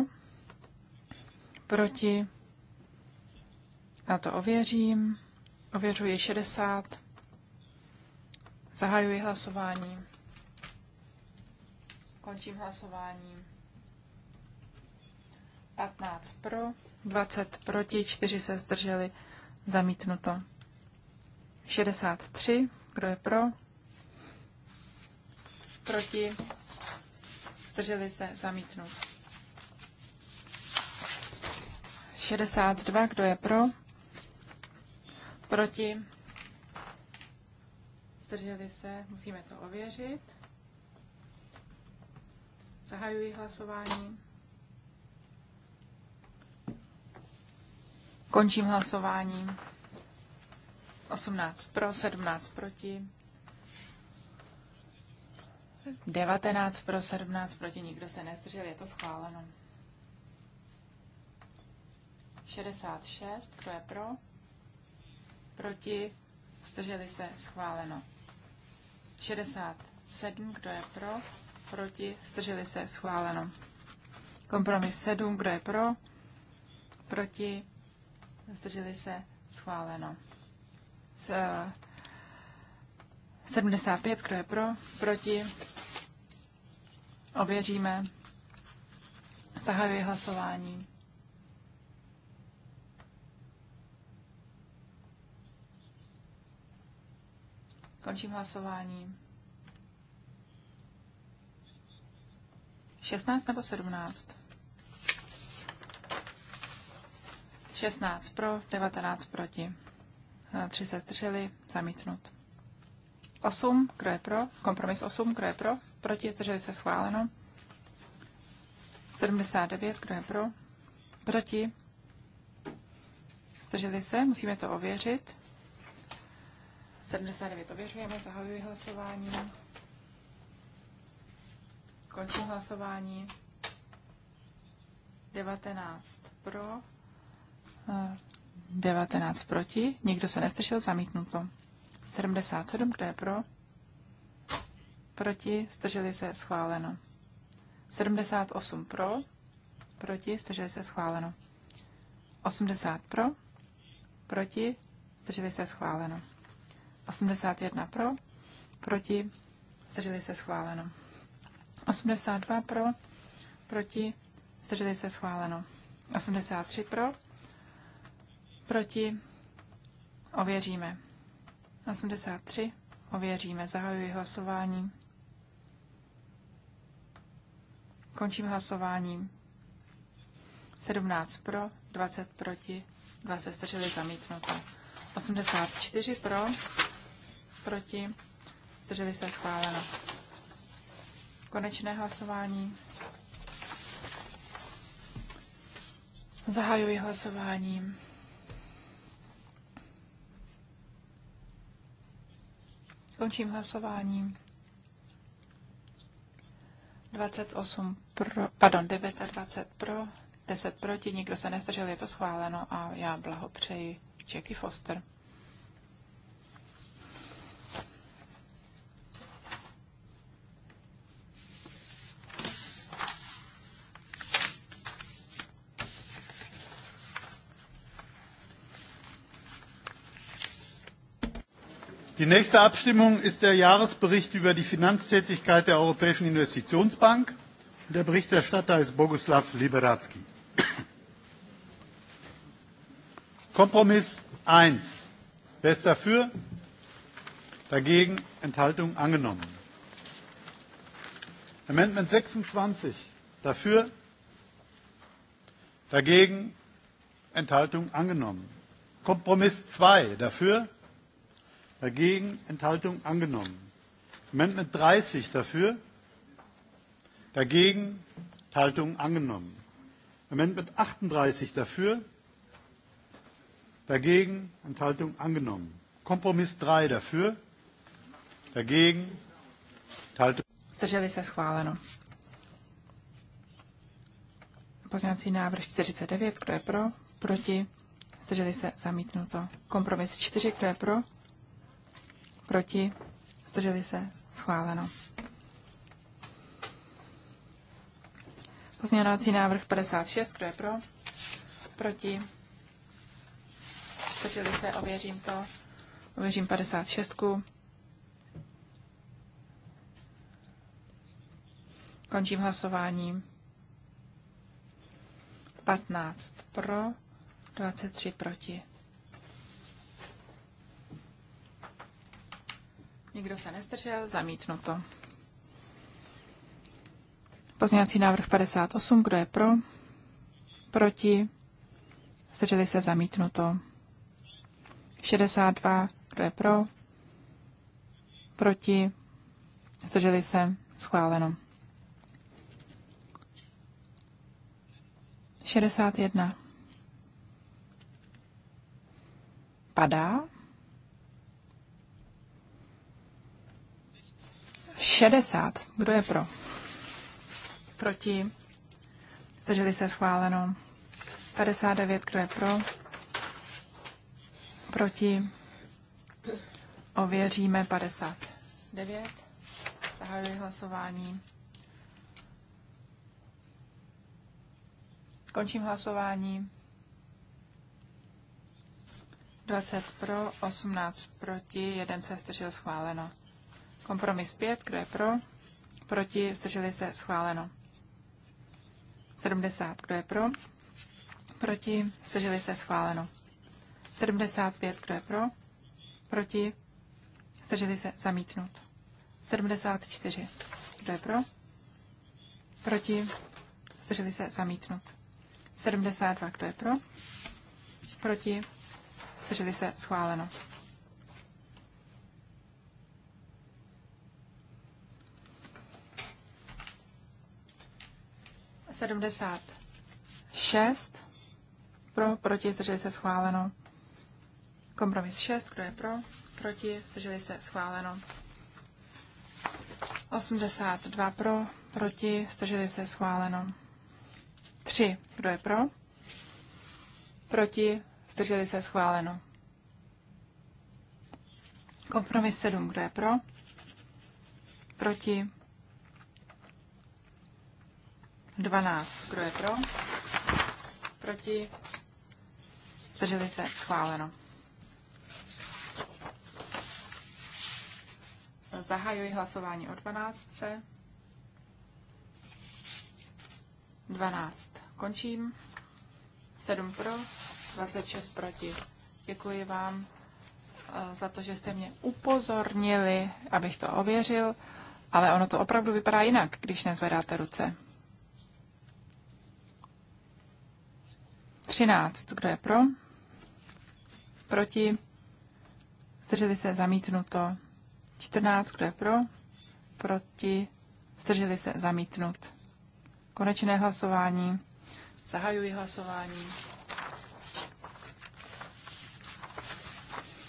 Proti? Já to ověřím. Ověřuji 60. Zahajuji hlasování. Končím hlasování. 15 pro, 20 proti, 4 se zdrželi. Zamítnuto. 63. Kdo je pro? proti, zdrželi se, zamítnut. 62, kdo je pro, proti, zdrželi se, musíme to ověřit. Zahajuji hlasování. Končím hlasování. 18 pro, 17 proti. 19 pro, 17 proti, nikdo se nezdržel, je to schváleno. 66, kdo je pro? Proti, zdrželi se, schváleno. 67, kdo je pro? Proti, zdrželi se, schváleno. Kompromis 7, kdo je pro? Proti, zdrželi se, schváleno. S, 75, kdo je pro, proti, ověříme, zahajuji hlasování. Končím hlasování. 16 nebo 17? 16 pro, 19 proti. 3 se zdrželi, zamítnut. 8, kdo je pro? Kompromis 8, kdo je pro? Proti, zdrželi se schváleno. 79, kdo je pro? Proti, zdrželi se, musíme to ověřit. 79 ověřujeme, zahajuji hlasování. Končím hlasování. 19 pro, 19 eh, proti, nikdo se nestržel, zamítnuto. 77, kdo je pro? Proti, strželi se, schváleno. 78 pro, proti, strželi se, schváleno. 80 pro, proti, strželi se, schváleno. 81 pro, proti, strželi se, schváleno. 82 pro, proti, strželi se, schváleno. 83 pro, proti, ověříme. 83. Ověříme. Zahajuji hlasování. Končím hlasování. 17 pro, 20 proti, 2 se zdrželi zamítnuto. 84 pro, proti, zdrželi se schváleno. Konečné hlasování. Zahajuji hlasování. Končím hlasování. 28 pro, pardon, 29 pro, 10 proti, nikdo se nezdržel, je to schváleno a já blahopřeji Jackie Foster. Die nächste Abstimmung ist der Jahresbericht über die Finanztätigkeit der Europäischen Investitionsbank. Der Berichterstatter ist Boguslav Liberadzki. Kompromiss 1. Wer ist dafür? Dagegen? Enthaltung angenommen. Amendment 26. Dafür? Dagegen? Enthaltung angenommen. Kompromiss 2. Dafür? Dagegen Enthaltung angenommen. Amendment 30 dafür. Dagegen Enthaltung angenommen. Amendment 38 dafür. Dagegen Enthaltung angenommen. Kompromiss 3 dafür. Dagegen Enthaltung. Zdrželi se schváleno. Pozměňovací návrh 49, kdo je pro? Proti? Zdrželi se zamítnuto. Kompromis 4, kdo je pro? proti, zdrželi se, schváleno. Pozměňovací návrh 56, kdo je pro, proti, zdrželi se, ověřím to, ověřím 56. Končím hlasování. 15 pro, 23 proti. Nikdo se nezdržel, zamítnuto. Pozměňovací návrh 58, kdo je pro? Proti? Zdrželi se zamítnuto. 62, kdo je pro? Proti? Zdrželi se schváleno. 61. Padá? 60. Kdo je pro? Proti? Zdrželi se schváleno. 59. Kdo je pro? Proti? Ověříme 59. Zahajuji hlasování. Končím hlasování. 20 pro, 18 proti, jeden se zdržel schváleno. Kompromis 5, kdo je pro? Proti, zdrželi se, schváleno. 70, kdo je pro? Proti, zdrželi se, schváleno. 75, kdo je pro? Proti, zdrželi se, zamítnut. 74, kdo je pro? Proti, zdrželi se, zamítnut. 72, kdo je pro? Proti, zdrželi se, schváleno. 76 pro, proti, zdrželi se schváleno. Kompromis 6, kdo je pro, proti, zdrželi se schváleno. 82 pro, proti, zdrželi se schváleno. 3, kdo je pro, proti, zdrželi se schváleno. Kompromis 7, kdo je pro, proti, 12. Kdo je pro? Proti? Zdrželi se? Schváleno. Zahajuji hlasování o 12. 12. Končím. 7 pro, 26 proti. Děkuji vám eh, za to, že jste mě upozornili, abych to ověřil, ale ono to opravdu vypadá jinak, když nezvedáte ruce. 13. Kdo je pro? Proti? Zdrželi se zamítnuto. 14. Kdo je pro? Proti? Zdrželi se zamítnut. Konečné hlasování. Zahajuji hlasování.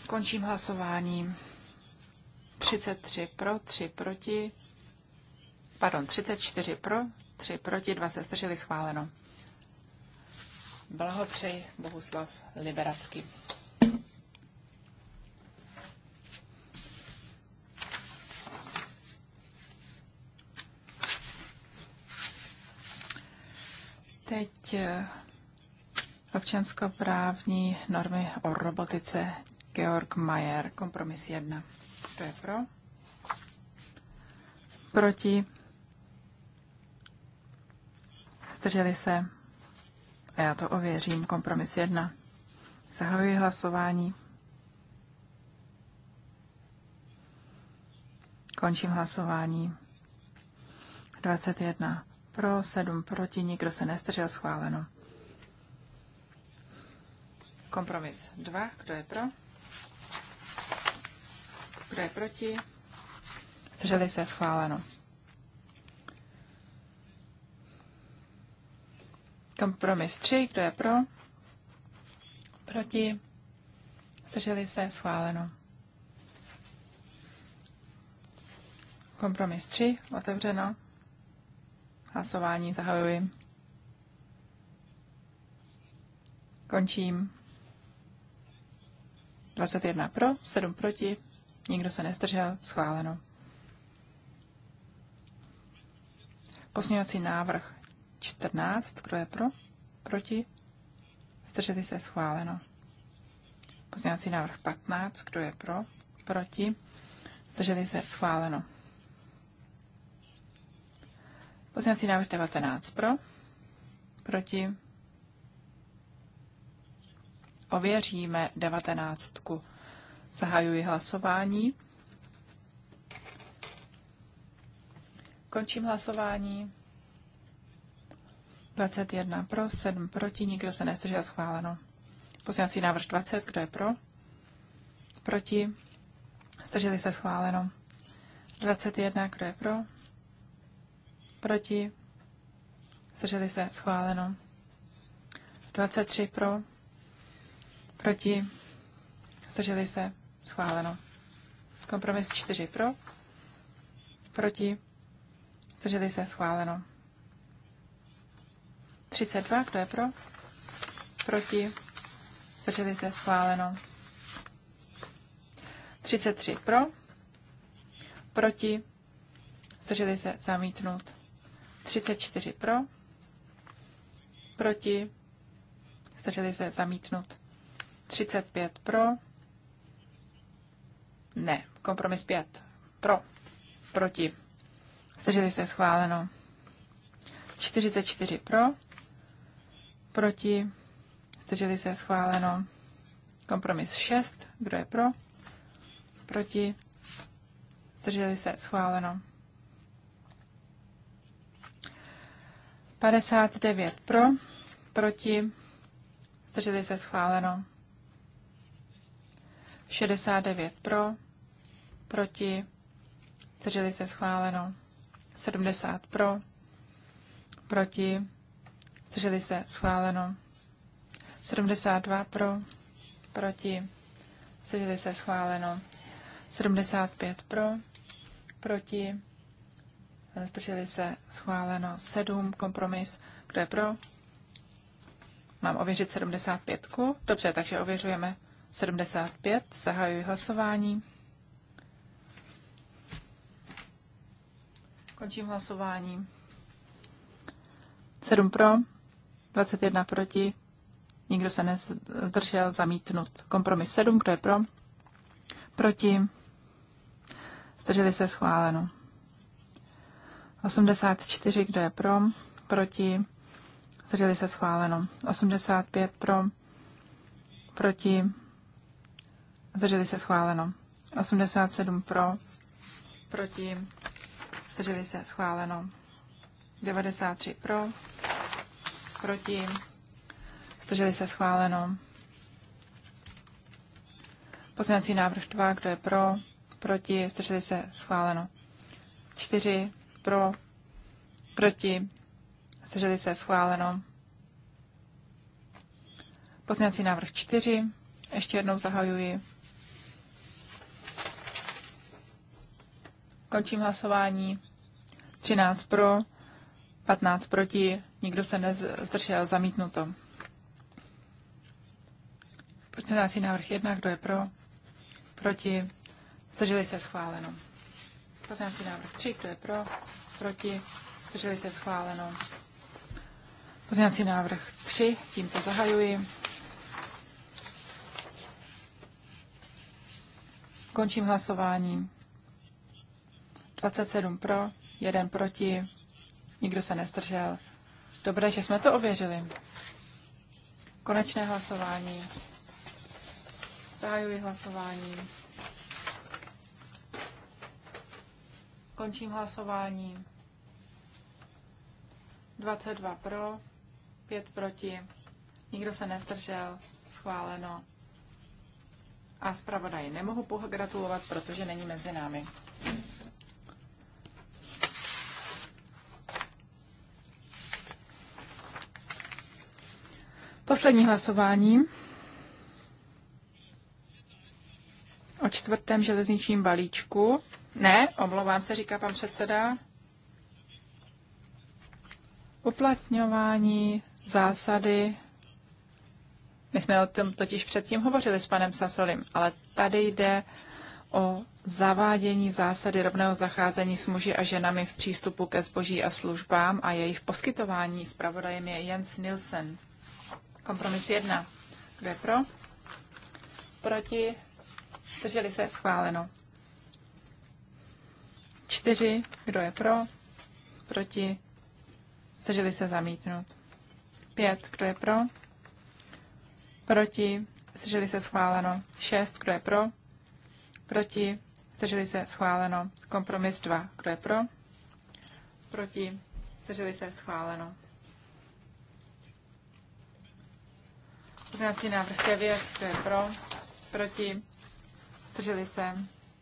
Končím hlasování. 33 pro, 3 proti. Pardon, 34 pro, 3 proti, 2 se zdrželi schváleno. Blahopřeji Bohuslav Liberacký. Teď eh, občanskoprávní normy o robotice Georg Mayer, kompromis 1. Kdo je pro? Proti? Zdrželi se? A já to ověřím. Kompromis 1. Zahajuji hlasování. Končím hlasování. 21 pro, 7 proti, nikdo se nestržel, schváleno. Kompromis 2, kdo je pro? Kdo je proti? Zdrželi se, schváleno. Kompromis 3, kdo je pro? Proti? Zdrželi se? Schváleno. Kompromis 3, otevřeno. Hlasování zahajuji. Končím. 21 pro, 7 proti, nikdo se nestržel, schváleno. Posměvací návrh 14, kdo je pro? Proti? Zdrželi se schváleno. Pozměňovací návrh 15, kdo je pro? Proti? Zdrželi se schváleno. Pozměňovací návrh 19 pro? Proti? Ověříme 19. Zahajuji hlasování. Končím hlasování. 21 pro, 7 proti, nikdo se nezdržel schváleno. Poslanecí návrh 20, kdo je pro? Proti, zdrželi se schváleno. 21, kdo je pro? Proti, zdrželi se schváleno. 23 pro, proti, zdrželi se schváleno. Kompromis 4 pro, proti, zdrželi se schváleno. 32, kdo je pro? Proti? Zdrželi se schváleno. 33 pro? Proti? Zdrželi se zamítnout. 34 pro? Proti? Zdrželi se zamítnout. 35 pro? Ne. Kompromis 5 pro? Proti? Zdrželi se schváleno. 44 pro? proti, zdrželi se schváleno. Kompromis 6, kdo je pro, proti, zdrželi se schváleno. 59 pro, proti, zdrželi se schváleno. 69 pro, proti, zdrželi se schváleno. 70 pro, proti, zdrželi se, schváleno. 72 pro, proti, zdrželi se, schváleno. 75 pro, proti, zdrželi se, schváleno. 7, kompromis, kdo je pro? Mám ověřit 75. -ku. Dobře, takže ověřujeme 75, zahajuji hlasování. Končím hlasování. 7 pro, 21 proti, nikdo se nezdržel, zamítnut. Kompromis 7, kdo je pro? Proti, zdrželi se, schváleno. 84, kdo je pro? Proti, zdrželi se, schváleno. 85 pro, proti, zdrželi se, schváleno. 87 pro, proti, zdrželi se, schváleno. 93 pro, proti, zdrželi se schváleno. Pozměňovací návrh 2, kdo je pro, proti, zdrželi se schváleno. 4, pro, proti, zdrželi se schváleno. Pozměňovací návrh 4, ještě jednou zahajuji. Končím hlasování. 13 pro, 15 proti, nikdo se nezdržel, zamítnuto. si návrh 1, kdo je pro, proti, zdrželi se schváleno. si návrh 3, kdo je pro, proti, zdrželi se schváleno. Pozměňovací návrh 3, tímto zahajuji. Končím hlasování. 27 pro, 1 proti, Nikdo se nestržel. Dobré, že jsme to ověřili. Konečné hlasování. Zahajuji hlasování. Končím hlasování. 22 pro, 5 proti. Nikdo se nestržel. Schváleno. A zpravodaji nemohu pogratulovat, protože není mezi námi. Poslední hlasování o čtvrtém železničním balíčku. Ne, omlouvám se, říká pan předseda. Uplatňování zásady. My jsme o tom totiž předtím hovořili s panem Sasolim, ale tady jde o zavádění zásady rovného zacházení s muži a ženami v přístupu ke zboží a službám a jejich poskytování. Spravodajem je Jens Nilsen. Kompromis 1. Kdo je pro? Proti? Drželi se? Schváleno. 4. Kdo je pro? Proti? Drželi se zamítnout. 5. Kdo je pro? Proti? Drželi se schváleno. 6. Kdo je pro? Proti? Zdrželi se schváleno. Kompromis 2. Kdo je pro? Proti? Zdrželi se schváleno. Pozměňovací návrh 9, kdo je pro, proti, zdrželi se,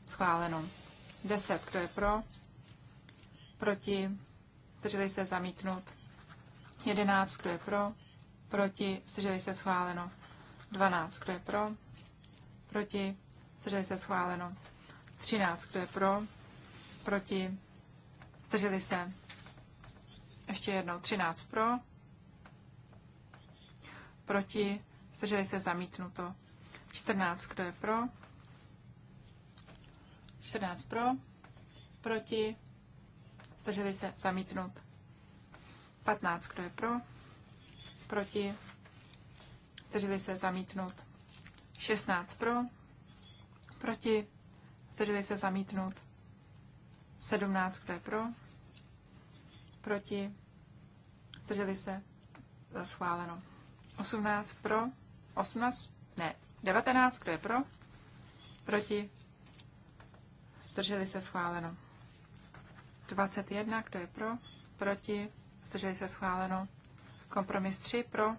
schváleno. 10, kdo je pro, proti, zdrželi se, zamítnut. 11, kdo je pro, proti, zdrželi se, schváleno. 12, kdo je pro, proti, zdrželi se, schváleno. 13, kdo je pro, proti, zdrželi se. Ještě jednou, 13 pro, proti, Zdrželi se zamítnuto. 14, kdo je pro? 14 pro, proti, zdrželi se zamítnut. 15, kdo je pro, proti, zdrželi se zamítnout. 16 pro, proti, zdrželi se zamítnout. 17, kdo je pro, proti, zdrželi se schváleno. 18 pro, 18, ne, 19, kdo je pro, proti, zdrželi se schváleno. 21, kdo je pro, proti, zdrželi se schváleno. Kompromis 3 pro,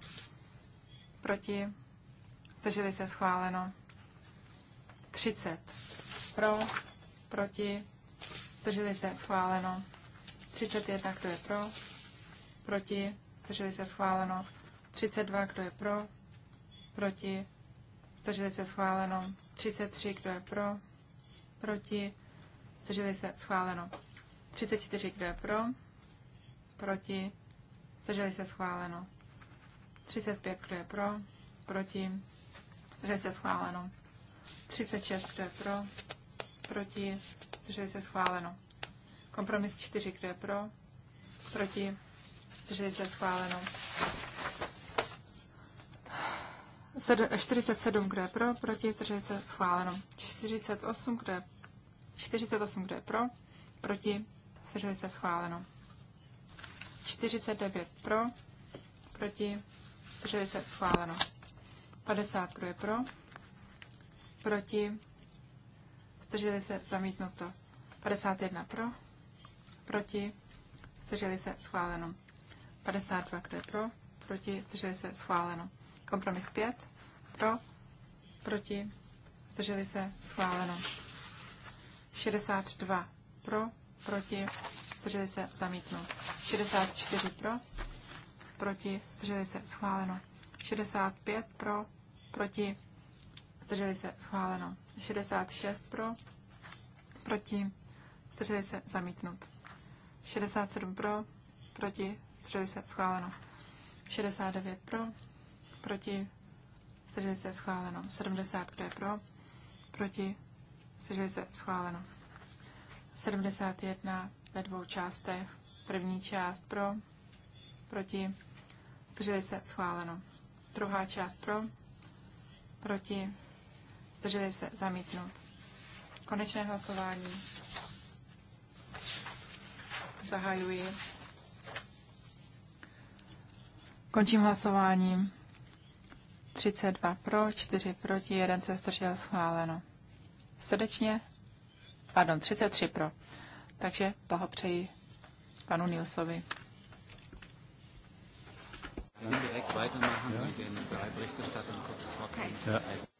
proti, zdrželi se schváleno. 30 pro, proti, zdrželi se schváleno. 31, kdo je pro, proti, zdrželi se schváleno. 32, kdo je pro, proti, zdrželi se schváleno. 33, kdo je pro, proti, zdrželi se schváleno. 34, kdo je pro, proti, zdrželi se schváleno. 35, kdo je pro, proti, zdrželi se schváleno. 36, kdo je pro, proti, zdrželi se schváleno. Kompromis 4, kdo je pro, proti, zdrželi se schváleno. 47, kdo je pro, proti, zdrželi se, schváleno. 48, kdo je, 48, kdo je pro, proti, zdrželi se, schváleno. 49 pro, proti, zdrželi se, schváleno. 50, kdo je pro, proti, zdrželi se, zamítnuto. 51 pro, proti, zdrželi se, schváleno. 52, kdo je pro, proti, zdrželi se, schváleno. Kompromis 5. Pro, proti, zdrželi se, schváleno. 62 pro, proti, zdrželi se, zamítnout. 64 pro, proti, zdrželi se, schváleno. 65 pro, proti, zdrželi se, schváleno. 66 pro, proti, zdrželi se, zamítnut. 67 pro, proti, zdrželi se, schváleno. 69 pro, proti, zdrželi se schváleno. 70, kdo je pro, proti, zdrželi se schváleno. 71 ve dvou částech, první část pro, proti, zdrželi se schváleno. Druhá část pro, proti, zdrželi se zamítnout. Konečné hlasování zahajuji. Končím hlasování. 32 pro, 4 proti, 1 se zdržel schváleno. Srdečně, pardon, 33 pro. Takže blahopřeji panu Nilsovi. ja. Ja.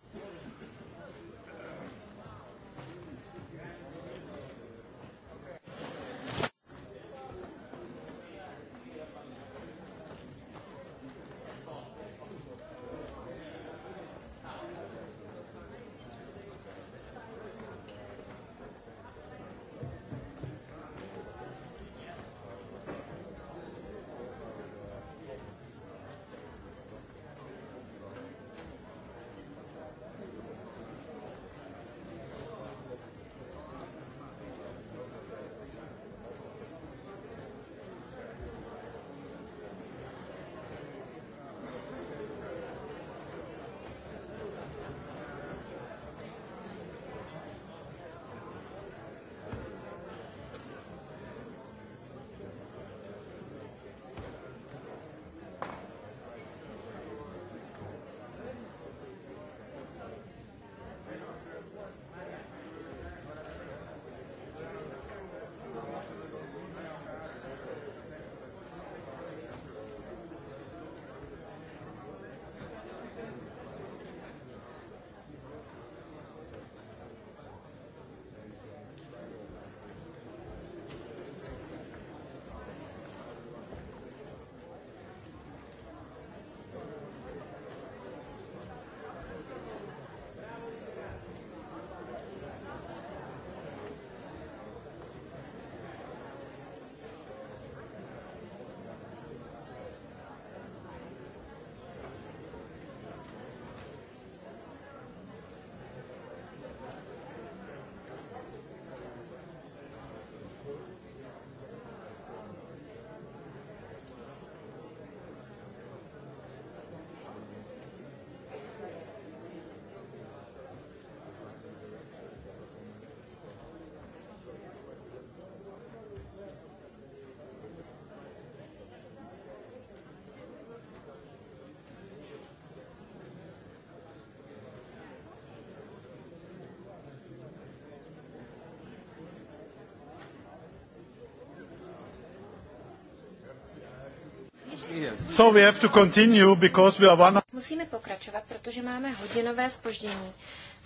So we have to continue because we are one... Musíme pokračovat, protože máme hodinové spoždění.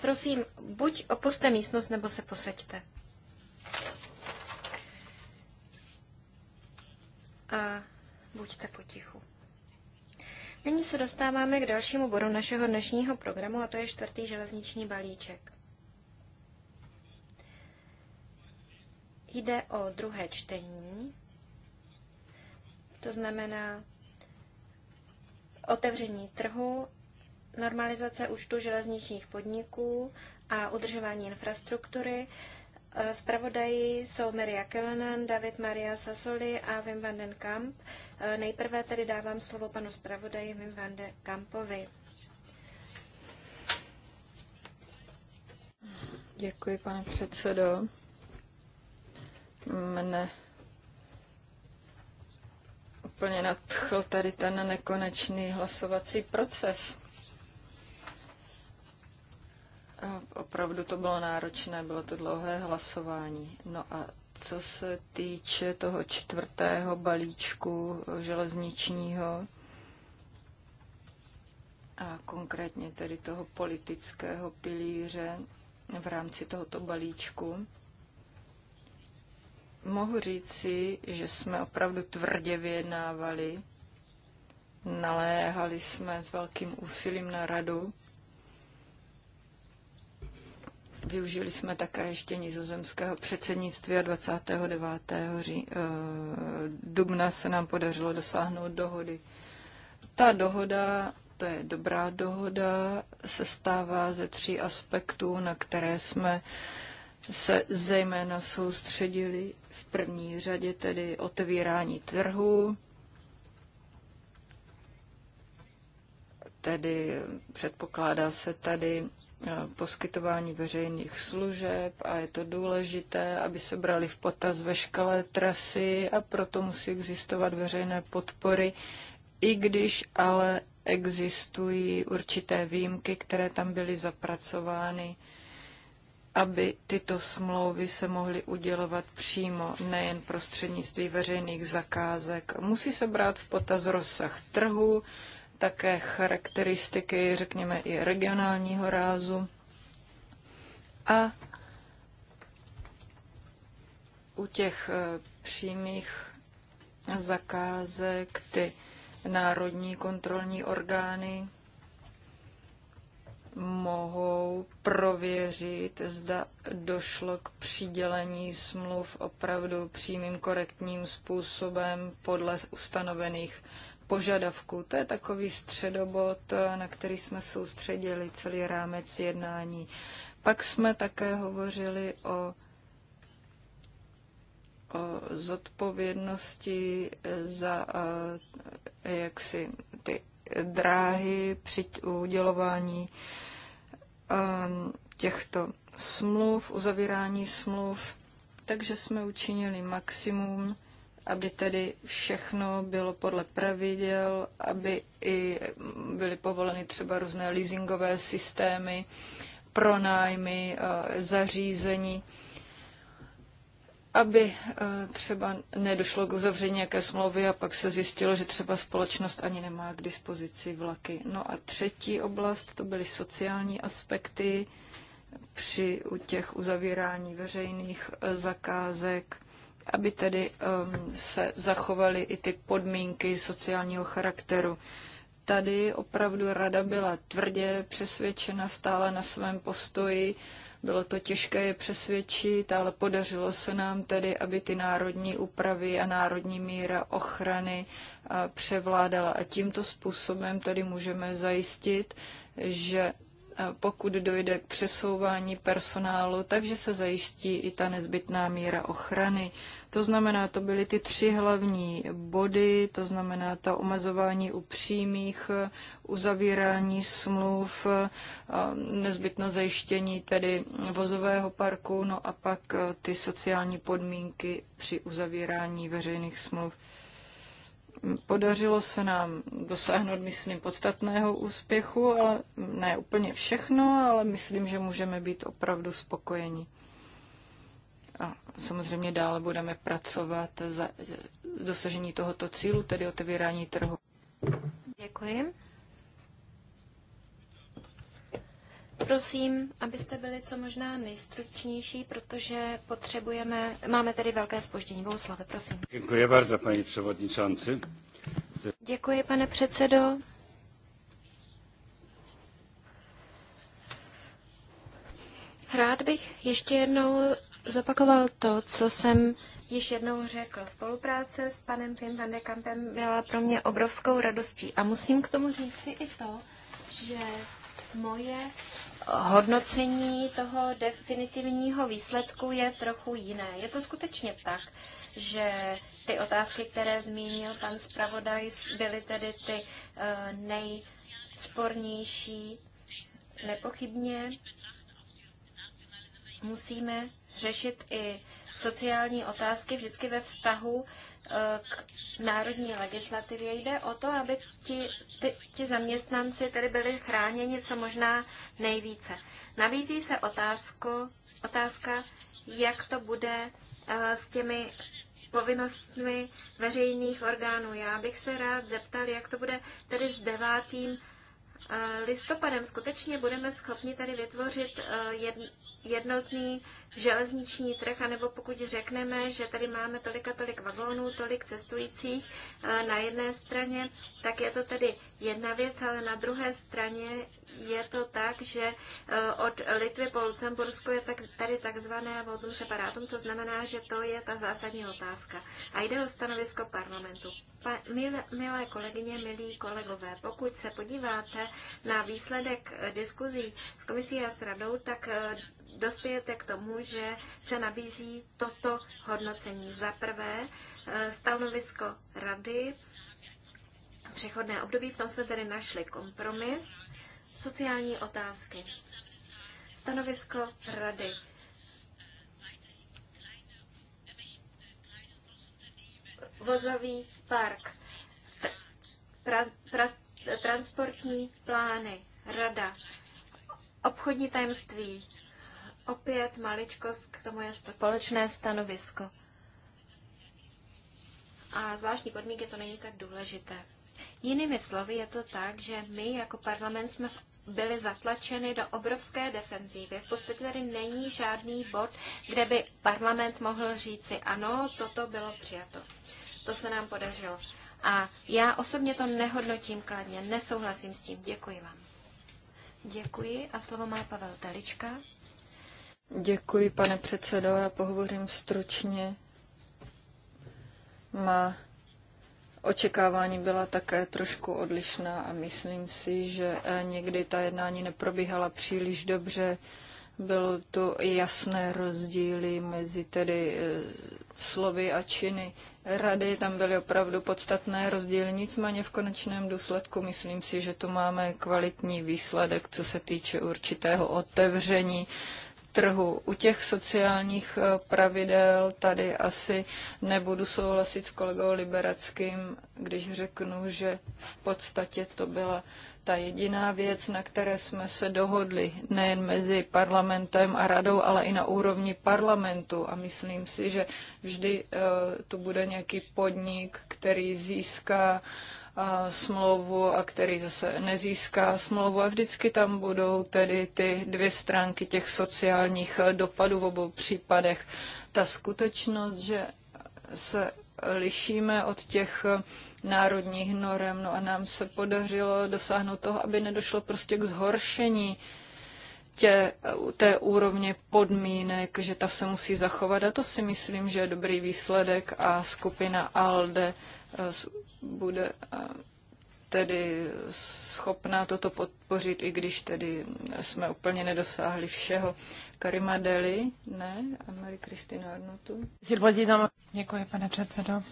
Prosím, buď opuste místnost, nebo se posaďte. A buďte potichu. Nyní se dostáváme k dalšímu bodu našeho dnešního programu, a to je čtvrtý železniční balíček. Jde o druhé čtení, to znamená, otevření trhu, normalizace účtu železničních podniků a udržování infrastruktury. E, Zpravodají jsou Maria Kellenen, David Maria Sasoli a Wim van den Kamp. E, nejprve tedy dávám slovo panu zpravodaji Wim van den Kampovi. Děkuji, pane předsedo. Mne úplně nadchl tady ten nekonečný hlasovací proces. Opravdu to bylo náročné, bylo to dlouhé hlasování. No a co se týče toho čtvrtého balíčku železničního, a konkrétně tedy toho politického pilíře v rámci tohoto balíčku, mohu říci, že jsme opravdu tvrdě vyjednávali, naléhali jsme s velkým úsilím na radu. Využili jsme také ještě nizozemského předsednictví a 29. Ří, eh, dubna se nám podařilo dosáhnout dohody. Ta dohoda, to je dobrá dohoda, se stává ze tří aspektů, na které jsme uh, se zejména soustředili v první řadě tedy otevírání trhu, tedy předpokládá se tady eh, poskytování veřejných služeb a je to důležité, aby se brali v potaz veškeré trasy a proto musí existovat veřejné podpory, i když ale existují určité výjimky, které tam byly zapracovány aby tyto smlouvy se mohly udělovat přímo, nejen prostřednictví veřejných zakázek. Musí se brát v potaz rozsah trhu, také charakteristiky, řekněme, i regionálního rázu. A u těch e, přímých zakázek ty národní kontrolní orgány mohou prověřit, zda došlo k přidělení smluv opravdu přímým korektním způsobem podle ustanovených požadavků. To je takový středobod, na který jsme soustředili celý rámec jednání. Pak jsme také hovořili o o zodpovědnosti za eh, jaksi dráhy při udělování ehm, těchto smluv, uzavírání smluv, takže jsme učinili maximum, aby tedy všechno bylo podle pravidel, aby i byly povoleny třeba různé leasingové systémy, pronájmy, eh, zařízení aby eh, třeba nedošlo k uzavření nějaké smlouvy a pak se zjistilo, že třeba společnost ani nemá k dispozici vlaky. No a třetí oblast, to byly sociální aspekty při u těch uzavírání veřejných eh, zakázek, aby tedy um, se zachovaly i ty podmínky sociálního charakteru. Tady opravdu rada byla tvrdě přesvědčena, stála na svém postoji bylo to těžké je přesvědčit, ale podařilo se nám tedy, aby ty národní úpravy a národní míra ochrany eh, převládala. A tímto způsobem tedy můžeme zajistit, že pokud dojde k přesouvání personálu, takže se zajistí i ta nezbytná míra ochrany. To znamená, to byly ty tři hlavní body, to znamená ta omezování u přímých, uzavírání smluv, nezbytno zajištění tedy vozového parku, no a pak ty sociální podmínky při uzavírání veřejných smluv. Podařilo se nám dosáhnout, myslím, podstatného úspěchu, ale ne úplně všechno, ale myslím, že můžeme být opravdu spokojeni. A samozřejmě dále budeme pracovat za dosažení tohoto cílu, tedy otevírání trhu. Děkuji. Prosím, abyste byli co možná nejstručnější, protože potřebujeme, máme tady velké spoždění. Bohuslave, prosím. Děkuji bardzo, paní předsedající. Děkuji, pane předsedo. Rád bych ještě jednou zopakoval to, co jsem již jednou řekl. Spolupráce s panem Pim van de Kampem byla pro mě obrovskou radostí. A musím k tomu říct si i to, že moje hodnocení toho definitivního výsledku je trochu jiné. Je to skutečně tak, že ty otázky, které zmínil pan zpravodaj, byly tedy ty eh, nejspornější. Nepochybně musíme řešit i sociální otázky vždycky ve vztahu k národní legislativě. Jde o to, aby ti, ty, ti zaměstnanci tedy byli chráněni co možná nejvíce. Nabízí se otázku, otázka, jak to bude eh, s těmi povinnostmi veřejných orgánů. Já bych se rád zeptal, jak to bude tedy s devátým Eh, listopadem skutečně budeme schopni tady vytvořit eh, jednotný železniční trh, anebo pokud řekneme, že tady máme tolik a tolik vagónů, tolik cestujících eh, na jedné straně, tak je to tedy jedna věc, ale na druhé straně je to tak, že e, od Litvy po Lucembursko je tady takzvané votum separátum, to znamená, že to je ta zásadní otázka. A jde o stanovisko parlamentu. Pa, milé, milé kolegyně, milí kolegové, pokud se podíváte na výsledek e, diskuzí s komisí a s radou, tak e, dospějete k tomu, že se nabízí toto hodnocení. Za prvé, stanovisko rady, přechodné období, v tom jsme tedy našli kompromis Sociální otázky. Stanovisko rady. Vozový park. Pra, pra, transportní plány. Rada. Obchodní tajemství. Opět maličkost, k tomu je společné stanovisko. A zvláštní podmínky to není tak důležité. Jinými slovy je to tak, že my jako parlament jsme byli zatlačeny do obrovské defenzívy. V podstatě tady není žádný bod, kde by parlament mohl říci, ano, toto bylo přijato. To se nám podařilo. A já osobně to nehodnotím kladně, nesouhlasím s tím. Děkuji vám. Děkuji a slovo má Pavel Talička. Děkuji, pane předsedo, já pohovořím stručně. Má očekávání byla také trošku odlišná a myslím si, že eh, někdy ta jednání neprobíhala příliš dobře. Bylo tu jasné rozdíly mezi tedy eh, slovy a činy rady, tam byly opravdu podstatné rozdíly, nicméně v konečném důsledku myslím si, že tu máme kvalitní výsledek, co se týče určitého otevření trhu. U těch sociálních eh, pravidel tady asi nebudu souhlasit s kolegou Liberackým, když řeknu, že v podstatě to byla ta jediná věc, na které jsme se dohodli nejen mezi parlamentem a radou, ale i na úrovni parlamentu. A myslím si, že vždy uh, eh, tu bude nějaký podnik, který získá uh, smlouvu a který zase nezíská smlouvu a vždycky tam budou tedy ty dvě stránky těch sociálních dopadů v obou případech. Ta skutečnost, že se lišíme od těch národních norem. No a nám se podařilo dosáhnout toho, aby nedošlo prostě k zhoršení tě, té úrovně podmínek, že ta se musí zachovat. A to si myslím, že je dobrý výsledek a skupina ALDE bude tedy schopná toto podpořit, i když tedy jsme úplně nedosáhli všeho. Karima Deli, ne, a Marie Kristýna Arnutu? Děkuji, pane předsedo.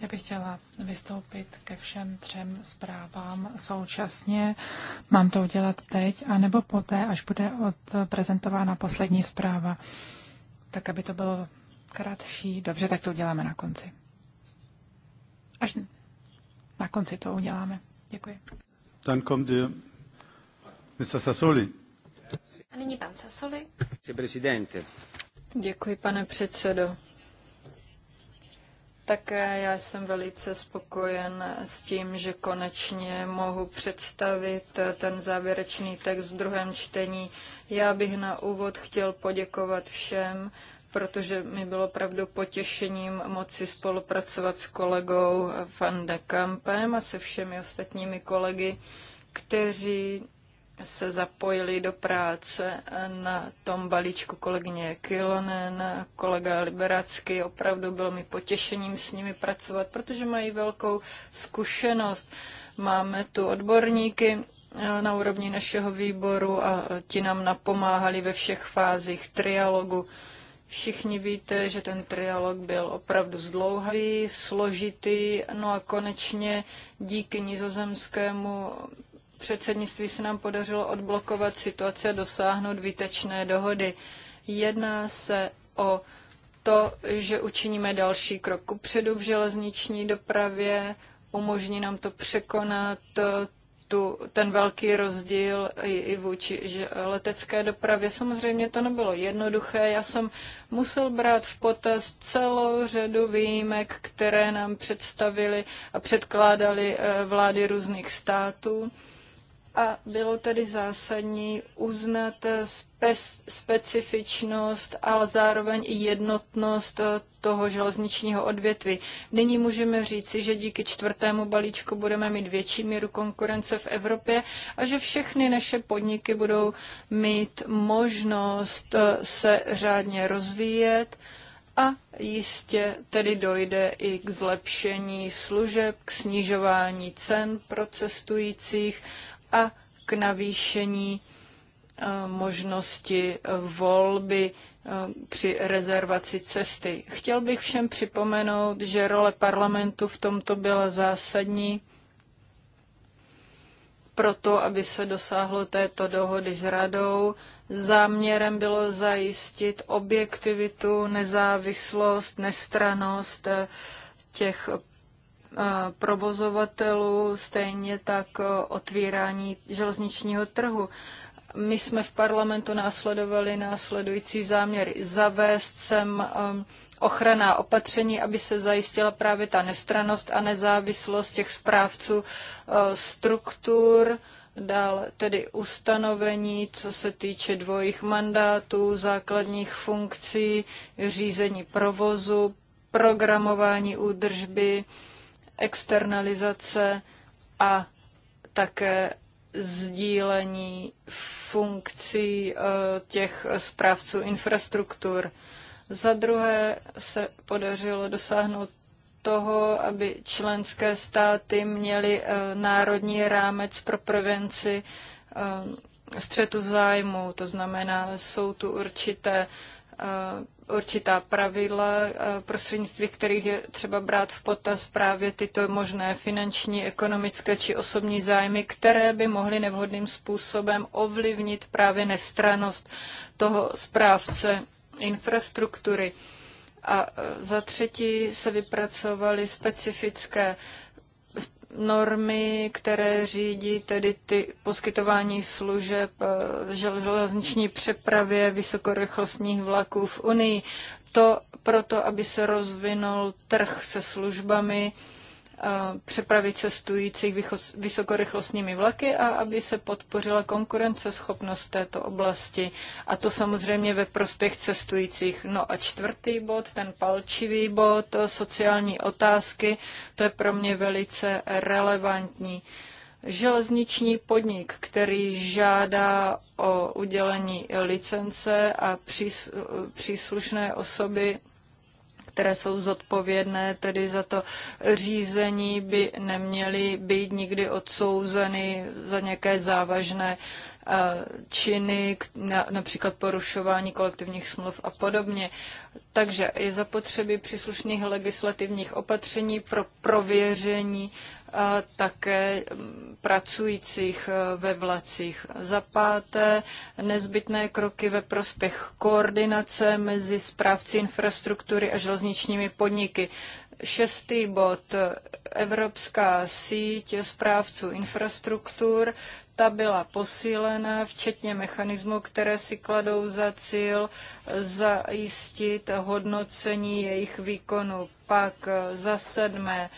Já bych chtěla vystoupit ke všem třem zprávám současně. Mám to udělat teď, anebo poté, až bude odprezentována poslední zpráva, tak aby to bylo kratší. Dobře, tak to uděláme na konci. Až na konci to uděláme. Děkuji. Dann kommt der Mr. Sassoli. A nyní pan Sassoli. Děkuji, pane předsedo. Také já jsem velice spokojen s tím, že konečně mohu představit ten závěrečný text v druhém čtení. Já bych na úvod chtěl poděkovat všem, protože mi bylo opravdu potěšením moci spolupracovat s kolegou Van de Kampem a se všemi ostatními kolegy, kteří se zapojili do práce na tom balíčku kolegyně Kilonen, kolega Liberacky. Opravdu bylo mi potěšením s nimi pracovat, protože mají velkou zkušenost. Máme tu odborníky eh, na úrovni našeho výboru a ti nám napomáhali ve všech fázích trialogu. Všichni víte, že ten trialog byl opravdu zdlouhavý, složitý, no a konečně díky nizozemskému předsednictví se nám podařilo odblokovat situaci a dosáhnout výtečné dohody. Jedná se o to, že učiníme další krok kupředu v železniční dopravě, umožní nám to překonat tu, ten velký rozdíl i, i vůči že letecké dopravě. Samozřejmě to nebylo jednoduché. Já jsem musel brát v potaz celou řadu výjimek, které nám představili a předkládali eh, vlády různých států a bylo tedy zásadní uznat spe- specifičnost, ale zároveň i jednotnost eh, toho železničního odvětví. Nyní můžeme říci, že díky čtvrtému balíčku budeme mít větší míru konkurence v Evropě a že všechny naše podniky budou mít možnost eh, se řádně rozvíjet a jistě tedy dojde i k zlepšení služeb, k snižování cen pro cestujících a k navýšení eh, možnosti eh, volby eh, při rezervaci cesty. Chtěl bych všem připomenout, že role parlamentu v tomto byla zásadní proto, aby se dosáhlo této dohody s radou. Záměrem bylo zajistit objektivitu, nezávislost, nestranost těch provozovatelů, stejně tak otvírání železničního trhu. My jsme v parlamentu následovali následující záměry. Zavést sem ochranná opatření, aby se zajistila právě ta nestranost a nezávislost těch správců struktur, dál tedy ustanovení, co se týče dvojích mandátů, základních funkcí, řízení provozu, programování údržby, externalizace a také sdílení funkcí eh, těch správců infrastruktur. Za druhé se podařilo dosáhnout toho, aby členské státy měly eh, národní rámec pro prevenci eh, střetu zájmu. To znamená, jsou tu určité určitá pravidla, eh, prostřednictví kterých je třeba brát v potaz právě tyto možné finanční, ekonomické či osobní zájmy, které by mohly nevhodným způsobem ovlivnit právě nestranost toho správce infrastruktury. A eh, za třetí se vypracovaly specifické normy, které řídí tedy ty poskytování služeb eh, železniční přepravě vysokorychlostních vlaků v Unii. To proto, aby se rozvinul trh se službami, přepravy cestujících vysokorychlostními vlaky a aby se podpořila konkurenceschopnost této oblasti. A to samozřejmě ve prospěch cestujících. No a čtvrtý bod, ten palčivý bod, sociální otázky, to je pro mě velice relevantní železniční podnik, který žádá o udělení licence a e, příslušné osoby které jsou zodpovědné tedy za to řízení, by neměly být nikdy odsouzeny za nějaké závažné eh, činy, například porušování kolektivních smluv a podobně. Takže je zapotřebí příslušných legislativních opatření pro prověření také mm, pracujících e, ve vlacích. Za páté, nezbytné kroky ve prospěch koordinace mezi správci infrastruktury a železničními podniky. Šestý bod, Evropská síť správců infrastruktur, ta byla posílena, včetně mechanismů, které si kladou za cíl zajistit hodnocení jejich výkonu. Pak e, za sedmé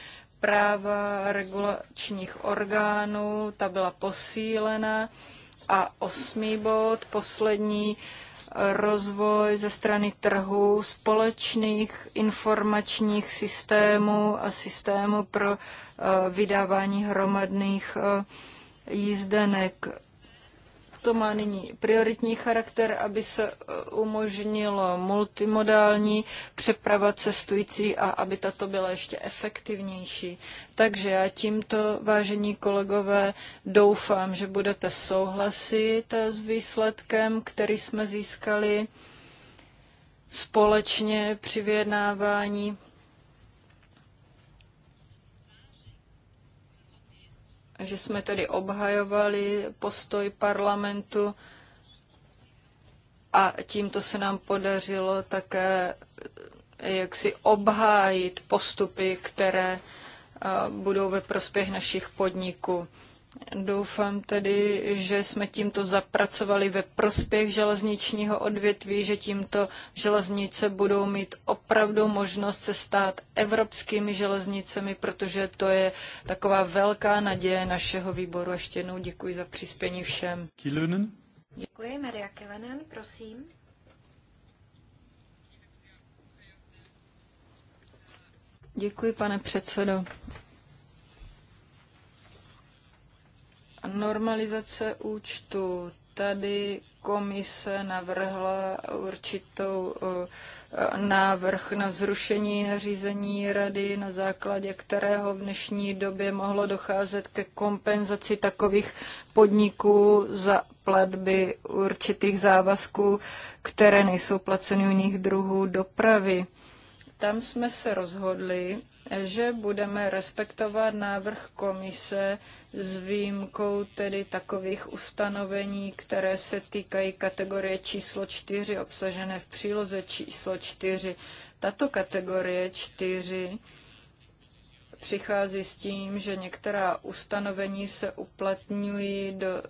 práva regulačních orgánů, ta byla posílena. A osmý bod, poslední, rozvoj ze strany trhu společných informačních systémů a systému pro eh, vydávání hromadných eh, jízdenek to má nyní prioritní charakter, aby se e, umožnilo multimodální přeprava cestující a aby tato byla ještě efektivnější. Takže já tímto, vážení kolegové, doufám, že budete souhlasit s výsledkem, který jsme získali společně při vyjednávání že jsme tedy obhajovali postoj parlamentu a tímto se nám podařilo také eh, jak si obhájit postupy, které eh, budou ve prospěch našich podniků. Doufám tedy, že jsme tímto zapracovali ve prospěch železničního odvětví, že tímto železnice budou mít opravdu možnost se stát evropskými železnicemi, protože to je taková velká naděje našeho výboru. Ještě jednou děkuji za přispění všem. Kilunen. Děkuji, Maria Kilenen, prosím. Děkuji, pane předsedo. Normalizace účtu. Tady komise navrhla určitou eh, návrh na zrušení nařízení rady, na základě kterého v dnešní době mohlo docházet ke kompenzaci takových podniků za platby určitých závazků, které nejsou placeny u nich druhů dopravy tam jsme se rozhodli, že budeme respektovat návrh komise s výjimkou tedy takových ustanovení, které se týkají kategorie číslo 4 obsažené v příloze číslo 4. Tato kategorie 4 přichází s tím, že některá ustanovení se uplatňují do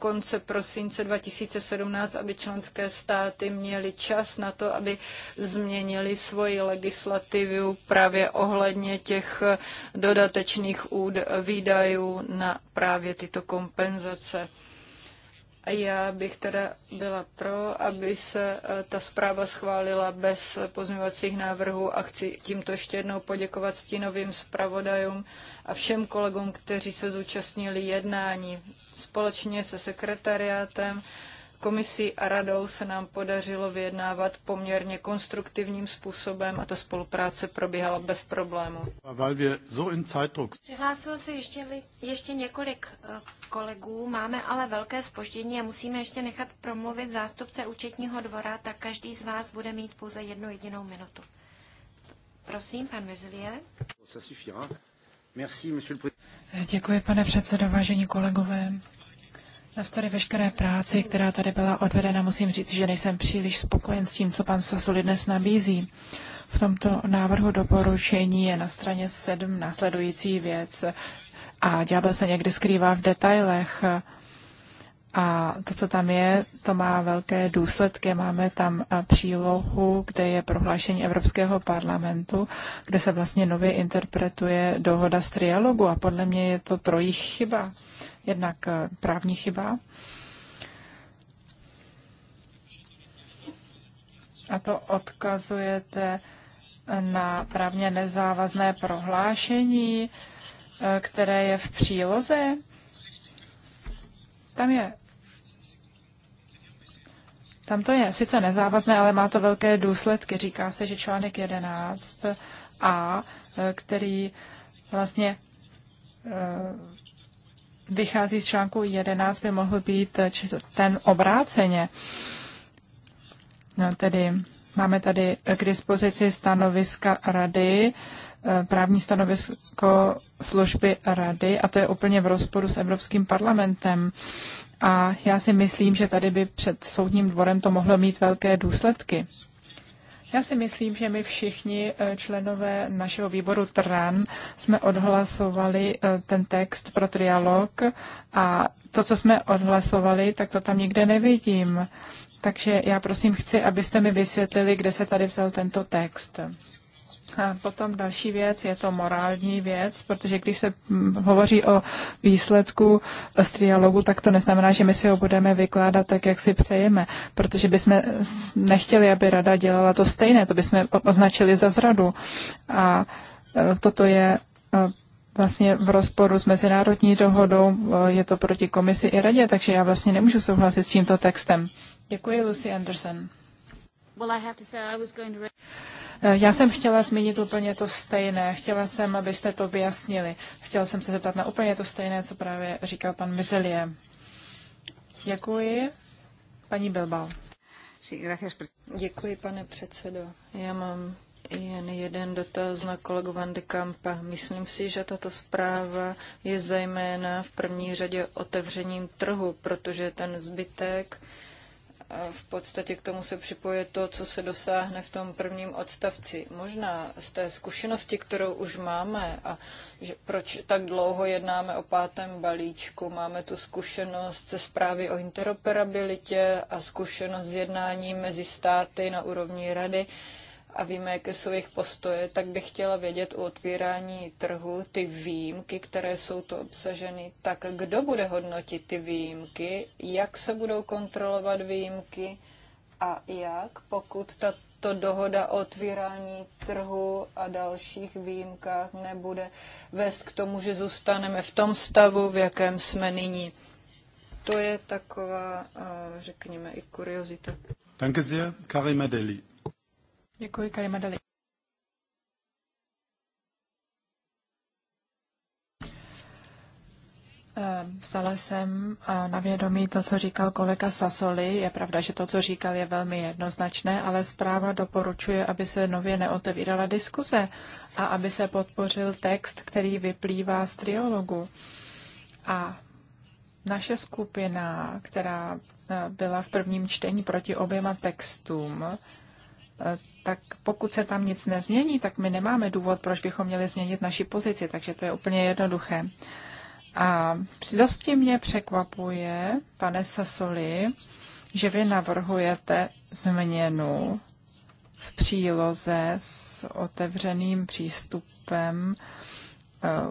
konce prosince 2017, aby členské státy měly čas na to, aby změnili svoji legislativu právě ohledně těch dodatečných výdajů na právě tyto kompenzace. Já bych teda byla pro, aby se eh, ta zpráva schválila bez pozměňovacích návrhů a chci tímto ještě jednou poděkovat stínovým zpravodajům a všem kolegům, kteří se zúčastnili jednání společně se sekretariátem komisí a radou se nám podařilo vyjednávat poměrně konstruktivním způsobem a ta spolupráce probíhala bez problémů. Přihlásilo se ještě, ještě několik eh, kolegů, máme ale velké spoždění a musíme ještě nechat promluvit zástupce účetního dvora, tak každý z vás bude mít pouze jednu jedinou minutu. Prosím, pan Mezulier. Děkuji, pane předsedo, vážení kolegové. Navzdory veškeré práci, která tady byla odvedena, musím říct, že nejsem příliš spokojen s tím, co pan Sasuli dnes nabízí. V tomto návrhu doporučení je na straně 7 následující věc a ďábel se někdy skrývá v detailech. A to, co tam je, to má velké důsledky. Máme tam přílohu, kde je prohlášení Evropského parlamentu, kde se vlastně nově interpretuje dohoda z trialogu a podle mě je to trojí chyba jednak eh, právní chyba, a to odkazujete eh, na právně nezávazné prohlášení, eh, které je v příloze. Tam je tam to je sice nezávazné, ale má to velké důsledky. Říká se, že článek 11a, který vlastně vychází z článku 11, by mohl být eh, ten obráceně. No, tedy máme tady k dispozici stanoviska rady, eh, právní stanovisko služby rady a to je úplně v rozporu s Evropským parlamentem. A já si myslím, že tady by před soudním dvorem to mohlo mít velké důsledky. Já si myslím, že my všichni eh, členové našeho výboru TRAN jsme odhlasovali eh, ten text pro trialog a to, co jsme odhlasovali, tak to tam nikde nevidím. Takže já prosím chci, abyste mi vysvětlili, kde se tady vzal tento text. A potom další věc, je to morální věc, protože když se mm, hovoří o výsledku z trialogu, tak to neznamená, že my si ho budeme vykládat tak, jak si přejeme, protože bychom nechtěli, aby rada dělala to stejné, to bychom označili za zradu. A e, toto je e, vlastně v rozporu s mezinárodní dohodou, e, je to proti komisi i radě, takže já vlastně nemůžu souhlasit s tímto textem. Děkuji, Lucy Anderson. Well, I have to say I was going to... Eh, já jsem chtěla zmínit úplně to stejné. Chtěla jsem, abyste to vyjasnili. Chtěla jsem se zeptat na úplně to stejné, co právě říkal pan Mizelie. Děkuji. Paní Bilbao. Děkuji, pane předsedo. Já mám jen jeden dotaz na kolegu Van de Kampa. Myslím si, že tato zpráva je zejména v první řadě otevřením trhu, protože ten zbytek v podstatě k tomu se připoje to, co se dosáhne v tom prvním odstavci. Možná z té zkušenosti, kterou už máme a že proč tak dlouho jednáme o pátém balíčku, máme tu zkušenost se zprávy o interoperabilitě a zkušenost s jednáním mezi státy na úrovni rady, a víme, jaké jsou jejich postoje, tak bych chtěla vědět o otvírání trhu ty výjimky, které jsou to obsaženy. Tak kdo bude hodnotit ty výjimky, jak se budou kontrolovat výjimky a jak, pokud ta to dohoda o otvírání trhu a dalších výjimkách nebude vést k tomu, že zůstaneme v tom stavu, v jakém jsme nyní. To je taková, eh, řekněme, i kuriozita. Danke sehr, Karim Děkuji, Karima Dali. Eh, vzala jsem eh, na vědomí to, co říkal kolega Sasoli. Je pravda, že to, co říkal, je velmi jednoznačné, ale zpráva doporučuje, aby se nově neotevírala diskuze a aby se podpořil text, který vyplývá z triologu. A naše skupina, která eh, byla v prvním čtení proti oběma textům, tak pokud se tam nic nezmění, tak my nemáme důvod, proč bychom měli změnit naši pozici, takže to je úplně jednoduché. A dosti mě překvapuje, pane Sasoli, že vy navrhujete změnu v příloze s otevřeným přístupem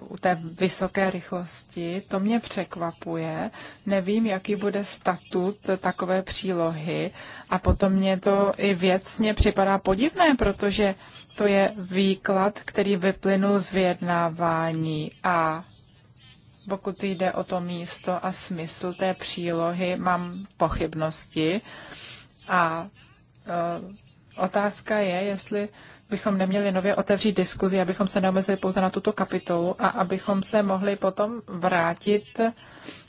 u té vysoké rychlosti. To mě překvapuje. Nevím, jaký bude statut takové přílohy. A potom mě to i věcně připadá podivné, protože to je výklad, který vyplynul z vyjednávání a pokud jde o to místo a smysl té přílohy, mám pochybnosti. A uh, otázka je, jestli bychom neměli nově otevřít diskuzi, abychom se neomezili pouze na tuto kapitolu a abychom se mohli potom vrátit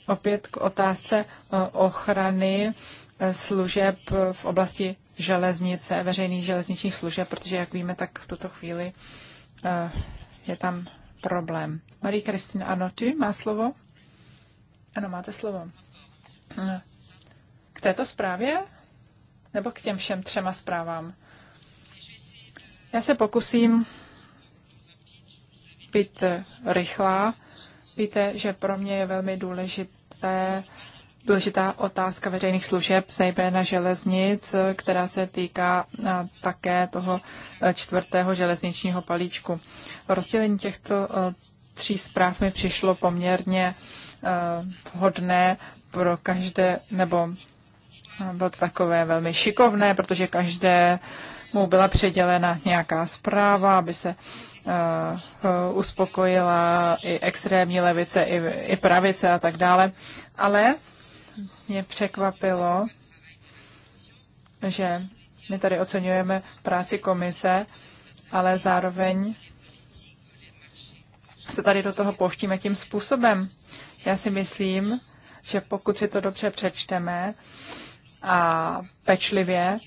opět k otázce eh, ochrany eh, služeb v oblasti železnice, veřejných železničních služeb, protože, jak víme, tak v tuto chvíli eh, je tam problém. Marie Kristina ty má slovo? Ano, máte slovo. K této zprávě? Nebo k těm všem třema zprávám? Já se pokusím být rychlá. Víte, že pro mě je velmi důležité, důležitá otázka veřejných služeb, zejména železnic, která se týká eh, také toho eh, čtvrtého železničního palíčku. Rozdělení těchto eh, tří zpráv mi přišlo poměrně hodné pro každé, nebo bylo to takové velmi šikovné, protože každé uh, mu byla předělena nějaká zpráva, aby se uh, uspokojila i extrémní levice, i, i pravice a tak dále. Ale mě překvapilo, že my tady oceňujeme práci komise, ale zároveň se tady do toho pouštíme tím způsobem. Já si myslím, že pokud si to dobře přečteme a pečlivě,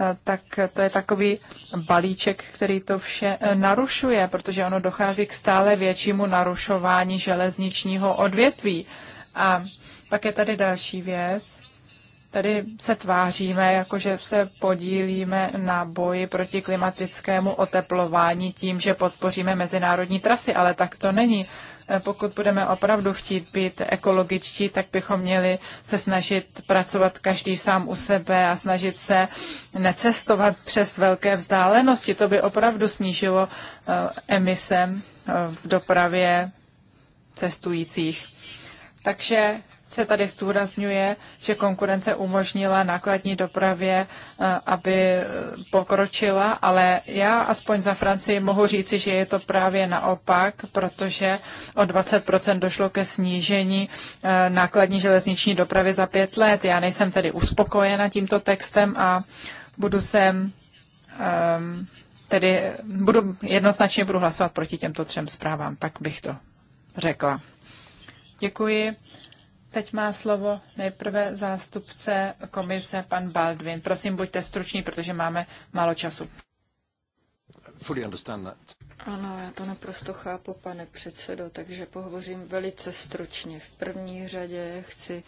Eh, tak to je takový balíček, který to vše eh, narušuje, protože ono dochází k stále většímu narušování železničního odvětví. A pak je tady další věc. Tady se tváříme, jakože se podílíme na boji proti klimatickému oteplování tím, že podpoříme mezinárodní trasy, ale tak to není pokud budeme opravdu chtít být ekologičtí, tak bychom měli se snažit pracovat každý sám u sebe a snažit se necestovat přes velké vzdálenosti. To by opravdu snížilo eh, emise eh, v dopravě cestujících. Takže se tady zdůrazňuje, že konkurence umožnila nákladní dopravě, eh, aby eh, pokročila, ale já aspoň za Francii mohu říci, že je to právě naopak, protože o 20% došlo ke snížení eh, nákladní železniční dopravy za pět let. Já nejsem tedy uspokojena tímto textem a budu se ehm, tedy budu, jednoznačně budu hlasovat proti těmto třem zprávám, tak bych to řekla. Děkuji. Teď má slovo nejprve zástupce komise pan Baldwin. Prosím, buďte struční, protože máme málo času. Ano, já to naprosto chápu, pane předsedo, takže pohovořím velice stručně. V první řadě chci uh,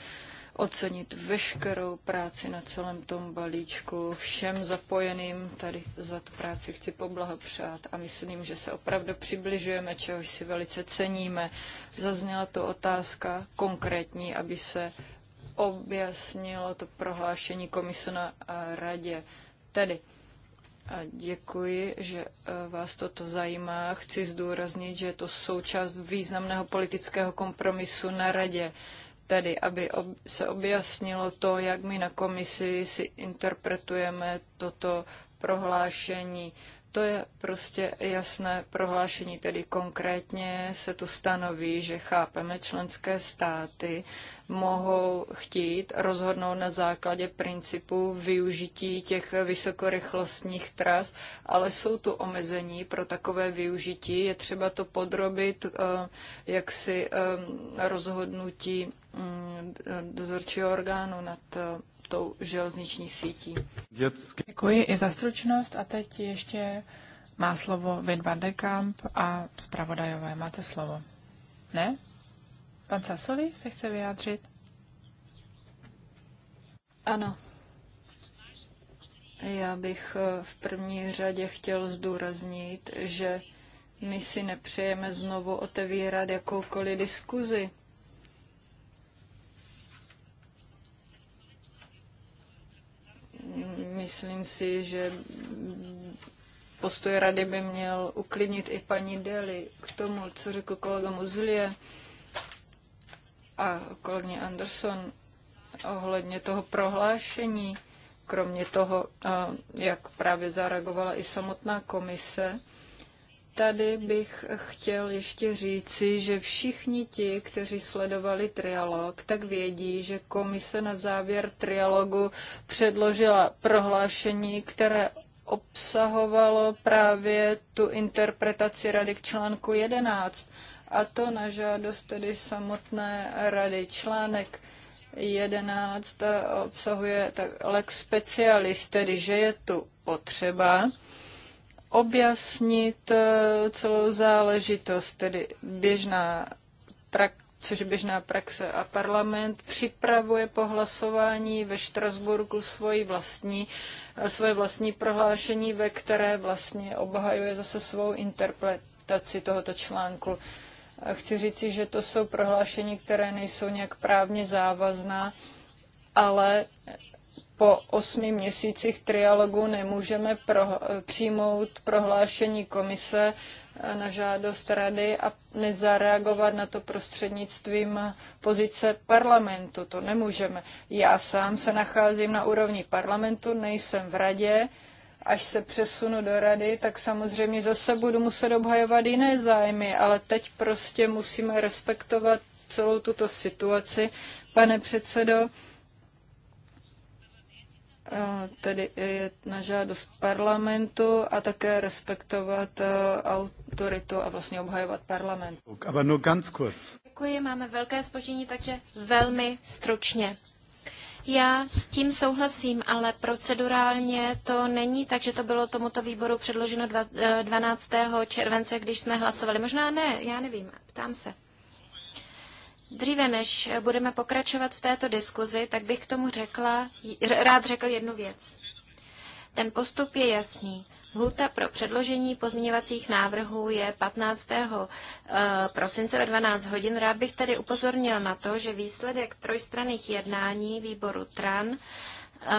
ocenit veškerou práci na celém tom balíčku. Všem zapojeným tady za tu práci chci poblahopřát a myslím, že se opravdu přibližujeme, čehož si velice ceníme. Zazněla to otázka konkrétní, aby se objasnilo to prohlášení komise na radě. Tedy a děkuji, že e, vás toto zajímá. Chci zdůraznit, že je to součást významného politického kompromisu na radě tedy aby se objasnilo to, jak my na komisi si interpretujeme toto prohlášení. To je prostě jasné prohlášení, tedy konkrétně se tu stanoví, že chápeme, členské státy mohou chtít rozhodnout na základě principu využití těch vysokorychlostních tras, ale jsou tu omezení pro takové využití. Je třeba to podrobit eh, jaksi eh, rozhodnutí mm, dozorčího orgánu nad eh, tou železniční sítí. Děkuji i za stručnost a teď ještě má slovo Vin van de Kamp a zpravodajové. Máte slovo. Ne? Pan Sasoli se chce vyjádřit? Ano. Já bych eh, v první řadě chtěl zdůraznit, že my si nepřejeme znovu otevírat jakoukoliv diskuzi myslím si, že postoj rady by měl uklidnit i paní Deli k tomu, co řekl kolega Muzlie a kolegně Anderson ohledně toho prohlášení, kromě toho, eh, jak právě zareagovala i samotná komise, Tady bych chtěl ještě říci, že všichni ti, kteří sledovali trialog, tak vědí, že komise na závěr trialogu předložila prohlášení, které obsahovalo právě tu interpretaci rady k článku 11, a to na žádost tedy samotné rady. Článek 11 obsahuje tak lex specialis, tedy že je tu potřeba objasnit eh, celou záležitost, tedy běžná prak, což běžná praxe a parlament připravuje po hlasování ve Štrasburku svoji vlastní, eh, svoje vlastní prohlášení, ve které vlastně obhajuje zase svou interpretaci tohoto článku. Chci říci, že to jsou prohlášení, které nejsou nějak právně závazná, ale po osmi měsících trialogu nemůžeme pro, přijmout prohlášení komise eh, na žádost rady a nezareagovat na to prostřednictvím pozice parlamentu. To nemůžeme. Já sám se nacházím na úrovni parlamentu, nejsem v radě. Až se přesunu do rady, tak samozřejmě zase budu muset obhajovat jiné zájmy, ale teď prostě musíme respektovat celou tuto situaci. Pane předsedo, tedy je na žádost parlamentu a také respektovat e, autoritu a vlastně obhajovat parlament. Děkuji, máme velké spožení, takže velmi stručně. Já s tím souhlasím, ale procedurálně to není tak, že to bylo tomuto výboru předloženo 12. E, července, když jsme hlasovali. Možná ne, já nevím, ptám se. Dříve než budeme pokračovat v této diskuzi, tak bych k tomu řekla, rád řekl jednu věc. Ten postup je jasný. Hluta pro předložení pozměňovacích návrhů je 15. Eh, prosince ve 12 hodin. Rád bych tady upozornil na to, že výsledek trojstranných jednání výboru TRAN eh,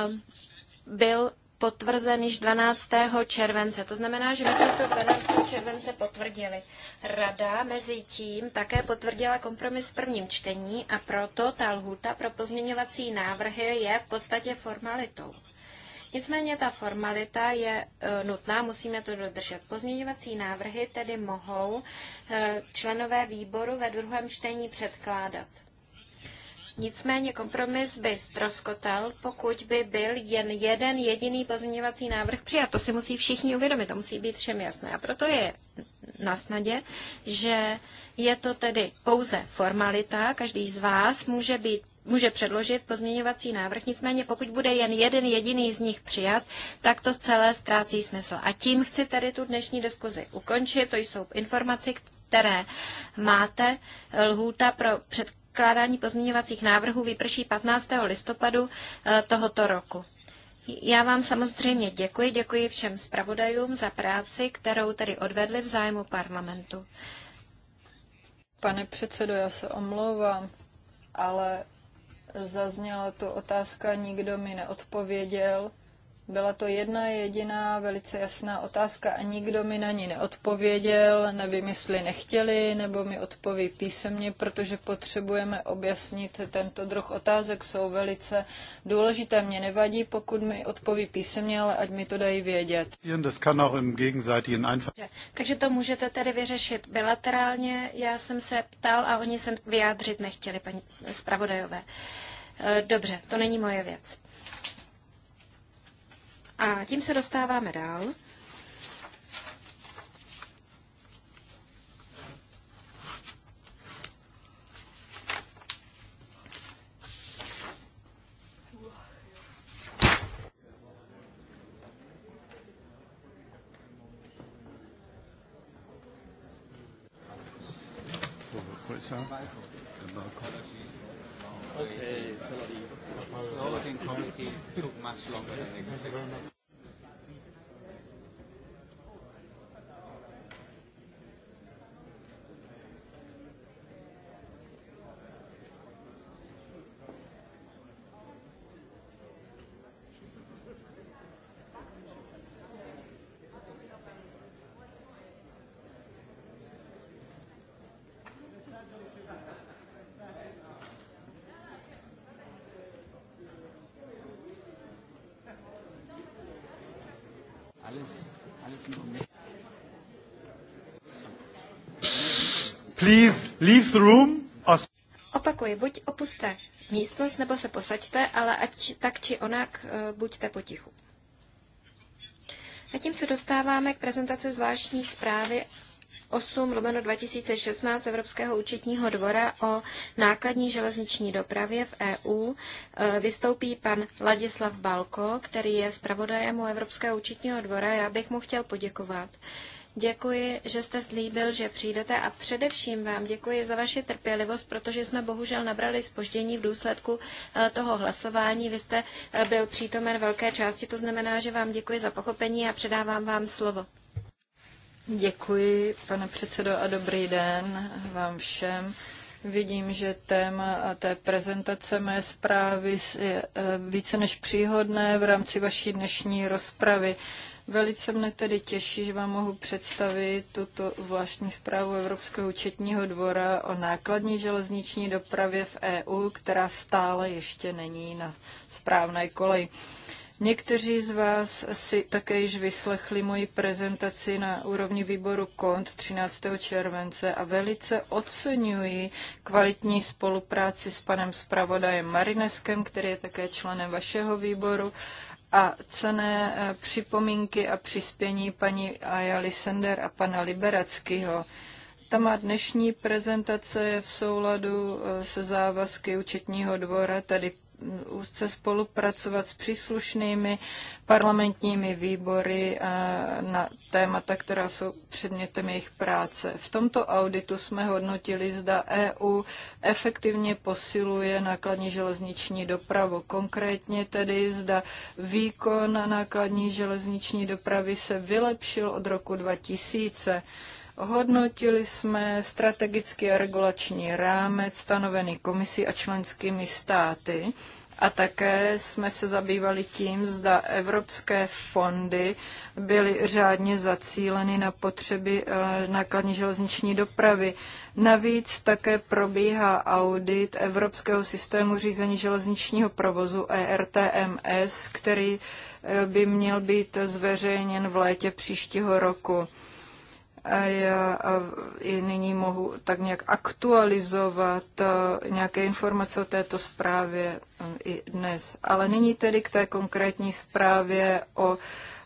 byl potvrzen již 12. července. To znamená, že my jsme to 12. července potvrdili. Rada mezi tím také potvrdila kompromis v prvním čtení a proto ta lhuta pro pozměňovací návrhy je v podstatě formalitou. Nicméně ta formalita je e, nutná, musíme to dodržet. Pozměňovací návrhy tedy mohou e, členové výboru ve druhém čtení předkládat. Nicméně kompromis by ztroskotal, pokud by byl jen jeden jediný pozměňovací návrh přijat. To si musí všichni uvědomit, to musí být všem jasné. A proto je na snadě, že je to tedy pouze formalita. Každý z vás může být může předložit pozměňovací návrh, nicméně pokud bude jen jeden jediný z nich přijat, tak to celé ztrácí smysl. A tím chci tedy tu dnešní diskuzi ukončit. To jsou informace, které máte. Lhůta pro před předkládání pozměňovacích návrhů vyprší 15. listopadu eh, tohoto roku. Já vám samozřejmě děkuji, děkuji všem zpravodajům za práci, kterou tedy odvedli v zájmu parlamentu. Pane předsedo, já se omlouvám, ale zazněla tu otázka, nikdo mi neodpověděl. Byla to jedna jediná velice jasná otázka a nikdo mi na ní neodpověděl, nevím, jestli nechtěli, nebo mi odpoví písemně, protože potřebujeme objasnit tento druh otázek, jsou velice důležité. Mně nevadí, pokud mi odpoví písemně, ale ať mi to dají vědět. Takže to můžete tedy vyřešit bilaterálně. Já jsem se ptal a oni se vyjádřit nechtěli, paní zpravodajové. E, dobře, to není moje věc. A tím se dostáváme dál. Okay, salary the voting committee took much longer than expected. Please leave the room Opakuji, buď opuste místnost, nebo se posaďte, ale ať tak či onak eh, buďte potichu. A tím se dostáváme k prezentaci zvláštní zprávy 8 lomeno 2016 Evropského účetního dvora o nákladní železniční dopravě v EU eh, vystoupí pan Ladislav Balko, který je zpravodajem u Evropského účetního dvora. Já bych mu chtěl poděkovat Děkuji, že jste slíbil, že přijdete a především vám děkuji za vaši trpělivost, protože jsme bohužel nabrali spoždění v důsledku eh, toho hlasování. Vy jste eh, byl přítomen velké části, to znamená, že vám děkuji za pochopení a předávám vám slovo. Děkuji, pane předsedo, a dobrý den vám všem. Vidím, že téma té prezentace mé zprávy je eh, více než příhodné v rámci vaší dnešní rozpravy. Velice mne tedy těší, že vám mohu představit tuto zvláštní zprávu Evropského účetního dvora o nákladní železniční dopravě v EU, která stále ještě není na správné koleji. Někteří z vás si také již vyslechli moji prezentaci na úrovni výboru KONT 13. července a velice oceňuji kvalitní spolupráci s panem zpravodajem Marineskem, který je také členem vašeho výboru a cené eh, připomínky a přispění paní Ayali Sender a pana Liberackého. má dnešní prezentace je v souladu eh, se závazky účetního dvora, tady úzce spolupracovat s příslušnými parlamentními výbory eh, na témata, která jsou předmětem jejich práce. V tomto auditu jsme hodnotili, zda EU efektivně posiluje nákladní železniční dopravu. Konkrétně tedy, zda výkon nákladní železniční dopravy se vylepšil od roku 2000. Hodnotili jsme strategický a regulační rámec stanovený komisí a členskými státy a také jsme se zabývali tím, zda evropské fondy byly řádně zacíleny na potřeby eh, nákladní železniční dopravy. Navíc také probíhá audit Evropského systému řízení železničního provozu ERTMS, který eh, by měl být zveřejněn v létě příštího roku já i nyní mohu tak nějak aktualizovat e, nějaké informace o této zprávě e, i dnes. Ale nyní tedy k té konkrétní zprávě o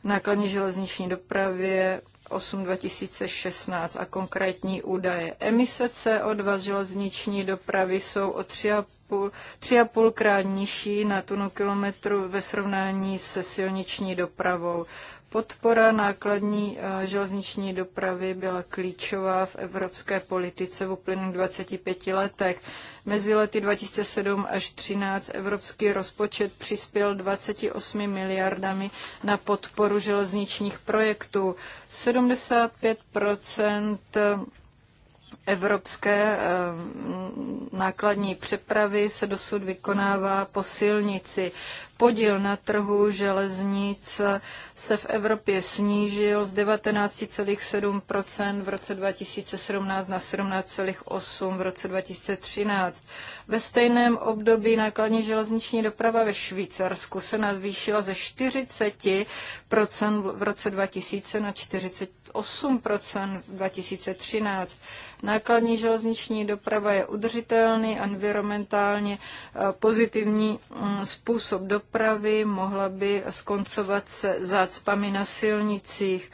nákladní železniční dopravě 8 2016 a konkrétní údaje. Emise CO2 z železniční dopravy jsou o 3,5 krát nižší na tunu kilometru ve srovnání se silniční dopravou. Podpora nákladní eh, železniční dopravy byla klíčová v evropské politice v uplynulých 25 letech. Mezi lety 2007 až 2013 evropský rozpočet přispěl 28 miliardami na podporu železničních projektů. 75 evropské eh, nákladní přepravy se dosud vykonává po silnici podíl na trhu železnic se v Evropě snížil z 19,7 v roce 2017 na 17,8 v roce 2013. Ve stejném období nákladní železniční doprava ve Švýcarsku se navýšila ze 40 v roce 2000 na 48 v 2013. Nákladní železniční doprava je udržitelný, environmentálně eh, pozitivní mm, způsob dopravy dopravy, mohla by skoncovat se zácpami na silnicích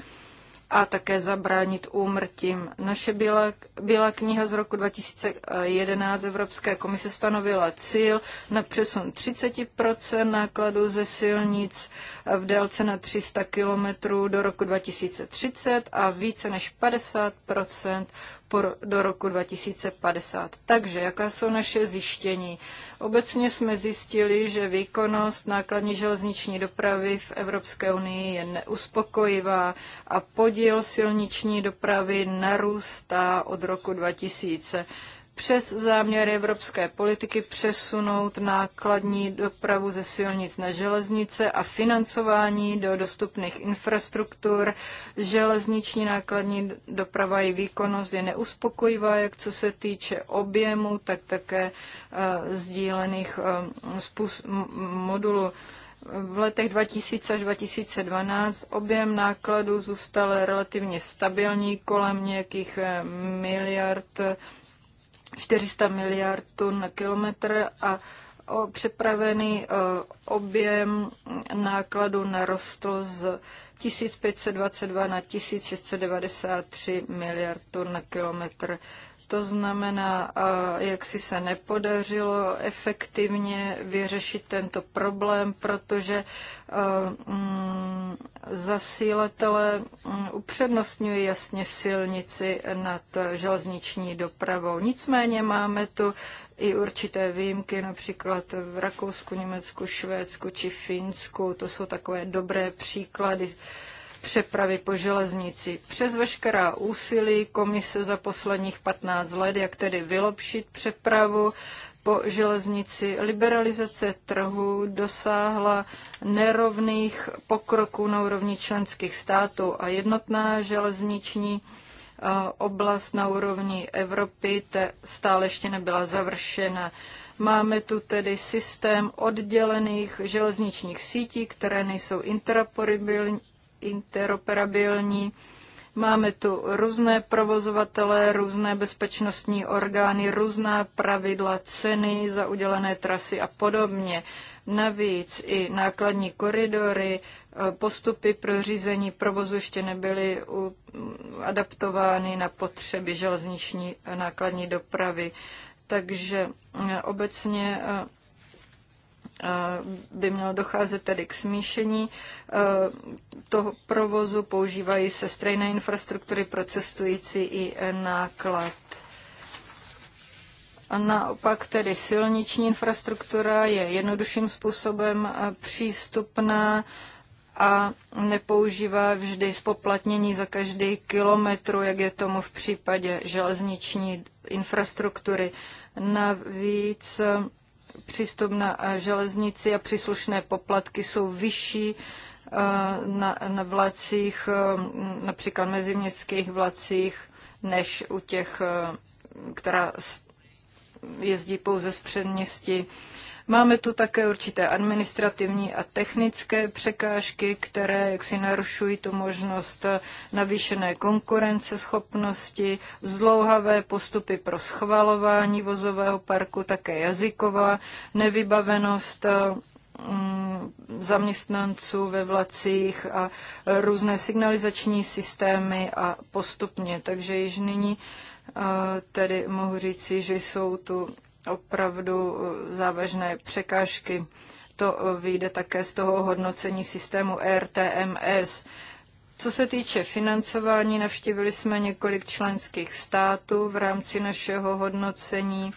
a také zabránit úmrtím. Naše bílá, bílá kniha z roku 2011 Evropské komise stanovila cíl na přesun 30 nákladů ze silnic v délce na 300 km do roku 2030 a více než 50 por, do roku 2050. Takže jaká jsou naše zjištění? Obecně jsme zjistili, že výkonnost nákladní železniční dopravy v Evropské unii je neuspokojivá a podíl silniční dopravy narůstá od roku 2000 přes záměry evropské politiky přesunout nákladní dopravu ze silnic na železnice a financování do dostupných infrastruktur. Železniční nákladní doprava i výkonnost je neuspokojivá, jak co se týče objemu, tak také eh, sdílených eh, modulů. V letech 2000 až 2012 objem nákladů zůstal relativně stabilní kolem nějakých eh, miliard 400 miliard tun na kilometr a o přepravený eh, objem nákladu narostl z 1522 na 1693 miliard tun na kilometr. To znamená, jak si se nepodařilo efektivně vyřešit tento problém, protože mm, zasílatele mm, upřednostňují jasně silnici nad železniční dopravou. Nicméně máme tu i určité výjimky, například v Rakousku, Německu, Švédsku či Finsku. To jsou takové dobré příklady přepravy po železnici. Přes veškerá úsilí komise za posledních 15 let, jak tedy vylepšit přepravu po železnici, liberalizace trhu dosáhla nerovných pokroků na úrovni členských států a jednotná železniční eh, oblast na úrovni Evropy stále ještě nebyla završena. Máme tu tedy systém oddělených železničních sítí, které nejsou interoperabilní. Máme tu různé provozovatele, různé bezpečnostní orgány, různá pravidla, ceny za udělené trasy a podobně. Navíc i nákladní koridory, e, postupy pro řízení provozu ještě nebyly adaptovány na potřeby železniční nákladní dopravy. Takže e, obecně e, by mělo docházet tedy k smíšení e, toho provozu. Používají se stejné infrastruktury pro cestující i náklad. A naopak tedy silniční infrastruktura je jednodušším způsobem e, přístupná a nepoužívá vždy spoplatnění za každý kilometr, jak je tomu v případě železniční infrastruktury. Navíc přístup na eh, železnici a příslušné poplatky jsou vyšší eh, na, na vlacích, eh, například meziměstských vlacích, než u těch, která jezdí pouze z předměstí. Máme tu také určité administrativní a technické překážky, které jaksi narušují tu možnost eh, navýšené konkurenceschopnosti, zdlouhavé postupy pro schvalování vozového parku, také jazyková nevybavenost eh, mm, zaměstnanců ve vlacích a různé signalizační systémy a postupně. Takže již nyní eh, tedy mohu říci, že jsou tu opravdu eh, závažné překážky. To eh, vyjde také z toho hodnocení systému RTMS. Co se týče financování, navštívili jsme několik členských států v rámci našeho hodnocení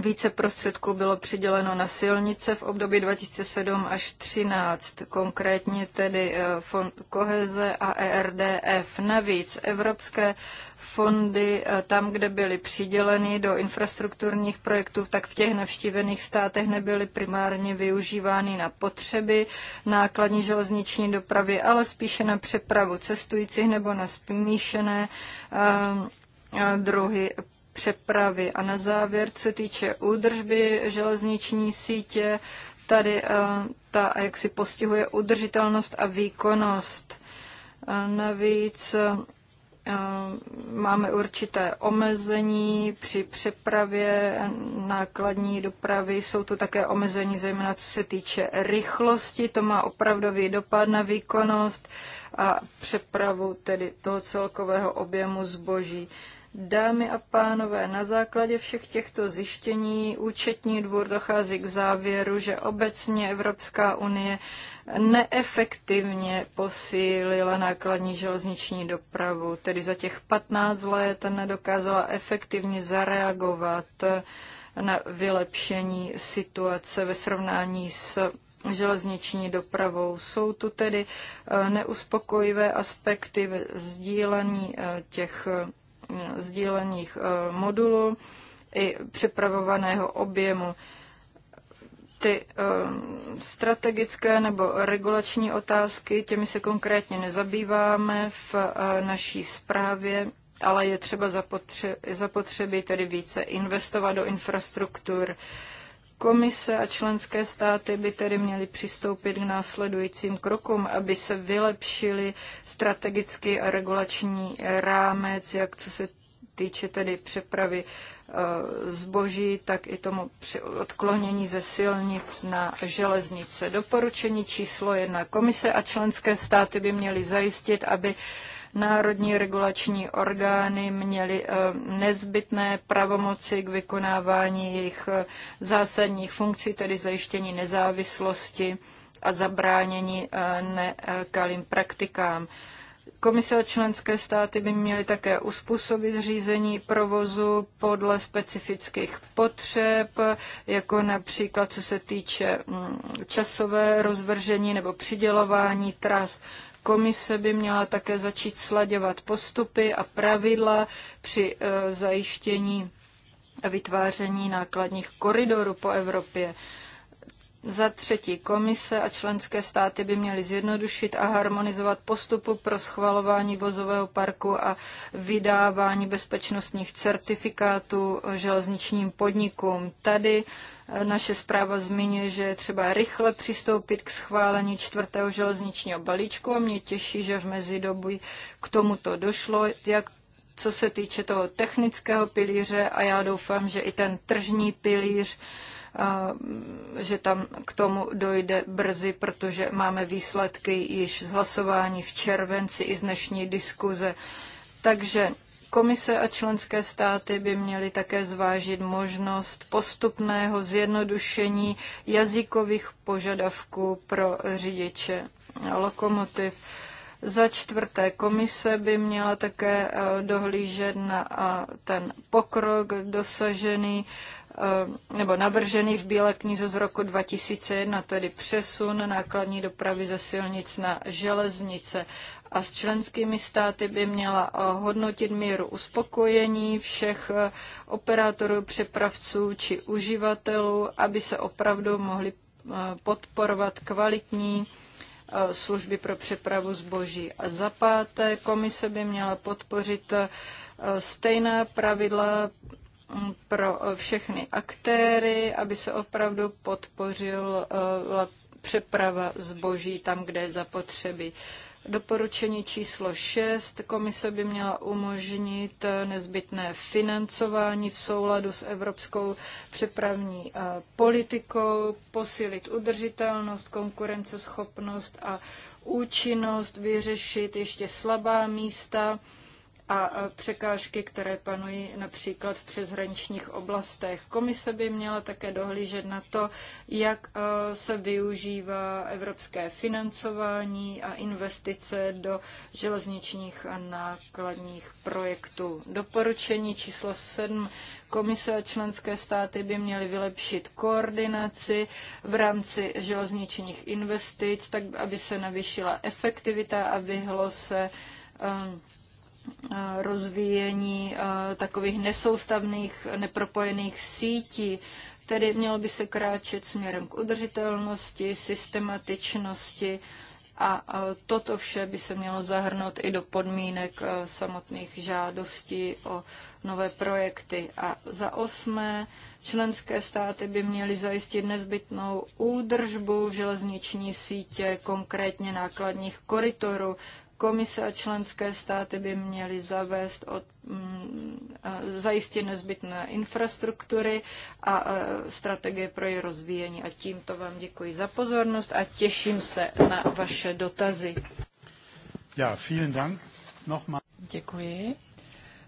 více prostředků bylo přiděleno na silnice v období 2007 až 2013, konkrétně tedy eh, Fond Koheze a ERDF. Navíc evropské fondy eh, tam, kde byly přiděleny do infrastrukturních projektů, tak v těch navštívených státech nebyly primárně využívány na potřeby nákladní železniční dopravy, ale spíše na přepravu cestujících nebo na smíšené eh, druhy přepravy. A na závěr, co se týče údržby železniční sítě, tady eh, ta, jak si postihuje udržitelnost a výkonnost. Eh, navíc eh, máme určité omezení při přepravě nákladní dopravy. Jsou tu také omezení, zejména co se týče rychlosti. To má opravdový dopad na výkonnost a přepravu tedy toho celkového objemu zboží. Dámy a pánové, na základě všech těchto zjištění účetní dvůr dochází k závěru, že obecně Evropská unie neefektivně posílila nákladní železniční dopravu, tedy za těch 15 let nedokázala efektivně zareagovat na vylepšení situace ve srovnání s železniční dopravou. Jsou tu tedy eh, neuspokojivé aspekty sdílení eh, těch sdílených eh, modulů i připravovaného objemu. Ty eh, strategické nebo regulační otázky, těmi se konkrétně nezabýváme v eh, naší zprávě, ale je třeba zapotřebí tedy více investovat do infrastruktur, Komise a členské státy by tedy měly přistoupit k následujícím krokům, aby se vylepšili strategický a regulační rámec, jak co se týče tedy přepravy eh, zboží, tak i tomu odklonění ze silnic na železnice. Doporučení číslo jedna. Komise a členské státy by měly zajistit, aby národní regulační orgány měly eh, nezbytné pravomoci k vykonávání jejich eh, zásadních funkcí, tedy zajištění nezávislosti a zabránění eh, nekalým praktikám. Komise a členské státy by měly také uspůsobit řízení provozu podle specifických potřeb, jako například co se týče mm, časové rozvržení nebo přidělování tras. Komise by měla také začít sladěvat postupy a pravidla při eh, zajištění a vytváření nákladních koridorů po Evropě. Za třetí, komise a členské státy by měly zjednodušit a harmonizovat postupu pro schvalování vozového parku a vydávání bezpečnostních certifikátů železničním podnikům. Tady eh, naše zpráva zmiňuje, že je třeba rychle přistoupit k schválení čtvrtého železničního balíčku a mě těší, že v mezidobu k tomuto došlo, jak co se týče toho technického pilíře a já doufám, že i ten tržní pilíř že tam k tomu dojde brzy, protože máme výsledky již z hlasování v červenci i z dnešní diskuze. Takže Komise a členské státy by měly také zvážit možnost postupného zjednodušení jazykových požadavků pro řidiče lokomotiv. Za čtvrté, komise by měla také eh, dohlížet na ten pokrok dosažený Eh, nebo navržený v Bílé knize z roku 2001, tedy přesun nákladní dopravy ze silnic na železnice. A s členskými státy by měla eh, hodnotit míru uspokojení všech eh, operátorů, přepravců či uživatelů, aby se opravdu mohli podporovat kvalitní služby pro přepravu zboží. A za páté, komise by měla podpořit stejná pravidla Mm, pro eh, všechny aktéry, aby se opravdu podpořil eh, přeprava zboží tam, kde je zapotřebí. Doporučení číslo 6. Komise by měla umožnit eh, nezbytné financování v souladu s evropskou přepravní politikou, posílit udržitelnost, konkurenceschopnost a účinnost, vyřešit ještě slabá místa a překážky, které panují například v přeshraničních oblastech. Komise by měla také dohlížet na to, jak se využívá evropské financování a investice do železničních a nákladních projektů. Doporučení číslo 7 Komise a členské státy by měly vylepšit koordinaci v rámci železničních investic, tak aby se navýšila efektivita a vyhlo se um, rozvíjení takových nesoustavných, nepropojených sítí, tedy mělo by se kráčet směrem k udržitelnosti, systematičnosti a toto vše by se mělo zahrnout i do podmínek samotných žádostí o nové projekty. A za osmé, členské státy by měly zajistit nezbytnou údržbu železniční sítě, konkrétně nákladních koridorů, Komise a členské státy by měly zavést od, mm, zajistit nezbytné infrastruktury a strategie pro její rozvíjení. A tímto vám děkuji za pozornost a těším se na vaše dotazy. Ja, vielen Dank. Nochmal. Děkuji.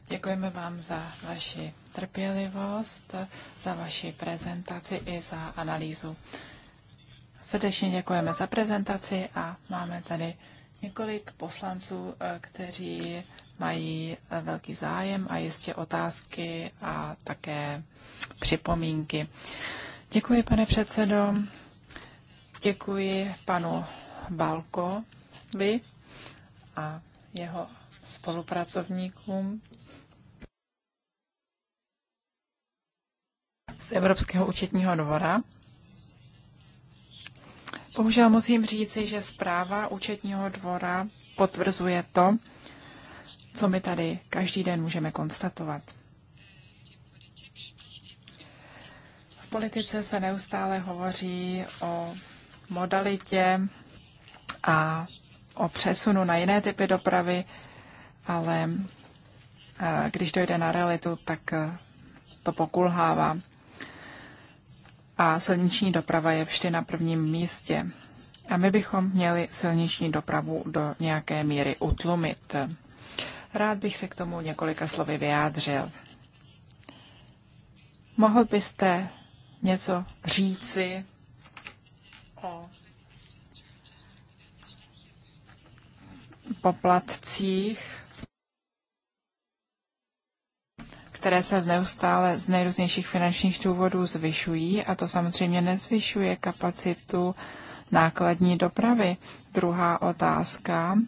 Děkujeme vám za vaši trpělivost, za vaši prezentaci i za analýzu. Srdečně děkujeme za prezentaci a máme tady několik poslanců, eh, kteří mají eh, velký zájem a jistě otázky a také připomínky. Děkuji, pane předsedo. Děkuji panu Balkovi a jeho spolupracovníkům z Evropského účetního dvora Bohužel musím říci, že zpráva účetního dvora potvrzuje to, co my tady každý den můžeme konstatovat. V politice se neustále hovoří o modalitě a o přesunu na jiné typy dopravy, ale eh, když dojde na realitu, tak eh, to pokulhává a silniční doprava je vždy na prvním místě. A my bychom měli silniční dopravu do nějaké míry utlumit. Rád bych se k tomu několika slovy vyjádřil. Mohl byste něco říci o poplatcích které se neustále z nejrůznějších finančních důvodů zvyšují a to samozřejmě nezvyšuje kapacitu nákladní dopravy. Druhá otázka.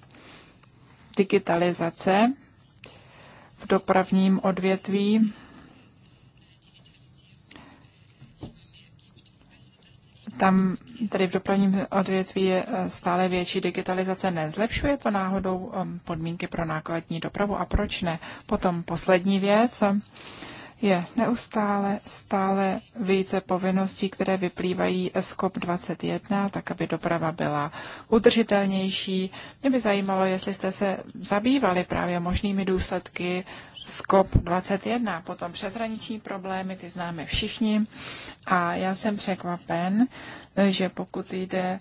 Digitalizace v dopravním odvětví. Tam tedy v dopravním odvětví je eh, stále větší digitalizace. Nezlepšuje to náhodou ehm, podmínky pro nákladní dopravu a proč ne? Potom poslední věc je neustále stále více povinností, které vyplývají z COP21, tak aby doprava byla udržitelnější. Mě by zajímalo, jestli jste se zabývali právě možnými důsledky z COP21, potom přeshraniční problémy, ty známe všichni. A já jsem překvapen, že pokud jde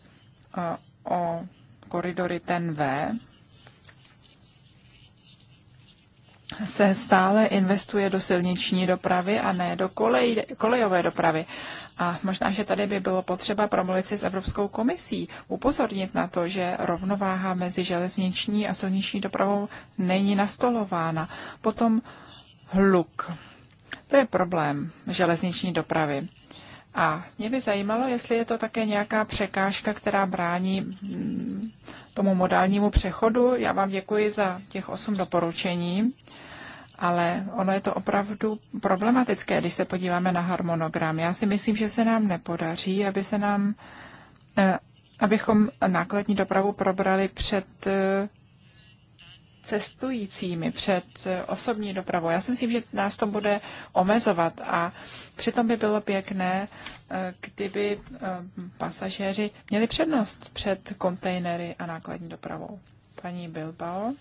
o koridory TNV, se stále investuje do silniční dopravy a ne do kolej, kolejové dopravy. A možná, že tady by bylo potřeba promluvit si s Evropskou komisí, upozornit na to, že rovnováha mezi železniční a silniční dopravou není nastolována. Potom hluk. To je problém železniční dopravy. A mě by zajímalo, jestli je to také nějaká překážka, která brání mm, tomu modálnímu přechodu. Já vám děkuji za těch osm doporučení, ale ono je to opravdu problematické, když se podíváme na harmonogram. Já si myslím, že se nám nepodaří, aby se nám, eh, abychom nákladní dopravu probrali před eh, cestujícími před osobní dopravou. Já si myslím, že nás to bude omezovat a přitom by bylo pěkné, eh, kdyby eh, pasažéři měli přednost před kontejnery a nákladní dopravou. Paní Bilbao.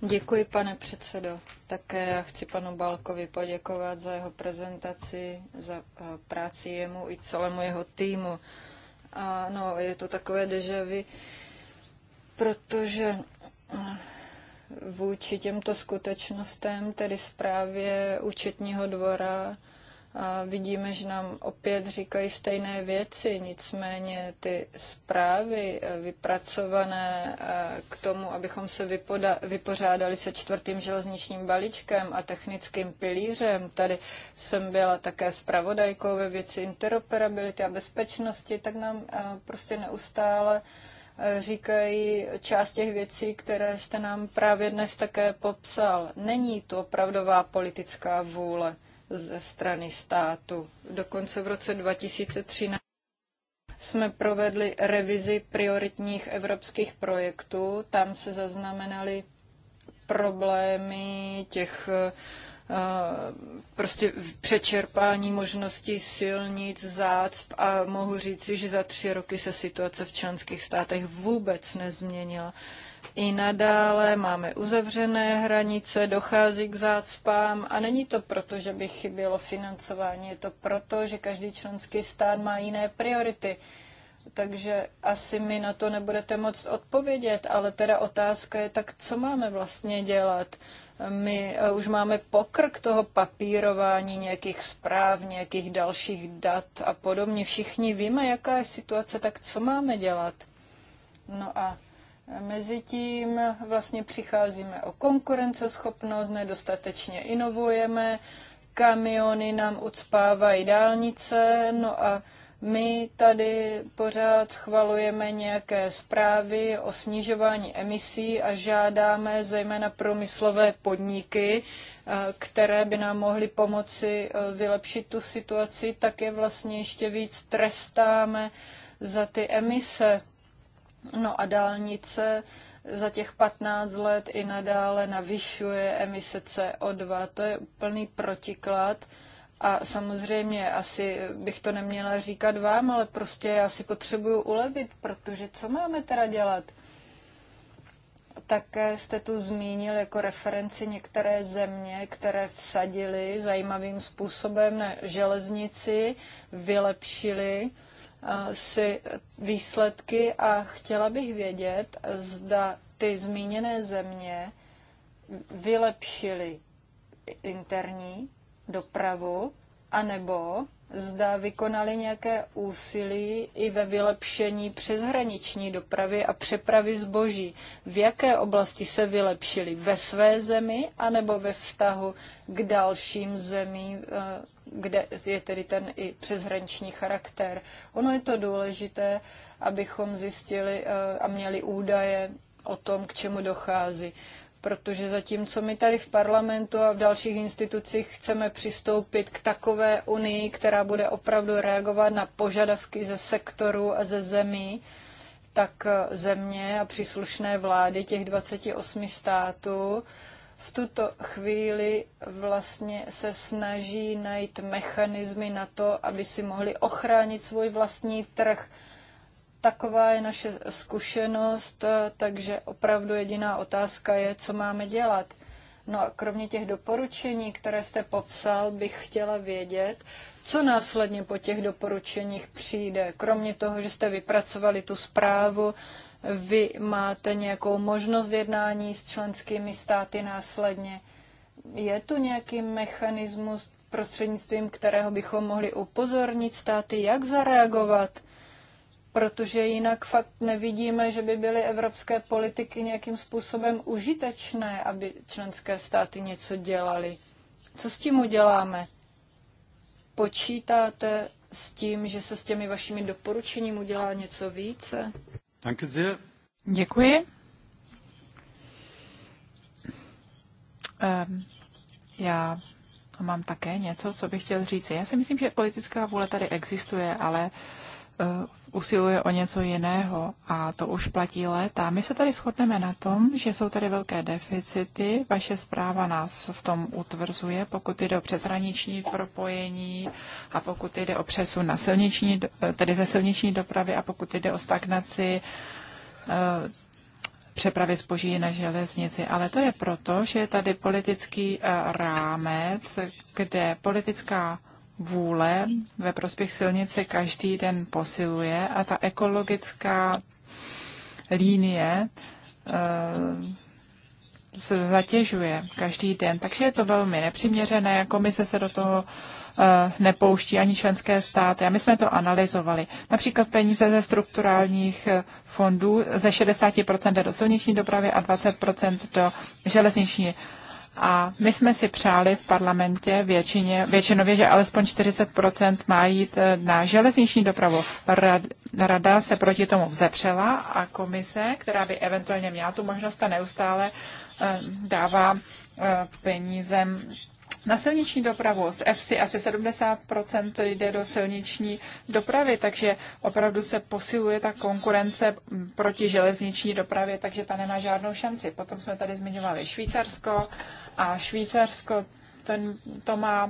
Děkuji, pane předsedo. Také já chci panu Balkovi poděkovat za jeho prezentaci, za eh, práci jemu i celému jeho týmu. A no, je to takové deja vu, protože vůči těmto skutečnostem, tedy zprávě účetního dvora, a vidíme, že nám opět říkají stejné věci, nicméně ty zprávy eh, vypracované eh, k tomu, abychom se vypoda- vypořádali se čtvrtým železničním balíčkem a technickým pilířem, tady jsem byla také zpravodajkou ve věci interoperability a bezpečnosti, tak nám eh, prostě neustále říkají část těch věcí, které jste nám právě dnes také popsal. Není to opravdová politická vůle ze strany státu. Dokonce v roce 2013 jsme provedli revizi prioritních evropských projektů. Tam se zaznamenaly problémy těch uh, prostě přečerpání možností silnic, zácp a mohu říci, že za tři roky se situace v členských státech vůbec nezměnila. I nadále máme uzavřené hranice, dochází k zácpám a není to proto, že by chybělo financování, je to proto, že každý členský stát má jiné priority. Takže asi mi na to nebudete moc odpovědět, ale teda otázka je, tak co máme vlastně dělat? My eh, už máme pokrk toho papírování nějakých zpráv, nějakých dalších dat a podobně. Všichni víme, jaká je situace, tak co máme dělat? No a mezi tím vlastně přicházíme o konkurenceschopnost, nedostatečně inovujeme, kamiony nám ucpávají dálnice, no a my tady pořád schvalujeme nějaké zprávy o snižování emisí a žádáme zejména průmyslové podniky, eh, které by nám mohly pomoci eh, vylepšit tu situaci, tak je vlastně ještě víc trestáme za ty emise. No a dálnice za těch 15 let i nadále navyšuje emise CO2. To je úplný protiklad. A samozřejmě asi bych to neměla říkat vám, ale prostě já si potřebuju ulevit, protože co máme teda dělat? Také jste tu zmínil jako referenci některé země, které vsadili zajímavým způsobem na železnici, vylepšili eh, si výsledky a chtěla bych vědět, zda ty zmíněné země vylepšily interní dopravu, anebo zda vykonali nějaké úsilí i ve vylepšení přeshraniční dopravy a přepravy zboží. V jaké oblasti se vylepšili? Ve své zemi anebo ve vztahu k dalším zemím, eh, kde je tedy ten i přeshraniční charakter? Ono je to důležité, abychom zjistili eh, a měli údaje o tom, k čemu dochází protože zatímco my tady v parlamentu a v dalších institucích chceme přistoupit k takové unii, která bude opravdu reagovat na požadavky ze sektoru a ze zemí, tak eh, země a příslušné vlády těch 28 států v tuto chvíli vlastně se snaží najít mechanismy na to, aby si mohli ochránit svůj vlastní trh Taková je naše zkušenost, eh, takže opravdu jediná otázka je, co máme dělat. No a kromě těch doporučení, které jste popsal, bych chtěla vědět, co následně po těch doporučeních přijde. Kromě toho, že jste vypracovali tu zprávu, vy máte nějakou možnost jednání s členskými státy následně. Je tu nějaký mechanismus, prostřednictvím kterého bychom mohli upozornit státy, jak zareagovat? protože jinak fakt nevidíme, že by byly evropské politiky nějakým způsobem užitečné, aby členské státy něco dělaly. Co s tím uděláme? Počítáte s tím, že se s těmi vašimi doporučením udělá něco více? Děkuji. Um, já mám také něco, co bych chtěl říct. Já si myslím, že politická vůle tady existuje, ale uh, usiluje o něco jiného a to už platí léta. My se tady shodneme na tom, že jsou tady velké deficity, vaše zpráva nás v tom utvrzuje, pokud jde o přeshraniční propojení a pokud jde o přesun na silniční, tedy ze silniční dopravy a pokud jde o stagnaci eh, přepravy zboží na železnici, ale to je proto, že je tady politický eh, rámec, kde politická vůle ve prospěch silnice každý den posiluje a ta ekologická linie eh, se zatěžuje každý den. Takže je to velmi nepřiměřené, komise se do toho eh, nepouští ani členské státy. A my jsme to analyzovali. Například peníze ze strukturálních eh, fondů ze 60% do silniční dopravy a 20% do železniční a my jsme si přáli v parlamentě většině, většinově, že alespoň 40% má jít eh, na železniční dopravu. Rada se proti tomu vzepřela a komise, která by eventuálně měla tu možnost a neustále eh, dává eh, penízem na silniční dopravu z FC asi 70 jde do silniční dopravy, takže opravdu se posiluje ta konkurence proti železniční dopravě, takže ta nemá žádnou šanci. Potom jsme tady zmiňovali Švýcarsko a Švýcarsko ten, to má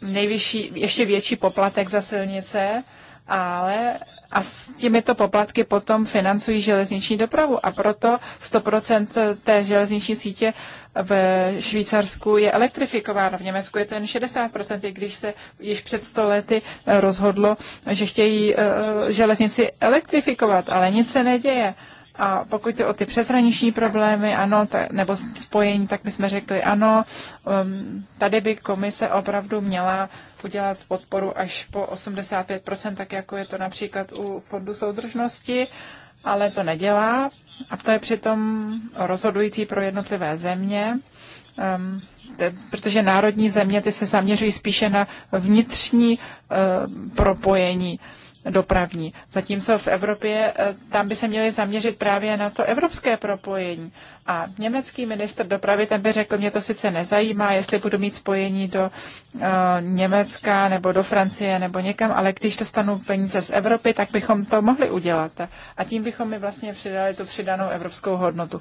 uh, nejvyšší, ještě větší poplatek za silnice, ale a s těmito poplatky potom financují železniční dopravu a proto 100% té železniční sítě v Švýcarsku je elektrifikováno, v Německu je to jen 60%, i když se již před 100 lety rozhodlo, že chtějí eh, železnici elektrifikovat, ale nic se neděje. A pokud jde o ty přeshraniční problémy, ano, ta, nebo spojení, tak my jsme řekli, ano, um, tady by komise opravdu měla udělat podporu až po 85%, tak jako je to například u Fondu soudržnosti, ale to nedělá. A to je přitom rozhodující pro jednotlivé země, um, te, protože národní země ty se zaměřují spíše na vnitřní uh, propojení. Uh, dopravní. Zatímco v Evropě eh, tam by se měli zaměřit právě na to evropské propojení. A německý minister dopravy ten by řekl, mě to sice nezajímá, jestli budu mít spojení do uh, Německa nebo do Francie nebo někam, ale když dostanu peníze z Evropy, tak bychom to mohli udělat. A tím bychom mi vlastně přidali tu přidanou evropskou hodnotu.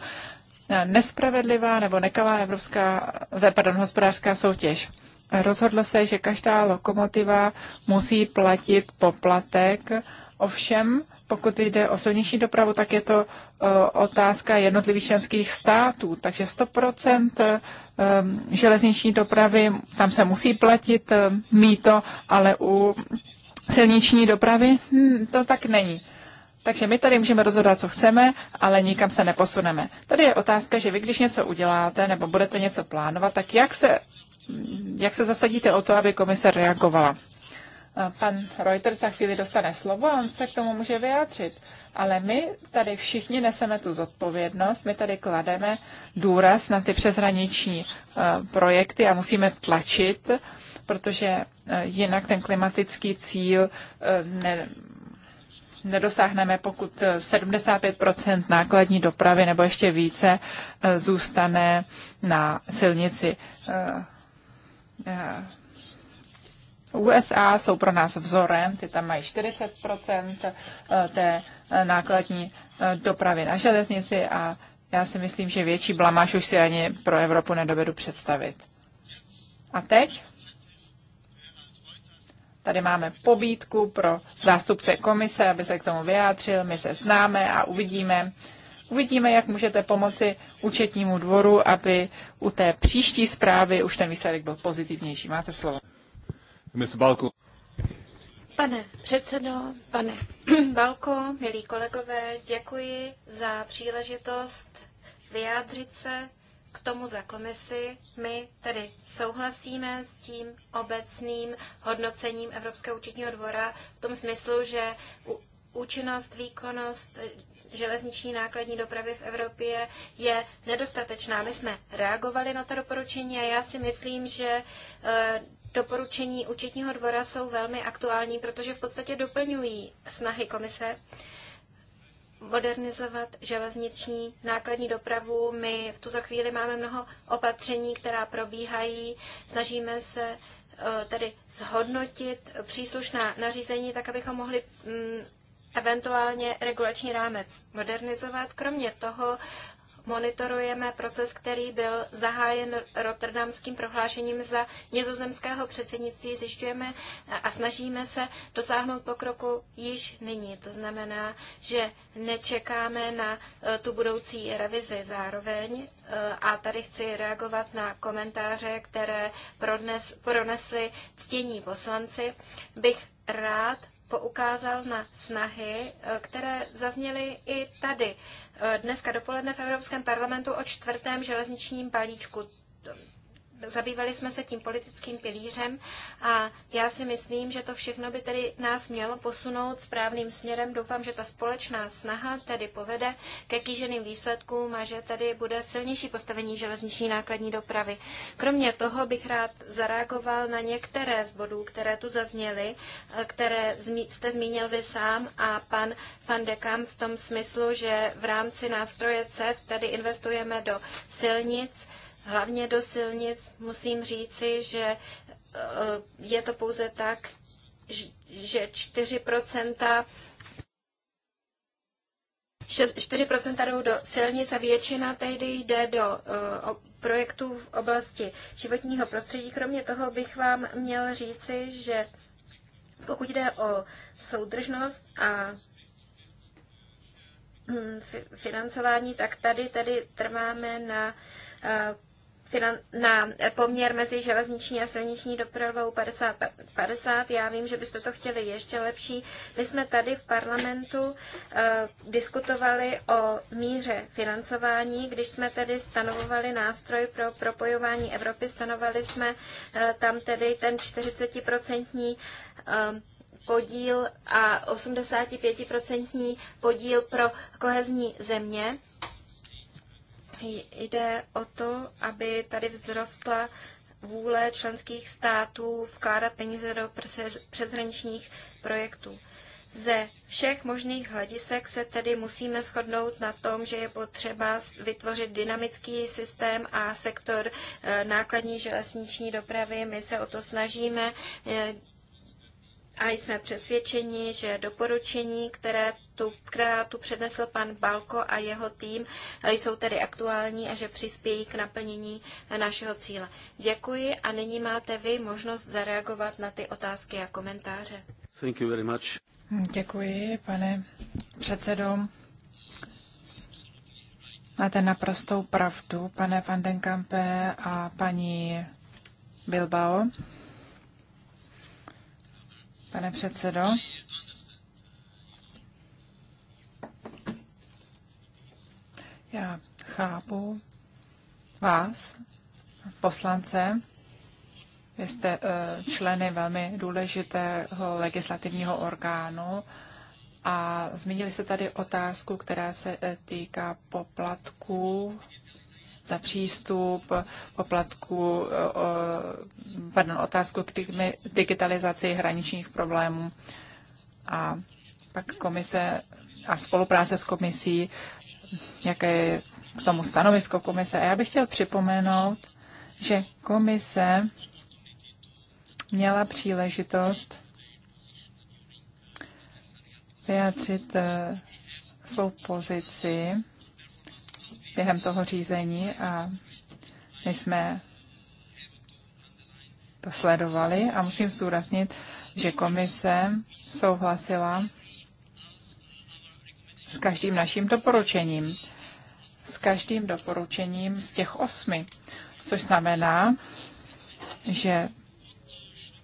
Eh, nespravedlivá nebo nekalá evropská, pardon, hospodářská soutěž rozhodlo se, že každá lokomotiva musí platit poplatek, ovšem pokud jde o silnější dopravu, tak je to eh, otázka jednotlivých členských států. Takže 100% ehm, železniční dopravy, tam se musí platit eh, mýto, ale u silniční dopravy hm, to tak není. Takže my tady můžeme rozhodovat, co chceme, ale nikam se neposuneme. Tady je otázka, že vy, když něco uděláte nebo budete něco plánovat, tak jak se jak se zasadíte o to, aby komise reagovala? Pan Reuter za chvíli dostane slovo a on se k tomu může vyjádřit. Ale my tady všichni neseme tu zodpovědnost, my tady klademe důraz na ty přeshraniční e, projekty a musíme tlačit, protože e, jinak ten klimatický cíl e, ne, nedosáhneme, pokud 75 nákladní dopravy nebo ještě více zůstane na silnici. Eh, USA jsou pro nás vzorem, ty tam mají 40 eh, té eh, nákladní dopravy na železnici a já si myslím, že větší blamáž už si ani pro Evropu nedovedu představit. A teď? Tady máme pobídku pro zástupce komise, aby se k tomu vyjádřil. My se známe a uvidíme. Uvidíme, jak můžete pomoci účetnímu dvoru, aby u té příští zprávy už ten výsledek byl pozitivnější. Máte slovo. Pane předsedo, pane [CLEARS THROAT] Balko, milí kolegové, děkuji za příležitost vyjádřit se k tomu za komisi. My tedy souhlasíme s tím obecným hodnocením Evropského účetního dvora v tom smyslu, že účinnost, výkonnost, železniční nákladní dopravy v Evropě je nedostatečná. My jsme reagovali na to doporučení a já si myslím, že e, doporučení účetního dvora jsou velmi aktuální, protože v podstatě doplňují snahy komise modernizovat železniční nákladní dopravu. My v tuto chvíli máme mnoho opatření, která probíhají. Snažíme se e, tedy zhodnotit příslušná nařízení, tak abychom mohli mm, eventuálně regulační rámec modernizovat. Kromě toho monitorujeme proces, který byl zahájen rotterdamským prohlášením za nizozemského předsednictví. Zjišťujeme a snažíme se dosáhnout pokroku již nyní. To znamená, že nečekáme na eh, tu budoucí revizi zároveň. Eh, a tady chci reagovat na komentáře, které prones, pronesli ctění poslanci. Bych rád poukázal na snahy, eh, které zazněly i tady eh, dneska dopoledne v Evropském parlamentu o čtvrtém železničním balíčku zabývali jsme se tím politickým pilířem a já si myslím, že to všechno by tedy nás mělo posunout správným směrem. Doufám, že ta společná snaha tedy povede ke kýženým výsledkům a že tady bude silnější postavení železniční nákladní dopravy. Kromě toho bych rád zareagoval na některé z bodů, které tu zazněly, eh, které jste zmínil vy sám a pan Van de Kamp v tom smyslu, že v rámci nástroje CEF tady investujeme do silnic, hlavně do silnic, musím říci, že eh, je to pouze tak, že 4 4% jdou do silnic a většina tehdy jde do eh, projektů v oblasti životního prostředí. Kromě toho bych vám měl říci, že pokud jde o soudržnost a hm, financování, tak tady tady trváme na eh, na poměr mezi železniční a silniční dopravou 50-50. Já vím, že byste to chtěli ještě lepší. My jsme tady v parlamentu uh, diskutovali o míře financování, když jsme tedy stanovovali nástroj pro propojování Evropy, stanovali jsme uh, tam tedy ten 40% uh, eh, podíl a 85% podíl pro kohezní země. Jde o to, aby tady vzrostla vůle členských států vkládat peníze do přeshraničních projektů. Ze všech možných hledisek se tedy musíme shodnout na tom, že je potřeba vytvořit dynamický systém a sektor eh, nákladní železniční dopravy. My se o to snažíme. Eh, a jsme přesvědčeni, že doporučení, které tu, která tu přednesl pan Balko a jeho tým, jsou tedy aktuální a že přispějí k naplnění našeho cíle. Děkuji a nyní máte vy možnost zareagovat na ty otázky a komentáře. Thank you very much. Děkuji, pane předsedo. Máte naprostou pravdu, pane Vandenkampe a paní Bilbao pane předsedo. Já chápu vás, poslance. Vy jste eh, členy velmi důležitého legislativního orgánu a zmínili se tady otázku, která se eh, týká poplatků za přístup, poplatku, pardon, otázku k digitalizaci hraničních problémů a pak komise a spolupráce s komisí, jaké je k tomu stanovisko komise. A já bych chtěl připomenout, že komise měla příležitost vyjádřit eh, svou pozici během toho řízení a my jsme to sledovali a musím zdůraznit, že komise souhlasila s každým naším doporučením. S každým doporučením z těch osmi, což znamená, že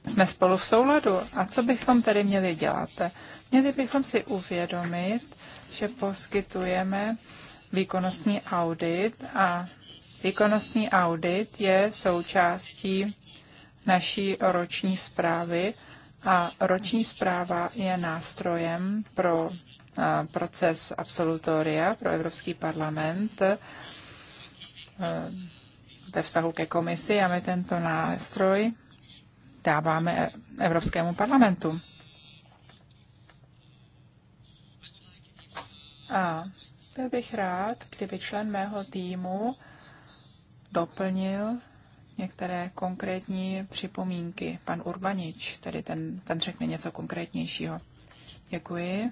jsme spolu v souladu. A co bychom tedy měli dělat? Měli bychom si uvědomit, že poskytujeme výkonnostní audit a výkonnostní audit je součástí naší roční zprávy a roční zpráva je nástrojem pro eh, proces absolutoria pro Evropský parlament eh, ve vztahu ke komisi a my tento nástroj dáváme e- Evropskému parlamentu. A byl bych rád, kdyby člen mého týmu doplnil některé konkrétní připomínky. Pan Urbanič, tedy ten, ten řekne něco konkrétnějšího. Děkuji.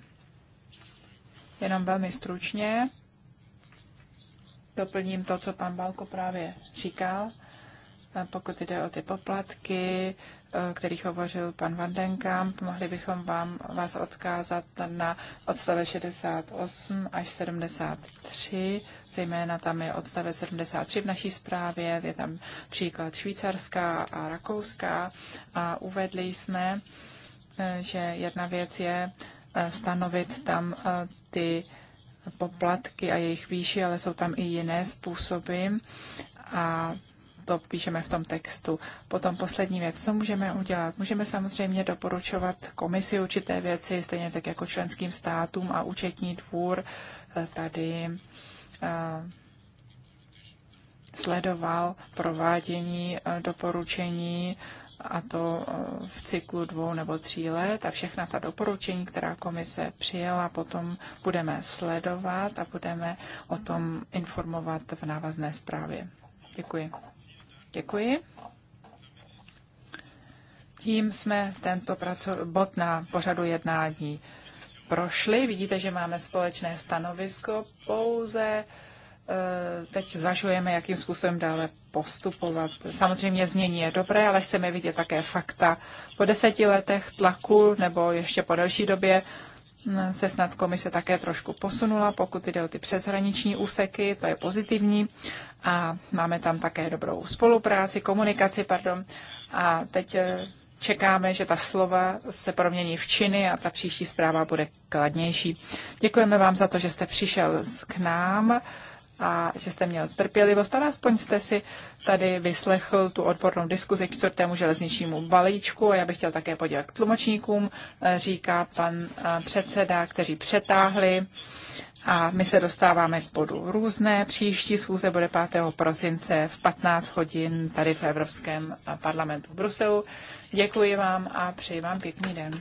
Jenom velmi stručně doplním to, co pan Balko právě říkal. Pokud jde o ty poplatky, Eh, kterých hovořil pan Vandenkamp. Mohli bychom vám, vás odkázat na odstavec 68 až 73, zejména tam je odstavec 73 v naší zprávě, je tam příklad švýcarská a rakouská a uvedli jsme, eh, že jedna věc je eh, stanovit tam ty poplatky a jejich výši, ale jsou tam i jiné způsoby a to píšeme v tom textu. Potom poslední věc, co můžeme udělat? Můžeme samozřejmě doporučovat komisi určité věci, stejně tak jako členským státům a účetní dvůr eh, tady eh, sledoval provádění eh, doporučení a to v cyklu dvou nebo tří let a všechna ta doporučení, která komise přijela, potom budeme sledovat a budeme o tom informovat v návazné zprávě. Děkuji. Děkuji. Tím jsme tento bod na pořadu jednání prošli. Vidíte, že máme společné stanovisko pouze e, teď zvažujeme, jakým způsobem dále postupovat. Samozřejmě znění je dobré, ale chceme vidět také fakta. Po deseti letech tlaku nebo ještě po delší době se snad komise také trošku posunula, pokud jde o ty přeshraniční úseky, to je pozitivní a máme tam také dobrou spolupráci, komunikaci, pardon. A teď eh, čekáme, že ta slova se promění v činy a ta příští zpráva bude kladnější. Děkujeme vám za to, že jste přišel k nám a že jste měl trpělivost, ale aspoň jste si tady vyslechl tu odbornou diskuzi k čtvrtému železničnímu balíčku a já bych chtěl také k tlumočníkům, eh, říká pan eh, předseda, kteří přetáhli a my se dostáváme k bodu různé. Příští schůze bude 5. prosince v 15 hodin tady v Evropském parlamentu v Bruselu. Děkuji vám a přeji vám pěkný den.